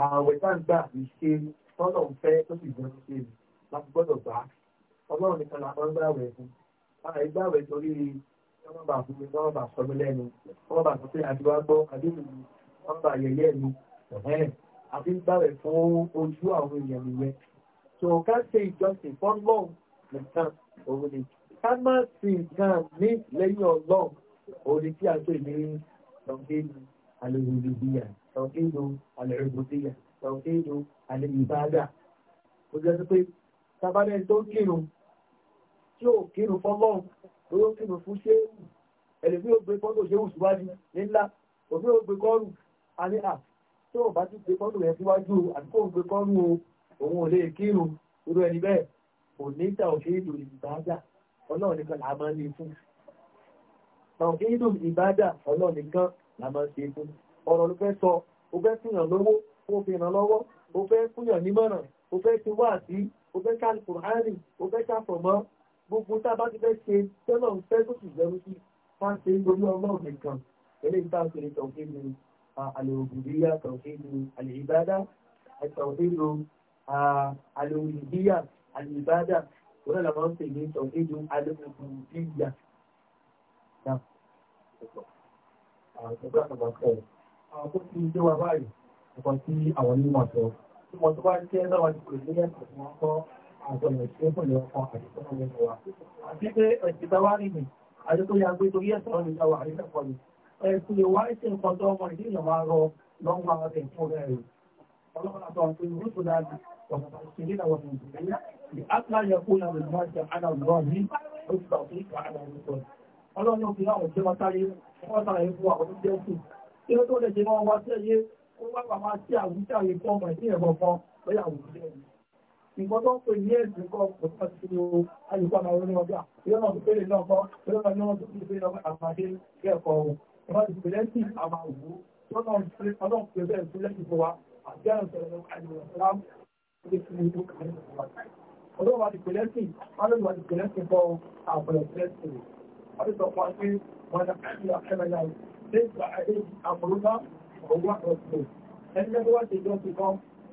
ààwẹ̀ tá ń gbà ìṣe tọ́lọ̀ ń fẹ́ tó sì yọrú sí i láti gbọ́dọ̀ gbà ọlọ́run nìkan làwọn gbàwẹ̀ fún So can't say just wọ́n bá sọ mí lẹ́nu wọ́n bá sọ pé àdúrà gbọ́ àdúrà mi wọ́n bá yẹyẹ mi ọ̀hẹ́ àti ń gbàwẹ̀ fún ojú àwọn èèyàn nìyẹn so ká ṣe ìjọsìn fún lọ́ọ̀ nìkan òun ni ká má sí nǹkan a tó ìní tọ̀gídù alẹ́rùbíyà tọ̀gídù alẹ́rùbíyà tọ̀gídù alẹ́rùbádà ó jẹ́ pé tabalẹ̀ tó kírun tí lówó kìlò fún ṣéwù ẹlòmí ò gbé fọ́tò ṣéwù síwájú nílá òmí ò gbé kọ́rù àní à tó o bá ti gbé fọ́tò rẹ̀ síwájú àti kó o gbé kọ́rù o òun ò lè kírun irú ẹni bẹ́ẹ̀ kò ní ìta òkè ìlò ìbájà ọlọ́run nìkan là máa ń lè fún òkè ìlò ìbájà ọlọ́run là máa ń ṣe fún ọ̀rọ̀ ló fẹ́ sọ o fẹ́ fún lówó o fi ràn lọ́wọ́ o fẹ́ fún nímọ̀ràn o fẹ́ ti wá o fẹ́ ká gbogbo tá a bá ti fẹ́ ṣe tẹ́lọ̀ ń fẹ́ tó sì jẹ́rú sí wọ́n ṣe ń gbogbo ọlọ́run nìkan eléyìí tá a ṣe lè tọ̀kí ni àlòògùnbíyà tọ̀kí ni àlèìbádá ẹ̀tọ̀kí ni àlòògùnbíyà àlèìbádá wọ́n lọ́la máa ń pè ní tọ̀kí ni àlòògùnbíyà. Ìjọba àgbà kọ̀ àwọn tó ti dé wa báyìí, nǹkan tí àwọn onímọ̀ sọ. Ìmọ̀ tó bá jẹ́ láwọn ìpèsè ẹ̀kọ́ tí wọ́n kọ́ àgbọ̀nà ìṣẹ́ pẹ̀lú ọkọ̀ àti tó wọ́n lẹ́nu wa. Àti pé ẹ̀sìn bá wá rí mi, àti tó yà gbé torí ẹ̀sìn ọ̀nà ìjọba àrí lẹ́kọ̀ọ́ mi. Ẹ̀sìn lè wá ìṣe nǹkan tó ọmọ ìdí ìyàn máa rọ lọ́wọ́ ara rẹ̀ fún rẹ̀ rẹ̀. Ọlọ́run àtọ̀ pé rúṣù dáadé wọ̀nà ìṣe nílà wọn Nàìjíríà. Bí Atla yẹ kó na lòdì máa jẹ àná lọ́ọ̀ ní oṣù tó fi kà àná lọ́ọ̀. Ọlọ́run fi láwọn ṣe wọn sáré wọ́n sára ikú àwọn oúnjẹ sí. Kí ló tó lè ṣe wọn wá sí ẹyẹ, ó wá bàbá sí àwùjọ àyè fún ọmọ ìdí ẹ̀bọ̀ kan lọ́yà àwùjọ ẹ̀yìn nǹkan tó ń pè ní ẹ̀sìn kọ́ ọ̀pọ̀ sí o alùpàdà orí ọjà yóò náà pèlè náà kọ́ yóò náà yóò tó pèlè kẹ́ẹ̀kọ́ o ìwọ́n ti pèlè òwú tó náà pèlè ọlọ́run pèlè bẹ́ẹ̀ pèlè sí fún wa àti àrùn sọ̀rọ̀ àìlèwọ̀n Ọlọ́run wa ti pèlè sí,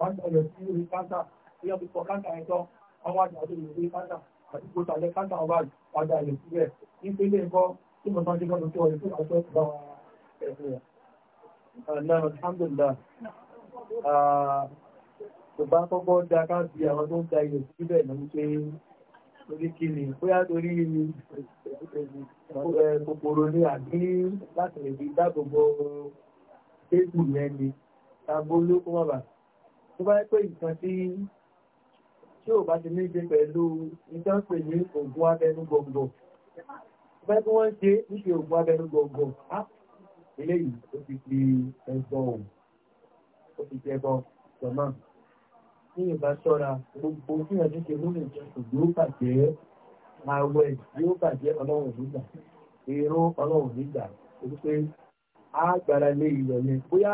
wọ́n ti ọ̀yọ̀ sí káńtà tí káńtà yẹn tán wọ́n wá jà káńtà àti kó káńtà ọba àjà ilẹ̀ síbẹ̀ ní pé ẹ̀kọ́ tí mo tán dé tí ọ̀yọ̀ sí àjọ ìgbà alhamdulillah ṣùgbọ́n kọ́kọ́ da ká bí àwọn tó ń da ilẹ̀ síbẹ̀ ló ń pé torí kí ni tó bá pé nǹkan tí tí ò bá ti ní ṣe pẹ̀lú nǹkan pè ní ògùn abẹnú gbọ̀ngbọ̀ tó bá pé wọ́n ṣe ní ṣe ògùn abẹnú gbọ̀ngbọ̀ á eléyìí ó ti fi ẹ̀gbọ́n o ó ti fi ẹ̀gbọ́n jọ̀mọ́ ní ìbá ṣọ́ra gbogbo fún ẹ̀dún ṣe múlẹ̀ ìjọsìn yóò bàjẹ́ àwẹ̀ yóò bàjẹ́ ọlọ́run nígbà èrò ọlọ́run nígbà wípé á gbára lé ìlọ yẹn bóyá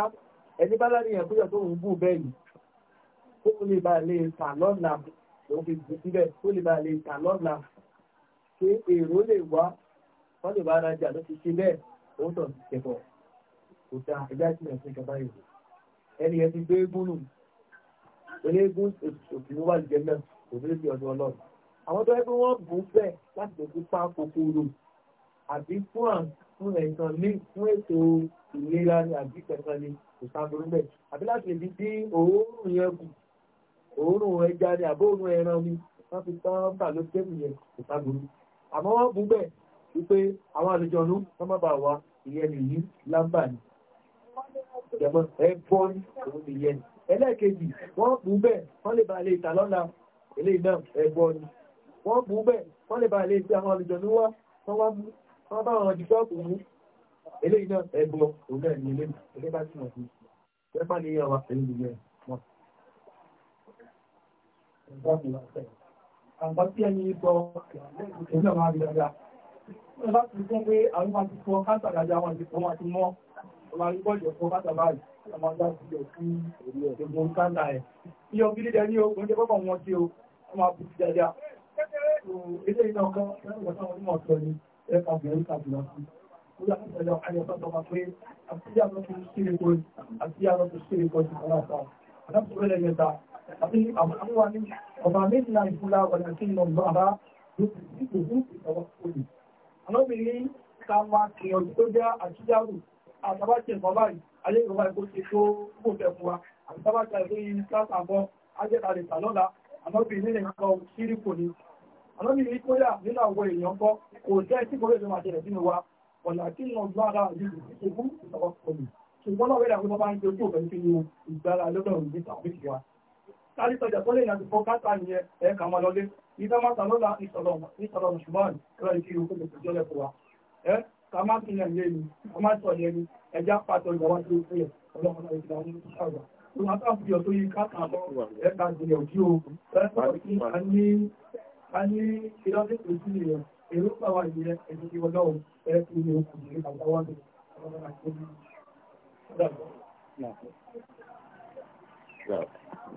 ẹni bá láníyàn bóyá tó ń bù bẹ́ẹ̀ yìí kó lè bá lè tà lọ́nà ló fi jù síbẹ̀ kó lè bá lè tà lọ́nà pé èrò lè wá wọ́n lè bá ara jà ló ti ṣe bẹ́ẹ̀ ó tọ̀ kẹfọ́ kò ta ẹgbẹ́ àti ẹ̀sìn kẹfà èrò ẹni ẹ ti gbé gúnù eléégún òfin wà lè jẹ náà kò ní lè ọdún ọlọ́run àwọn tó yẹ pé wọ́n gùn fẹ́ láti lè fi pa kòkòrò àbí fún à fún ẹ̀sán ní fún ètò ìlera ni àbí kẹsàn-án kò sáà burú bẹ́ẹ̀ àbí láti lè fi dín òórùn yẹn kù òórùn ẹja ni àbóòrùn ẹran ni wọ́n fi tán bà ló tẹ́bù yẹn kò sábòrú àmọ́ wọ́n bú bẹ́ẹ̀ wípé àwọn àlejòónú wọ́n má bà wá ìyẹn nìyí lámbà ni ìjọba ẹ̀bọ́ ni òun nìyẹn ẹlẹ́ẹ̀kejì wọ́n bú bẹ́ẹ̀ wọ́n lè ba lè tà lọ́la eléyìí náà ẹ̀bọ́ ni wọ́n bú bẹ́ẹ̀ wọ́n lè ba lè fi àwọn àlejòónú wá wọ́n wá mú wọ́n bá wọn jù ṣọ́ọ̀bù mú eléyìí náà ẹ̀bọ́ òun náà ní eléyìí ẹgbẹ́ bá tì wọ́n sí ẹgbẹ́ bá ní ìyàwó àtẹ̀yìn nìyẹn Àwọn tí ẹni sọ ìjọ máa rí dáadáa. Wọ́n bá ti fún pé àwọn máa ti fún káàtà dáadáa wọn ti fún wọn ti mọ́. Wọ́n máa rí bọ́ọ̀lù fún káàtà báyìí. Wọ́n máa dá sí ọ̀sí ìgbò káàtà ẹ̀. Ní ọbí lílẹ̀ ní ogun jẹ́ pọ́pọ̀ wọn tí ó máa bú sí dáadáa. Ilé iná kan, ẹgbẹ̀ta wọn ní mọ̀ sọ ni ẹ̀ka bẹ̀rẹ̀ kàbìlà sí. Ó yà kí ẹ̀lọ́ àyẹ̀fọ́ sọ pé àti yàrá tó alábùrẹ́lẹ̀ mẹ́ta àti àbúwá ní ọba méjìlá ìfúnlá ọ̀nà tí ìlọ bá bá dípò fún ìtọ́wọ́ olè. Àlọ́bìnrin ká máa kìyànjú tó jẹ́ àtúnyàwó àtàbátì ẹ̀kọ́ báyìí alẹ́ ìrọ̀bá ẹ̀kọ́ ti tó kó fẹ́ fún wa àtàbátì ẹ̀kọ́ yìí káàkà bọ́ ájẹ́ta lè tà lọ́la àlọ́bìnrin lè kọ́ síríkò ni. Àlọ́bìnrin tó yà nínú àwọ̀ èèyàn kọ́ kò jẹ́ tí kò lè fi máa tẹ̀lẹ̀ sínú wa ọ̀nà tí ìlọ bá ṣùgbọ́n náà wẹ́dà wọ́n bá ń dojú òfin fi ní ìgbára lọ́dọ̀ òní tàbí wa kárí sọjà tó lè ní àtìkọ́ káta ní ẹ̀ẹ́kà máa lọlé ìdá máa tàlọ́lá ìsọ̀rọ̀ ṣùgbọ́n kọ́lá ìfi òkú lè tọ́jọ́ lẹ́kọ̀ọ́ wa ẹ́ ká má kí yẹn yẹn ni ká má sọ yẹn ni ẹjá pàtó ìgbàwá tó fẹ́ ọlọ́run ìgbà wọn ní ṣàgbà wọn á fi ọ̀tọ́ yìí káta lọ ẹ̀ka ìgbìyànjú òjì o a ní ìlọ́sẹ̀ tó sí ìyẹn èrò pàwọn ìyẹn ẹ̀dùn ìwọlọ́run ẹ̀kùn ìyẹn òkùnrin àgbáwọ́dún ọlọ́run àti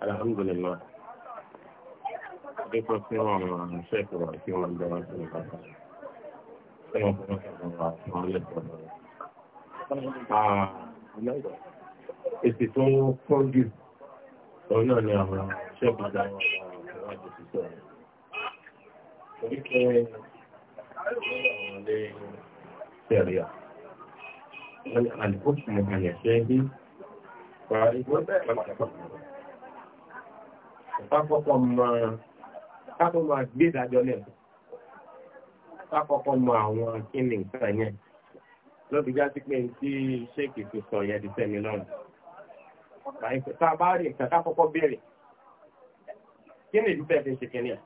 alhamdulillah dúpẹ́ sí wọn ṣe ìtura tí wọ́n jẹ́ wọn sí ìpàdé tí wọ́n fún ìṣẹ̀lẹ̀ wa tí wọ́n lè tọ́jú rẹ̀. èsì tó pọ̀ jù òun náà ni àwọn ṣe ìpàdé wọn àwọn ìṣẹ̀lẹ̀ rẹ̀. oríkẹ́ àwọn ilé ṣẹ̀ríà. الحكم عن الشيء Kákọ́kọ́ máa gbé ìdájọ́ lẹ̀. Kákọ́kọ́ mọ àwọn kíni nǹkan yẹn. Lóbi já sí pé tí ṣéèkì ti sọ yẹn ti sẹ́mi lọ́nà. Tá a bá rí nǹkan kákọ́kọ́ béèrè. Kíni ìdí fẹ́ẹ̀ fi ṣe kíni ẹ̀?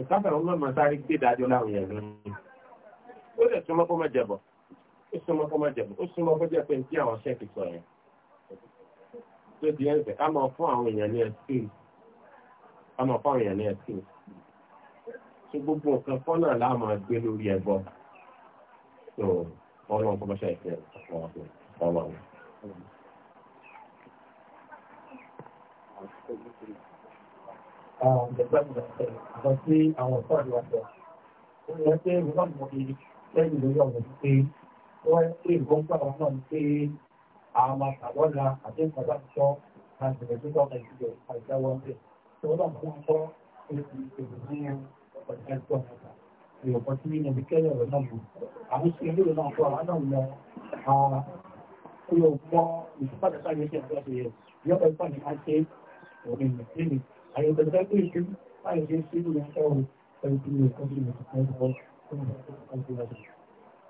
Ìkáfẹ́ òun náà máa sáré gbé ìdájọ́ láwọn yẹn Ó lè túmọ̀ kó má jẹ̀bọ̀ ó súnmọ́ kó má jẹ̀bù ó súnmọ́ kó jẹ́ pé tí àwọn ṣẹ́ẹ̀kì sọ yẹn tó di ẹ̀sẹ̀ ká máa fún àwọn èèyàn ní ẹ̀sìn ká máa fún àwọn èèyàn ní ẹ̀sìn tó gbogbo nǹkan kọ́ náà láà máa gbé lórí ẹbọ tó ọlọ́run kó má ṣe ìfẹ́ ọlọ́run. Àwọn ìjọba ìjọba sí àwọn ọ̀pọ̀ ìwà sọ. Ó yẹ pé ìwádìí lẹ́yìn lórí ọ̀gbìn pé wọ́n ń pè nǹkan gbà wọn náà pé àwọn máa ṣàlọ́la àti ìpàdé àtijọ́ láti bẹ̀rẹ̀ tó tọ́ka ìṣẹ̀lẹ̀ àìjáwọ́ ń bẹ̀. tí wọ́n náà fún kọ́ èsì èdè ní ọ̀dẹ̀ tó ọ̀nà ìrọ̀pọ̀ tí ní ibi kẹ́lẹ̀ rẹ̀ náà lò. àwọn ṣe ilé náà fún àwọn náà mọ àwọn ọmọ ìfipáde sáré ṣe àgbàṣe yẹ yọ́pọ̀ ìpàdé á ṣe òní nìkíni àyẹ̀kọ̀dẹ́ pé ìṣú láì ṣe sí ìrìnàṣẹ́ òun pẹ̀lú ìpínlẹ̀ ìkọ́jú ìrìnàṣẹ́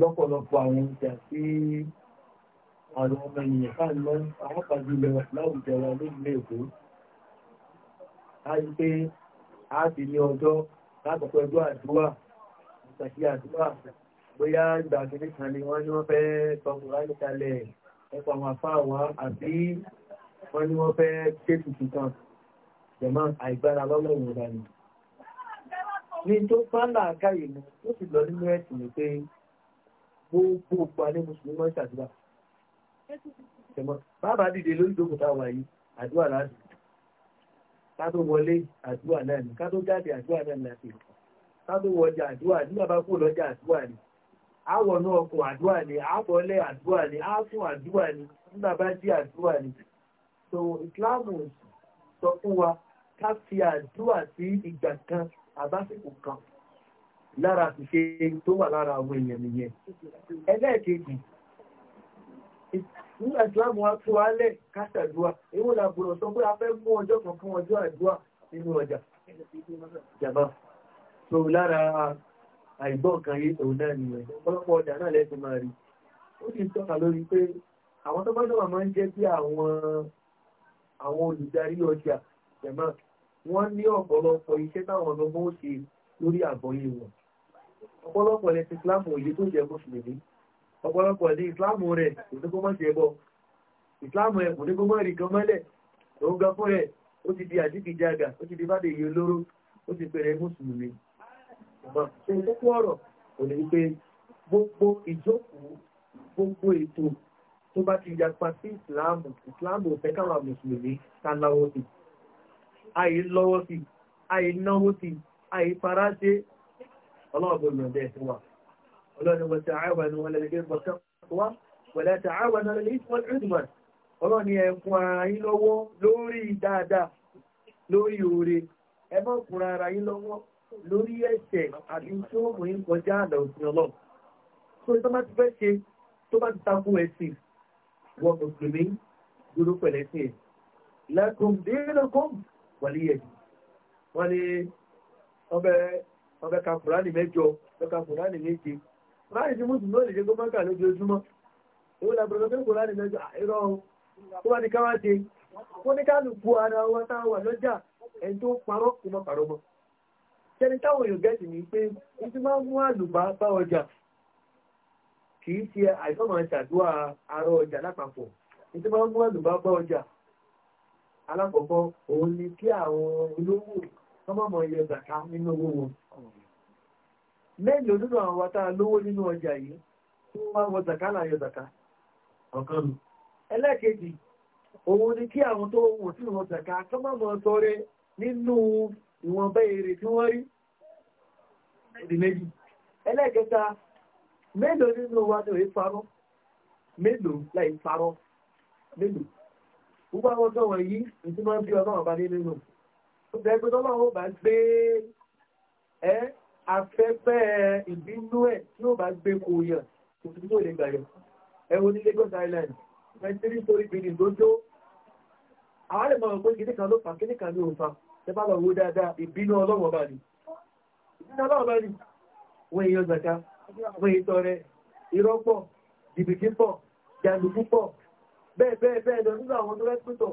lọ́pọ̀lọpọ̀ àwọn ìjà sí àwọn ọmọ ènìyàn káàlọ́ àwọn pàdúlẹ̀ láwùjọ wa lórílẹ̀ èkó láti pé a ti ní ọjọ́ látọ̀pọ̀ ẹjọ́ àdúrà ìtàkì àdúrà bóyá ìgbà kìíní kan ni wọ́n ní wọ́n fẹ́ tọkùn láti kalẹ̀ ẹ̀pọ̀ àwọn afáà wa àbí wọ́n ní wọ́n fẹ́ ṣe tuntun kan jẹ̀mọ́ àìgbára lọ́lọ́run ìdánimọ̀ ní tó bá láàkáyè mú ó sì lọ nínú ẹ̀sìn pé gbogbo òpó alẹ́ mùsùlùmí máa ń ṣàdúrà tẹ̀mọ́ bàbá dìde lórí ìdókòó táwa yìí àdúrà láti ká wọlé àdúrà náà ni ká jáde àdúrà náà ni àti ọkụ wọjà àdúrà ní àdúrà ni àdúrà ni àdúrà ni àdúrà ni lára ti ṣe tó wà lára àwọn èèyàn nìyẹn ẹlẹ́ẹ̀kejì nígbà ìsìláàmù wa tó alẹ́ kásàdúà èwo la gbọ́dọ̀ sọ pé a fẹ́ mú ọjọ́ kan fún ọjọ́ àdúà nínú ọjà jàmbá so lára àìgbọ́n kan yé òun náà nìyẹn ọlọ́pọ̀ ọjà náà lẹ́sìn máa rí ó sì tọ́ka lórí pé àwọn tó bá dáwà máa ń jẹ́ bí àwọn àwọn olùdarí ọjà jàmbá wọ́n ní ọ̀pọ̀lọpọ̀ iṣẹ́ táwọn ọlọ́mọ ó ṣe lórí àgbọ́yé wọn ọ̀pọ̀lọpọ̀ ní islam òye tó jẹ́ mùsùlùmí ọ̀pọ̀lọpọ̀ ní islam rẹ̀ kò ní kó mọ́ ṣe bọ́ islam rẹ̀ kò ní kó mọ́ rí gan mọ́lẹ̀ tó ń ga fún rẹ̀ ó ti di àdíkìjaga ó ti di bá dèyí olóró ó ti pèrè mùsùlùmí ṣe kókó ọ̀rọ̀ kò ní pé gbogbo ìjókòó gbogbo ètò tó bá ti yapa sí islam islam ò fẹ́ káwọn mùsùlùmí ká láwọ́ sí àyè lọ́wọ́ sí àyè náwó sí àyè faraṣe ọlọ́ọ̀bọ̀ yọ̀ǹda ẹ̀ fún wa ọlọ́ọ̀ni wọ́n ti àwọn ẹni wọn lẹ́nu gẹ́gẹ́ bọ́ sẹ́kọ̀ọ́ wọ́n lẹ́ta àwọn ẹni lẹ́yìn fún ẹ̀dùnmọ̀ ọlọ́ọ̀ni ẹ̀ fún ara yín lọ́wọ́ lórí dáadáa lórí oore ẹ mọ́ fún ara yín lọ́wọ́ lórí ẹ̀ṣẹ̀ àti tí ó mú yín kọjá àlà òfin ọlọ́ọ̀ tó tó wọ́n fẹ́ ka kùránì mẹ́jọ wọ́n kùránì méje kùránì tí mùsùlùmí náà lè ṣe gbọ́n mọ́kà lójoojúmọ́ èwo la bọ̀dọ̀ kùránì mẹ́jọ àìrọ̀ ó wà ní ká wá ṣe wọ́n ní ká lù ara wa tá a wà lọ́jà ẹni tó parọ́ kò mọ́ parọ́ mọ́ sẹ́ni táwọn èèyàn gẹ̀ẹ́sì ní pé ní tí máa ń mú àlùbá bá ọjà kì í ṣe àìsàn ṣàdúrà arọ ọjà lápapọ̀ ní tí máa ń mú àlùbá bá ọjà alákọ̀ọ́kọ́ òun ni kí àwọn olówó sọ́mọ́mọ́ ilẹ̀ zaka nínú owó wọn mẹ́lò nínú àwọn wata lówó nínú ọjà yìí tí wọ́n máa wọ zaka láyọ zaka ọ̀kan nù ẹlẹ́ẹ̀kejì òun ni kí àwọn tó wọ̀ sí wọn zaka sọ́mọ́mọ́ sọrẹ nínú ìwọ̀nba èrè tí wọ́n rí èdè méjì ẹlẹ́ẹ̀kẹta mẹ́lò nínú wa ni òye parọ́ mẹ́lò láì parọ́ mẹ́lò gbogbo Ìgbẹ́gbẹ́ tó máa ń bá gbé ẹ́ afẹ́fẹ́ ìbínú ẹ̀ tí ó bá gbé kò yàn, kò sí tó lè gbà yàn. Ẹ wo ní Lagos Island, Nigeria story building lójó. Àwọn àlè máa ń pé kíní kan ló fà kíní kan ní òǹfà. Ṣé bá lọ wo dáadáa ìbínú ọlọ́wọ́ bá ní? Ìbínú ọlọ́wọ́ bá ní. Wọ́n èèyàn zàká, wọ́n èèyàn tọrẹ, irọ́ pọ̀, pọ̀, jàǹdùkú pọ̀, bẹ́ẹ̀ bẹ́ẹ̀ bẹ́ẹ̀ lọ nínú àwọn tó rẹ́ pẹ̀tọ̀.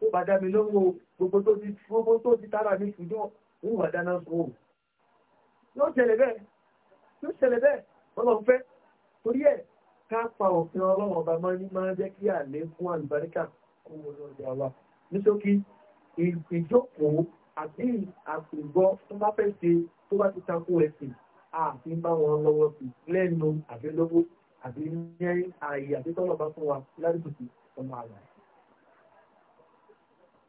kó bá dá mi lọ́wọ́ gbogbo tó ti gbogbo tó ti tára mi ṣùjọ́ ń wà dáná fún o yóò ṣẹlẹ̀ bẹ́ẹ̀ yóò ṣẹlẹ̀ bẹ́ẹ̀ ọlọ́run fẹ́ torí ẹ̀ ká pa òfin ọlọ́run ọba máa ń máa jẹ́ kí àlékún àlùbáríkà kó wọn lọ sí àwa nítorí ìjókòó àbí àpègbọ́ tó bá fẹ́ ṣe tó bá ti takò ẹ̀sìn àti bá wọn lọ́wọ́ sí lẹ́nu àbí lọ́wọ́ àbí ní ààyè àbí tọ́lọ̀ bá fún wa lárúkùsì ọmọ àlàyé.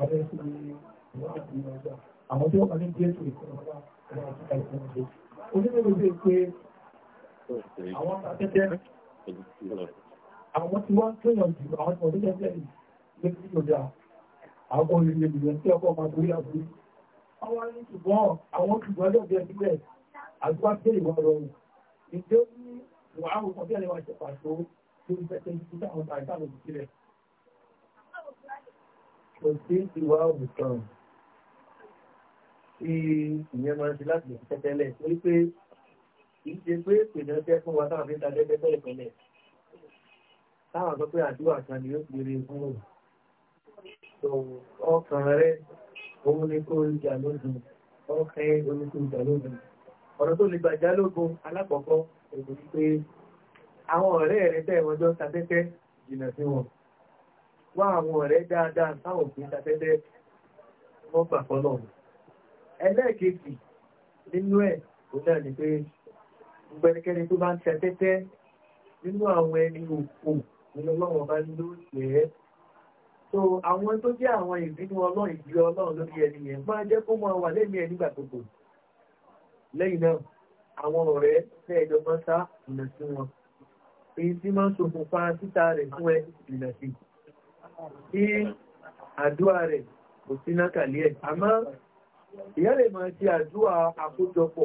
àwọn ẹni tí wọ́n ti ń ọjà àwọn tí wọ́n máa ń jẹ́ tó ìfọ̀rọ̀lá ọ̀rọ̀ àti àìsàn ọ̀dọ́. Onímọ̀lẹ́ bíi pé àwọn àtẹ́tẹ́ àwọn tí wọ́n kéèyàn jù àwọn tí wọ́n tẹ́tẹ́ tẹ́lẹ̀ lórí ọjà àwọn olùlẹ̀ ìlú tí ọkọ̀ máa gbé àbú. Àwọn ní ṣùgbọ́n àwọn ṣùgbọ́n lọ́gbẹ̀ sílẹ̀ àdúrà pé ìwọ̀n rọrùn. Ìjọ ní wàhálà kan bí àlewà ṣe pàṣẹ tó ń fẹ́ tẹ́jú sí àwọn tàìtà lòdì sílẹ̀ kò sí ìwà òbùkàn tí ìyẹn máa ń ṣe láti tẹ́tẹ́lẹ̀ torí pé kì í ṣe pé ìpènà jẹ́ fún wa táwọn fi ń ta jẹ́ táwọn sọ pé àdúrà kan ni ó kéré fún òun tó ọkàn rẹ òun ni kó ìjà lógun ọkàn ẹ òun ni kó ìjà lógun ọ̀rọ̀ tó lè gbàjá lógun alákọ̀ọ́kọ́ èdè pé àwọn ọ̀rẹ́ rẹ tẹ́ ìwọ́jọ́ ta wá àwọn ọ̀rẹ́ dáadáa táwọn òfin tafẹ́fẹ́ wọ́n gbà fọ́lọ̀ ẹlẹ́ẹ̀kejì nínú ẹ̀ òun náà ni pé gbẹnikẹ́ni tó bá ń tafẹ́fẹ́ nínú àwọn ẹni òkú nínú ọlọ́wọ́ bá ní lóòṣè ẹ́ so àwọn tó jẹ́ àwọn ìbínú ọlọ́run ìbí ọlọ́run lórí ẹni yẹn máa jẹ́ kó máa wà lẹ́mí ẹ nígbà gbogbo lẹ́yìn náà àwọn ọ̀rẹ́ fẹ́ ẹjọ́ máa sá ìnà sí wọn èyí tí máa ń ṣokùnfà títà rẹ̀ fún ẹ ìnà sí i tí àdúrà rẹ̀ kò sí nákàlí ẹ̀ àmọ́ ìyá lè máa ti àdúrà àkójọpọ̀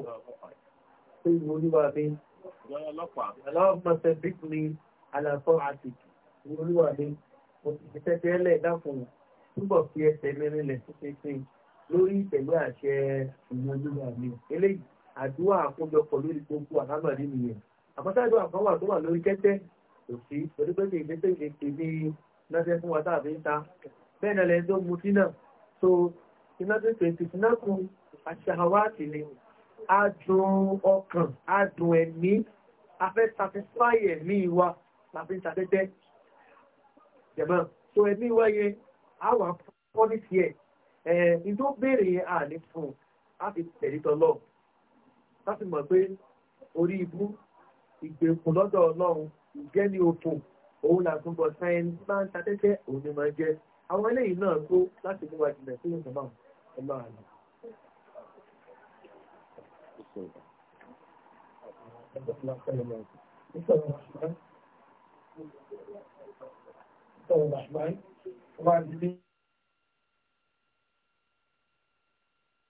pé ìwọ olúwa mi ọlọ́pàá bí mi àlàfọ́ àti ìwọ olúwa mi mo ti fi tẹ́tẹ́ ẹlẹ́ dákun túbọ̀ fi ẹsẹ̀ mẹ́rin lẹ̀ síkẹ́sìn lórí ìtẹ̀lé àṣẹ ìwọ olúwa mi eléyìí àdúrà àkójọpọ̀ lórí gbogbo àlámọ̀rí nìyẹn àpótáàdúrà kan wà tó wà lórí tẹ́tẹ́ kò sí torí pé kì í tẹ́tẹ́ kì lọ́sẹ̀ fún wa tàbí ń ta bẹ́ẹ̀ náà lẹ́yìn tó mutí náà so iná tó pè sí iná kun àti àwáàtì ni adùn ọkàn adùn ẹ̀mí afẹ́ satisfy ẹ̀mí wa tàbí ń ta tẹ́tẹ́ jẹ̀mọ́ so ẹ̀mí wa yẹn á wà pọ́lìsì ẹ̀ ẹ̀ tó béèrè yẹn a ní fún a fi tẹ̀lé tọ́lọ́ láti mọ̀ pé orí ibú ìgbèkùn lọ́dọ̀ ọlọ́run ìgẹ́ni òkun òun là tún bọ̀ sáyẹn tí bá ń ta tẹ́tẹ́ òun ni máa jẹ́ àwọn eléyìí náà tó láti mú wa jìnà sí ìgbà náà ẹ máa lọ. Thank you.